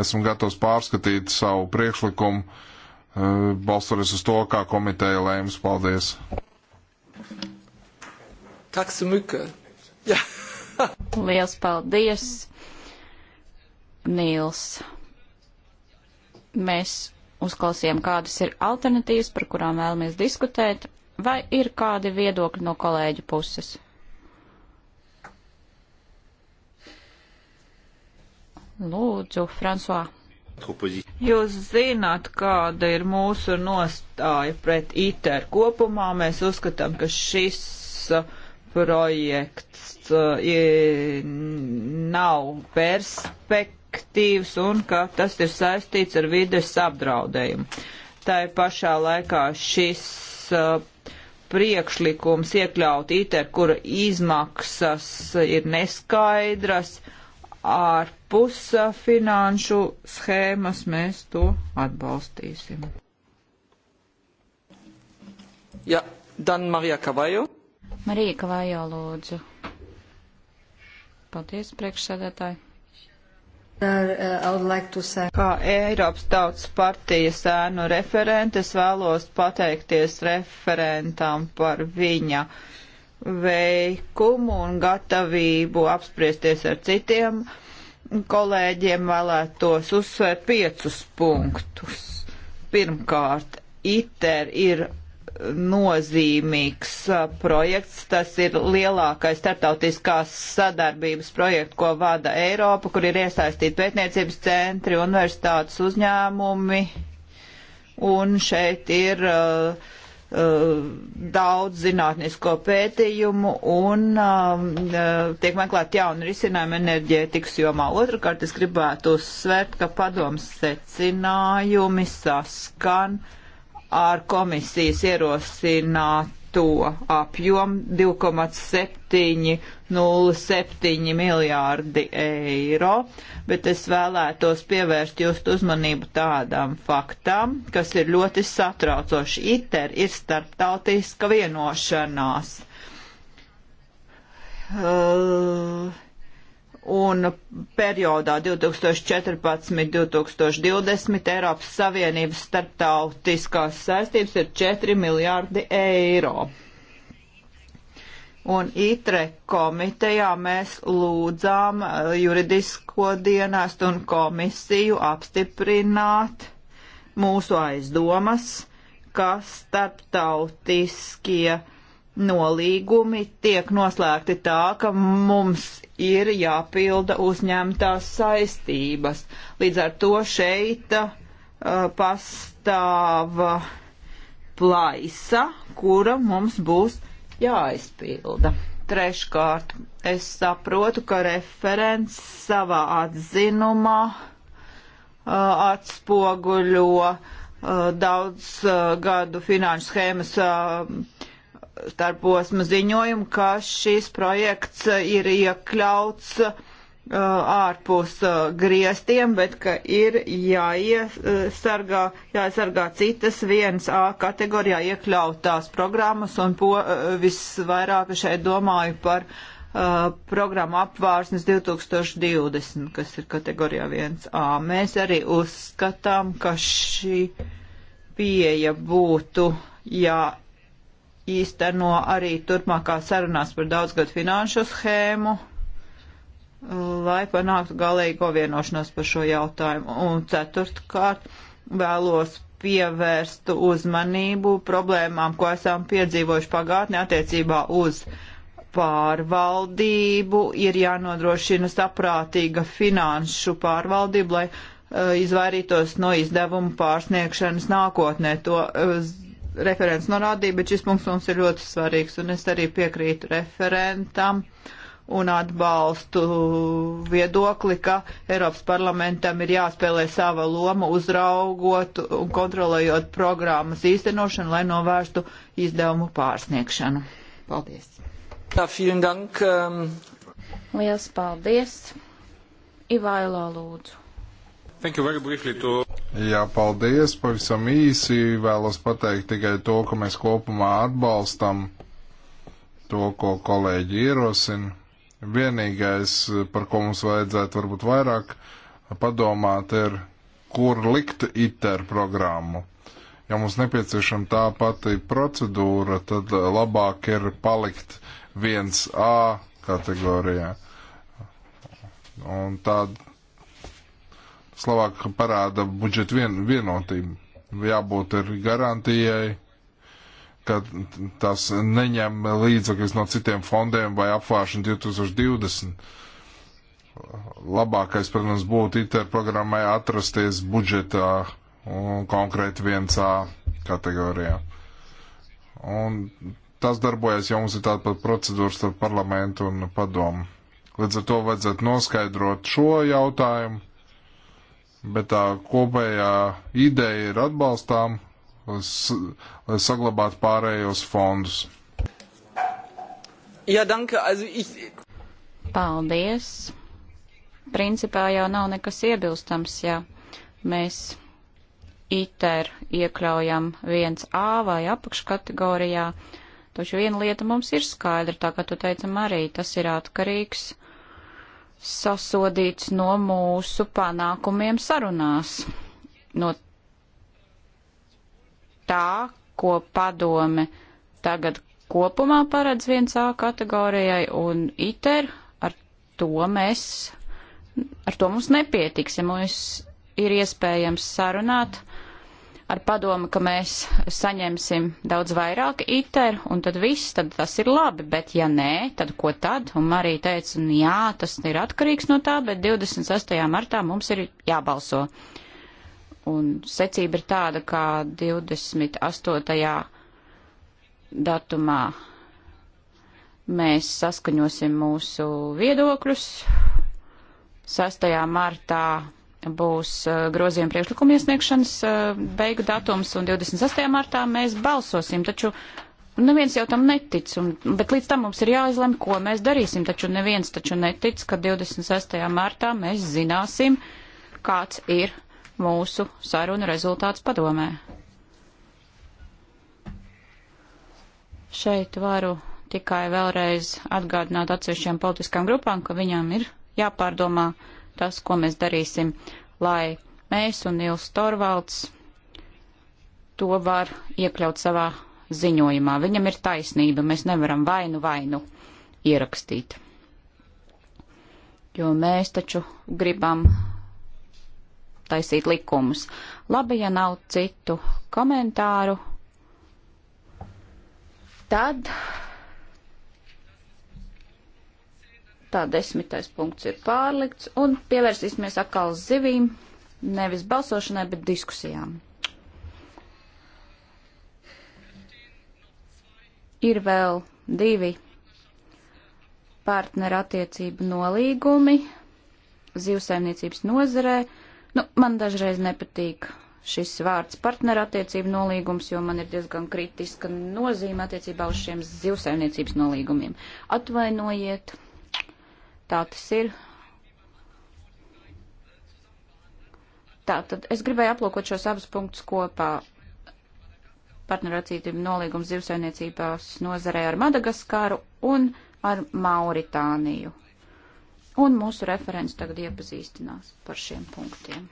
Speaker 2: Esmu gatavs pārskatīt savu priekšlikumu, e, balstoties uz to, kā komiteja lēms. Paldies!
Speaker 3: Taksimika! Jā! Liels paldies, Nīls! Mēs uzklausījām, kādas ir alternatīvas, par kurām vēlamies diskutēt, vai ir kādi viedokļi no kolēģu puses? Lūdzu, Fransuā.
Speaker 1: Jūs zināt, kāda ir mūsu nostāja pret ITER kopumā. Mēs uzskatām, ka šis uh, projekts uh, nav perspektīvs efektīvs un ka tas ir saistīts ar vides apdraudējumu. Tā ir pašā laikā šis uh, priekšlikums iekļaut ITER, kura izmaksas ir neskaidras, ārpus uh, finanšu schēmas mēs to atbalstīsim. Ja, dan Marija Kavajo.
Speaker 3: Marija Kavajo, lūdzu. Paldies, priekšsēdētāji.
Speaker 1: Uh, Kā Eiropas Tautas partijas ēnu referentes vēlos pateikties referentam par viņa veikumu un gatavību apspriesties ar citiem kolēģiem vēlētos uzsvērt piecus punktus. Pirmkārt, ITER ir nozīmīgs projekts. Tas ir lielākais starptautiskās sadarbības projekts, ko vada Eiropa, kur ir iesaistīti pētniecības centri, universitātes uzņēmumi. Un šeit ir uh, daudz zinātnisko pētījumu un uh, tiek meklēt jauni risinājumi enerģētikas jomā. Otrakārt, es gribētu uzsvērt, ka padoms secinājumi saskan uh, ar komisijas ierosināto apjomu 2,707 miljārdi eiro, bet es vēlētos pievērst just uzmanību tādām faktām, kas ir ļoti satraucoši. ITER ir starptautiska vienošanās. Uh, un periodā 2014-2020 Eiropas Savienības starptautiskās saistības ir 4 miljārdi eiro. Un ITRE komitejā mēs lūdzām eh, juridisko dienestu un komisiju apstiprināt mūsu aizdomas, ka starptautiskie nolīgumi tiek noslēgti tā, ka mums ir jāpilda uzņemtās saistības. Līdz ar to šeit uh, pastāv uh, plaisa, kura mums būs jāizpilda. Treškārt, es saprotu, ka referents savā atzinumā uh, atspoguļo uh, daudz uh, gadu finanšu schēmas uh, starposma ziņojumu, ka šis projekts ir iekļauts uh, ārpus uh, griestiem, bet ka ir jāiesargā, jāiesargā citas vienas A kategorijā iekļautās programmas, un po, uh, visvairāk šeit domāju par uh, programmu apvārsnes 2020, kas ir kategorijā 1A. Mēs arī uzskatām, ka šī pieeja būtu jā jāīsteno arī turpmākā sarunās par daudzgadu finanšu schēmu, lai panāktu galīgo vienošanos par šo jautājumu. Un ceturtkārt vēlos pievērst uzmanību problēmām, ko esam piedzīvojuši pagātnē attiecībā uz pārvaldību, ir jānodrošina saprātīga finanšu pārvaldība, lai uh, izvairītos no izdevumu pārsniegšanas nākotnē. To uh, referents norādīja, bet šis punkts mums ir ļoti svarīgs, un es arī piekrītu referentam un atbalstu viedokli, ka Eiropas parlamentam ir jāspēlē sava loma uzraugot un kontrolējot programmas īstenošanu, lai novērstu izdevumu pārsniegšanu. Paldies! Jā, vielen dank! Um...
Speaker 3: Liels paldies! Ivailo lūdzu!
Speaker 2: To... Jā, paldies. Pavisam īsi vēlos pateikt tikai to, ka mēs kopumā atbalstam to, ko kolēģi ierosina. Vienīgais, par ko mums vajadzētu varbūt vairāk padomāt, ir, kur likt ITER programmu. Ja mums nepieciešama tā pati procedūra, tad labāk ir palikt 1A kategorijā. Un tāda Slovāka parāda budžeta vien, vienotību. Jābūt ir garantijai, ka tas neņem līdzekļus no citiem fondiem vai apvāršana 2020. Labākais, protams, būtu ITER programmai atrasties budžetā un konkrēti 1A kategorijā. Un tas darbojas, jo mums ir tāda pat procedūra starp parlamentu un padomu. Līdz ar to vajadzētu noskaidrot šo jautājumu bet tā kopējā ideja ir atbalstām, lai saglabātu pārējos fondus.
Speaker 1: Ja, danke, also ich...
Speaker 3: Paldies. Principā jau nav nekas iebilstams, ja mēs ITER iekļaujam 1A vai apakškategorijā, taču viena lieta mums ir skaidra, tā kā tu teicam arī, tas ir atkarīgs sasodīts no mūsu panākumiem sarunās, no tā, ko padome tagad kopumā paredz 1A kategorijai un ITER, ar to mēs, ar to mums nepietiks, ja mums ir iespējams sarunāt ar padomu, ka mēs saņemsim daudz vairāk ITER, un tad viss, tad tas ir labi, bet ja nē, tad ko tad? Un Marija teica, un nu jā, tas ir atkarīgs no tā, bet 28. martā mums ir jābalso. Un secība ir tāda, kā 28. datumā mēs saskaņosim mūsu viedokļus. 6. martā būs eh, grozījuma priekšlikuma iesniegšanas eh, beigu datums, un 26. martā mēs balsosim, taču neviens jau tam netic, un, bet līdz tam mums ir jāizlem, ko mēs darīsim, taču neviens taču netic, ka 26. martā mēs zināsim, kāds ir mūsu sarunu rezultāts padomē. Šeit varu tikai vēlreiz atgādināt atsevišķiem politiskām grupām, ka viņām ir jāpārdomā, tas, ko mēs darīsim, lai mēs un Nils Torvalds to var iekļaut savā ziņojumā. Viņam ir taisnība, mēs nevaram vainu vainu ierakstīt. Jo mēs taču gribam taisīt likumus. Labi, ja nav citu komentāru, tad Tā desmitais punkts ir pārlikts un pievērsīsimies atkal zivīm, nevis balsošanai, bet diskusijām. Ir vēl divi partnerattiecību nolīgumi zivsaimniecības nozarē. Nu, man dažreiz nepatīk šis vārds partnerattiecību nolīgums, jo man ir diezgan kritiska nozīme attiecībā uz šiem zivsaimniecības nolīgumiem. Atvainojiet! Tā tas ir. Tātad es gribēju aplūkot šos abus punktus kopā. Partneracītību nolīgums zivsainiecībās nozarē ar Madagaskaru un ar Mauritāniju. Un mūsu referents tagad
Speaker 1: iepazīstinās par šiem punktiem.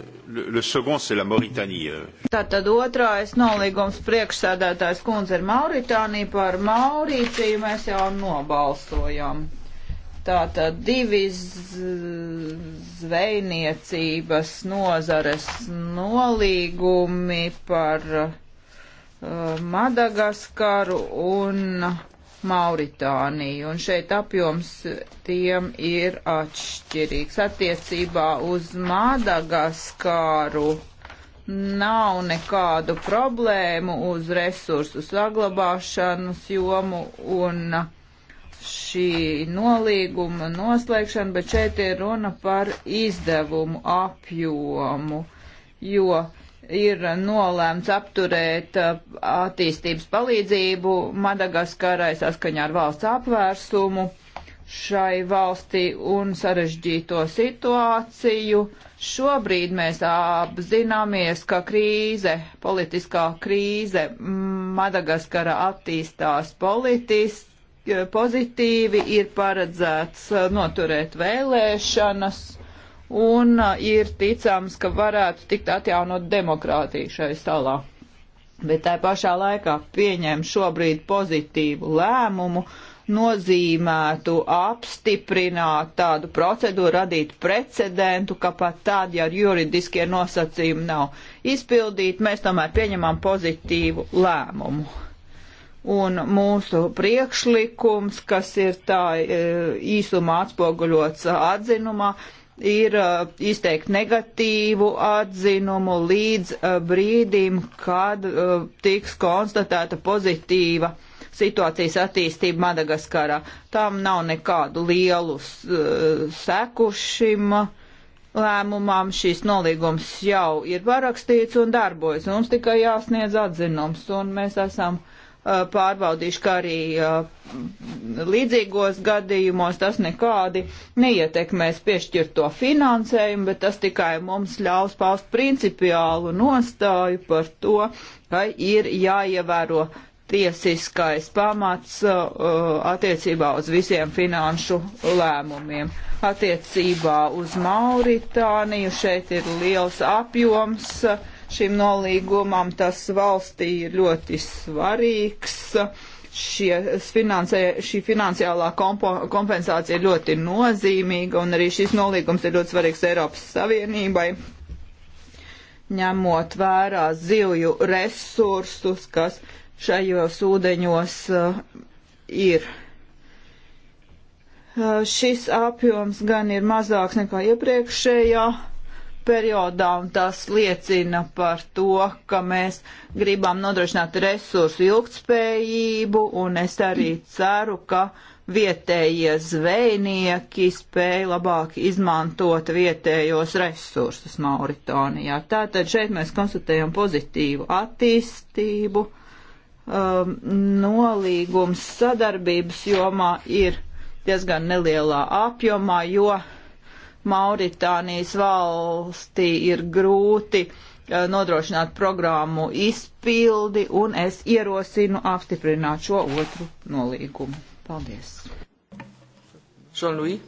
Speaker 2: Le, le second, c'est la Mauritanija.
Speaker 1: Tātad otrais nolīgums priekšsēdētājs kundze ir Mauritānija par Maurīciju. Mēs jau nobalsojam Tātad divi zvejniecības nozares nolīgumi par uh, Madagaskaru un Mauritāniju, un šeit apjoms tiem ir atšķirīgs. Attiecībā uz Madagaskāru nav nekādu problēmu uz resursu saglabāšanas jomu un uh, šī nolīguma noslēgšanu, bet šeit ir runa par izdevumu apjomu, jo ir nolēmts apturēt uh, attīstības palīdzību Madagaskarai saskaņā ar valsts apvērsumu šai valstī un sarežģīto situāciju. Šobrīd mēs apzināmies, ka krīze, politiskā krīze Madagaskara attīstās politiski Eh, pozitīvi ir paredzēts eh, noturēt vēlēšanas un eh, ir ticams, ka varētu tikt atjaunot demokrātiju šai salā. Bet tā pašā laikā pieņem šobrīd pozitīvu lēmumu, nozīmētu apstiprināt tādu procedūru, radīt precedentu, ka pat tad, ja juridiskie nosacījumi nav izpildīti, mēs tomēr pieņemam pozitīvu lēmumu un mūsu priekšlikums, kas ir tā e, īsumā atspoguļots atzinumā, ir e, izteikt negatīvu atzinumu līdz e, brīdim, kad tiks konstatēta pozitīva situācijas attīstība Madagaskarā. Tam nav nekādu lielu seku šim lēmumam. Šīs nolīgums jau ir parakstīts un darbojas. Mums tikai jāsniedz atzinums, un mēs esam pārbaudīšu, ka arī līdzīgos gadījumos tas nekādi neietekmēs piešķirto finansējumu, bet tas tikai mums ļaus paust principiālu nostāju par to, ka ir jāievēro tiesiskais pamats attiecībā uz visiem finanšu lēmumiem. Attiecībā uz Mauritāniju šeit ir liels apjoms. Uh, šim nolīgumam. Tas valstī ir ļoti svarīgs. Šie, finansē, šī finansiālā kompo, kompensācija ir ļoti nozīmīga un arī šis nolīgums ir ļoti svarīgs Eiropas Savienībai ņemot vērā zivju resursus, kas šajos ūdeņos uh, ir. Uh, šis apjoms gan ir mazāks nekā iepriekšējā periodā, un tas liecina par to, ka mēs gribam nodrošināt resursu ilgtspējību, un es arī ceru, ka vietējie zvejnieki spēja labāk izmantot vietējos resursus Mauritonijā. Tātad šeit mēs konstatējam pozitīvu attīstību. Um, nolīgums sadarbības jomā ir diezgan nelielā apjomā, jo Mauritānijas valstī ir grūti eh, nodrošināt programmu izpildi, un es ierosinu apstiprināt šo otru nolīgumu. Paldies. Jean-Louis?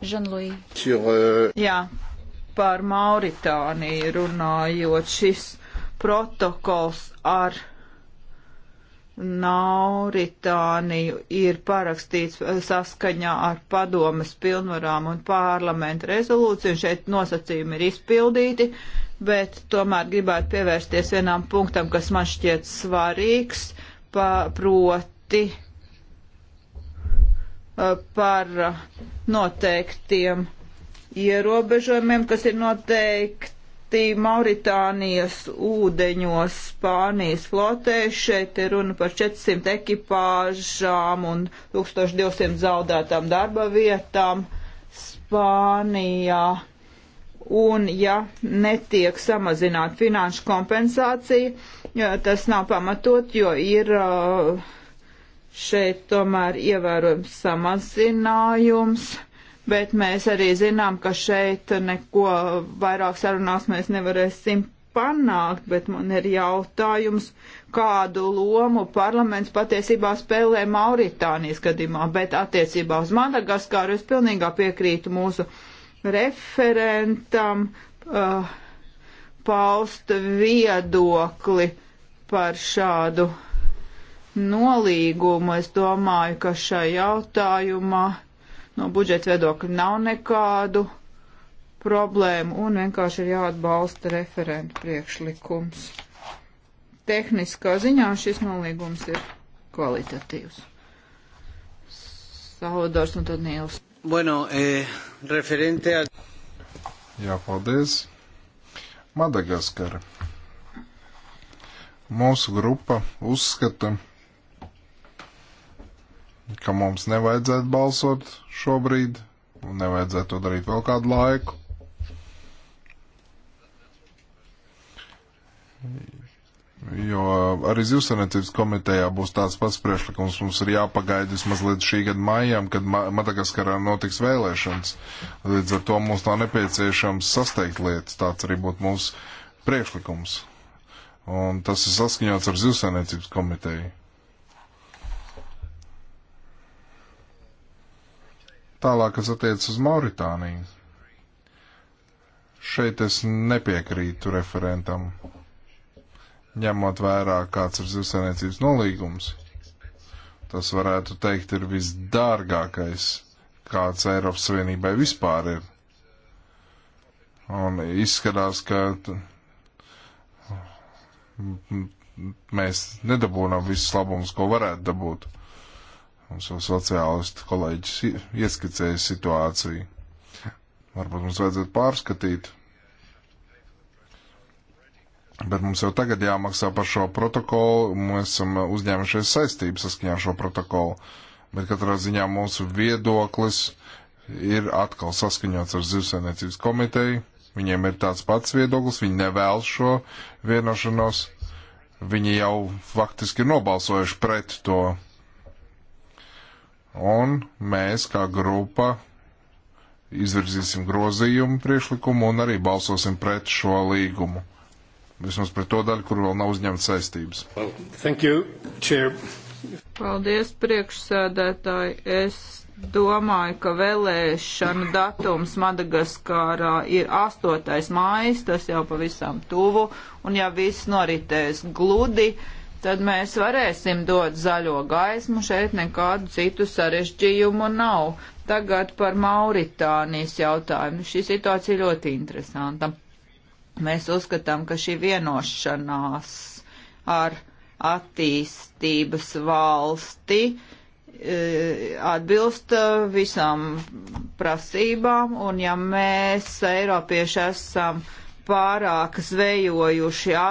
Speaker 1: Jean-Louis.
Speaker 2: Euh...
Speaker 1: Jā, par Mauritāniju runājot, šis protokols ar Mauritāniju ir parakstīts eh, saskaņā ar padomas pilnvarām un parlamenta rezolūciju. Šeit nosacījumi ir izpildīti, bet tomēr gribētu pievērsties vienam punktam, kas man šķiet svarīgs, pa, proti eh, par noteiktiem ierobežojumiem, kas ir noteikti valstī, Mauritānijas ūdeņos, Spānijas flotē. Šeit ir runa par 400 ekipāžām un 1200 zaudētām darba vietām Spānijā. Un ja netiek samazināta finanšu kompensācija, tas nav pamatot, jo ir uh, šeit tomēr ievērojams samazinājums bet mēs arī zinām, ka šeit neko vairāk sarunās mēs nevarēsim panākt, bet man ir jautājums, kādu lomu parlaments patiesībā spēlē Mauritānijas gadījumā, bet attiecībā uz Madagaskaru es pilnīgā piekrītu mūsu referentam uh, paust viedokli par šādu nolīgumu. Es domāju, ka šajā jautājumā uh, no budžeta viedokļa nav nekādu problēmu un vienkārši ir jāatbalsta referentu priekšlikums. Tehniskā ziņā šis nolīgums ir kvalitatīvs. Salvadors un tad Nīls. Bueno, eh, referente a...
Speaker 2: Jā, paldies. Madagaskara. Mūsu grupa uzskata, ka mums nevajadzētu balsot šobrīd, un nevajadzētu to darīt vēl kādu laiku. Jo arī zivsarniecības komitejā būs tāds pats priekšlikums. Mums ir jāpagaida vismaz līdz šī gada maijam, kad Madagaskarā notiks vēlēšanas. Līdz ar to mums nav nepieciešams sasteigt lietas. Tāds arī būtu mūsu priekšlikums. Un tas ir saskaņots ar zivsarniecības komiteju. Tālāk, kas attiecas uz Mauritāniju. Šeit es nepiekrītu referentam, ņemot vērā, kāds ir zivsainiecības nolīgums. Tas varētu teikt ir visdārgākais, kāds Eiropas Savienībai vispār ir. Un izskatās, ka mēs nedabūnam visus labumus, ko varētu dabūt. Mums jau sociālistu kolēģis ieskicēja situāciju. Varbūt mums vajadzētu pārskatīt. Bet mums jau tagad jāmaksā par šo protokolu. Mēs esam uzņēmušies saistības saskaņā ar šo protokolu. Bet katrā ziņā mūsu viedoklis ir atkal saskaņots ar Zivsainiecības komiteju. Viņiem ir tāds pats viedoklis, viņi nevēl šo vienošanos. Viņi jau faktiski ir nobalsojuši pret to Un mēs, kā grupa, izvirzīsim grozījumu priekšlikumu un arī balsosim pret šo līgumu. Vismaz pret to daļu, kur vēl nav uzņemts saistības. Well, thank you, chair.
Speaker 1: Paldies, priekšsēdētāji. Es domāju, ka vēlēšana datums Madagaskārā ir 8. mājas, tas jau pavisam tuvu, un ja viss noritēs gludi, uh, tad mēs varēsim dot zaļo gaismu, šeit nekādu citu sarežģījumu nav. Tagad par Mauritānijas jautājumu. Šī situācija ļoti interesanta. Mēs uzskatām, ka šī vienošanās ar attīstības valsti e, atbilst e, visām prasībām, un ja mēs, Eiropieši, esam pārāk zvejojuši jā,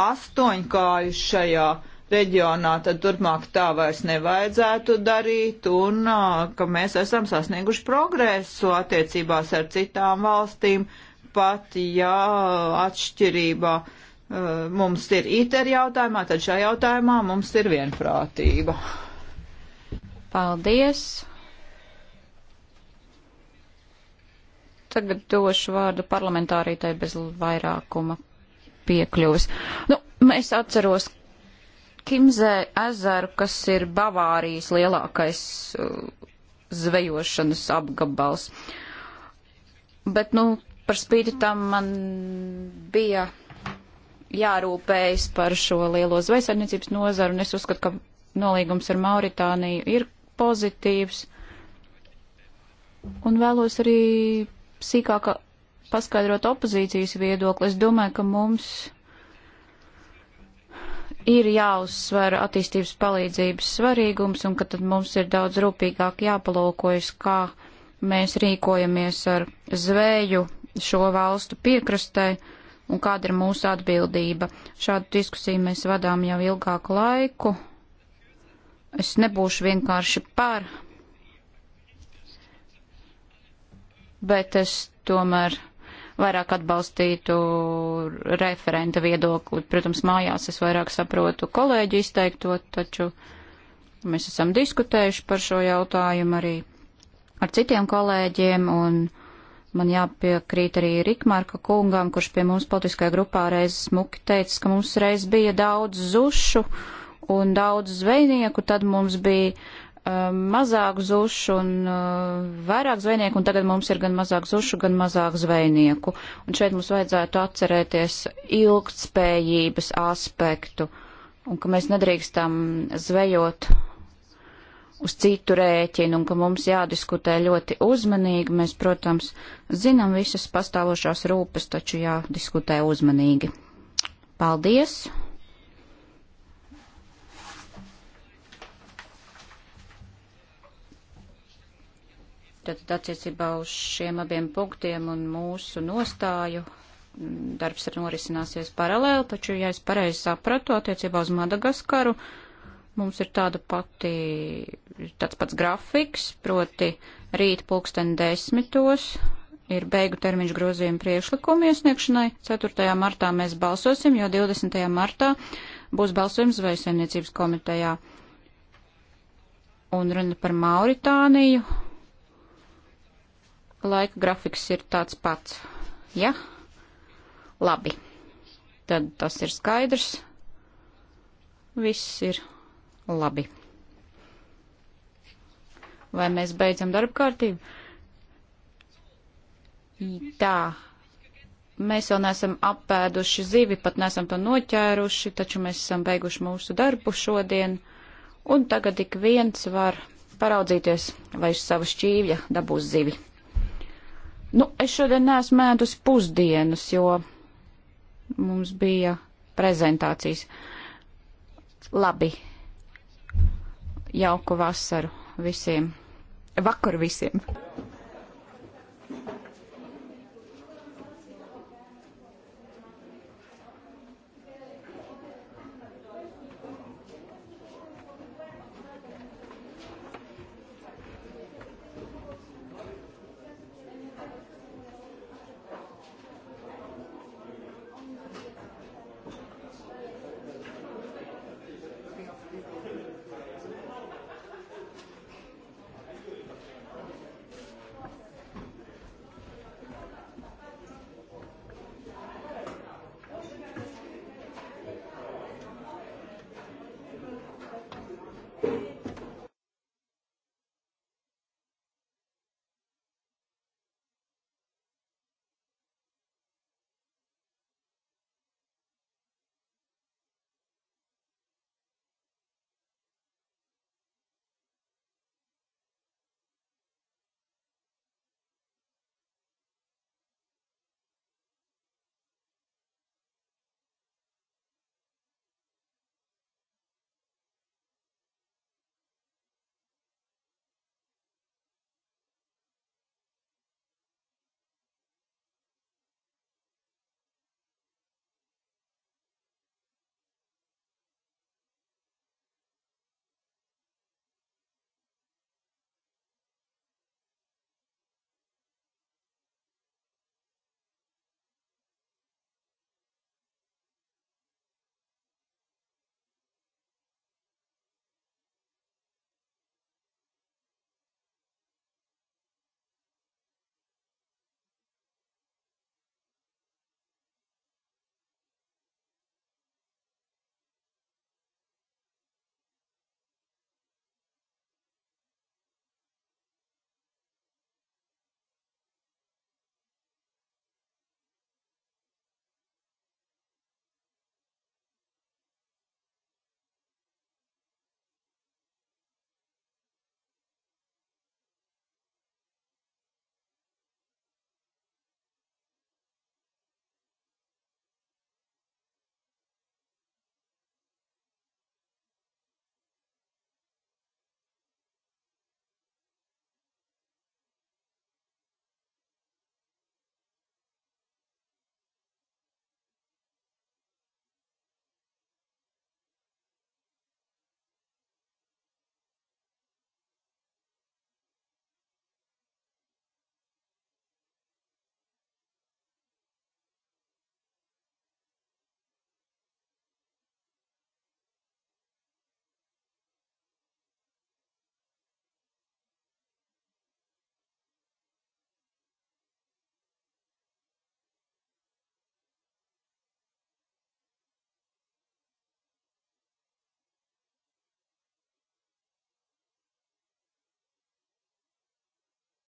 Speaker 1: astoņkājus šajā reģionā, tad turpmāk tā vairs nevajadzētu darīt un ka mēs esam sasnieguši progresu attiecībās ar citām valstīm, pat ja atšķirībā mums ir ITER jautājumā, tad šajā jautājumā mums ir vienprātība. Paldies!
Speaker 3: Tagad došu vārdu parlamentārītai bez vairākuma piekļuvis. Nu, es atceros Kimzē ezeru, kas ir Bavārijas lielākais uh, zvejošanas apgabals. Bet, nu, par spīti tam man bija jārūpējas par šo lielo zvejsaimniecības nozaru, un es uzskatu, ka nolīgums ar Mauritāniju ir pozitīvs. Un vēlos arī sīkāka paskaidrot opozīcijas viedokli. Es domāju, ka mums ir jāuzsver attīstības palīdzības svarīgums un ka tad mums ir daudz rūpīgāk jāpalūkojas, kā mēs rīkojamies ar zvēju šo valstu piekrastē un kāda ir mūsu atbildība. Šādu diskusiju mēs vadām jau ilgāku laiku. Es nebūšu vienkārši par, bet es tomēr vairāk atbalstītu referenta viedokli. Protams, mājās es vairāk saprotu kolēģi izteikto, taču mēs esam diskutējuši par šo jautājumu arī ar citiem kolēģiem, un man jāpiekrīt arī Rikmārka kungam, kurš pie mums politiskajā grupā reiz smuki teica, ka mums reiz bija daudz zušu un daudz zvejnieku, tad mums bija Um, mazāk zušu un uh, vairāk zvejnieku, un tagad mums ir gan mazāk zušu, gan mazāk zvejnieku. Un šeit mums vajadzētu atcerēties ilgtspējības aspektu, un ka mēs nedrīkstam zvejot uz citu rēķinu, un ka mums jādiskutē ļoti uzmanīgi. Mēs, protams, zinām visas pastāvošās rūpes, taču jādiskutē uzmanīgi. Paldies! Tātad attiecībā uz šiem abiem punktiem un mūsu nostāju darbs ir norisināsies paralēli, taču, ja es pareizi sapratu, attiecībā uz Madagaskaru mums ir tāda pati, tāds pats grafiks, proti rīt pulksten desmitos ir beigu termiņš grozījuma priekšlikumu iesniegšanai. 4. martā mēs balsosim, jo 20. martā būs balsojums Zvejasemniecības komitejā. Un runa par Mauritāniju laika grafiks ir tāds pats. Ja? Labi. Tad tas ir skaidrs. Viss ir labi. Vai mēs beidzam darba kārtību? Tā. Mēs vēl neesam apēduši zivi, pat neesam to noķēruši, taču mēs esam beiguši mūsu darbu šodien. Un tagad ik viens var paraudzīties, vai uz sava šķīvja dabūs zivi. Nu, es šodien neesmu ēdus pusdienas, jo mums bija prezentācijas. Labi. Jauku vasaru visiem. Vakar visiem.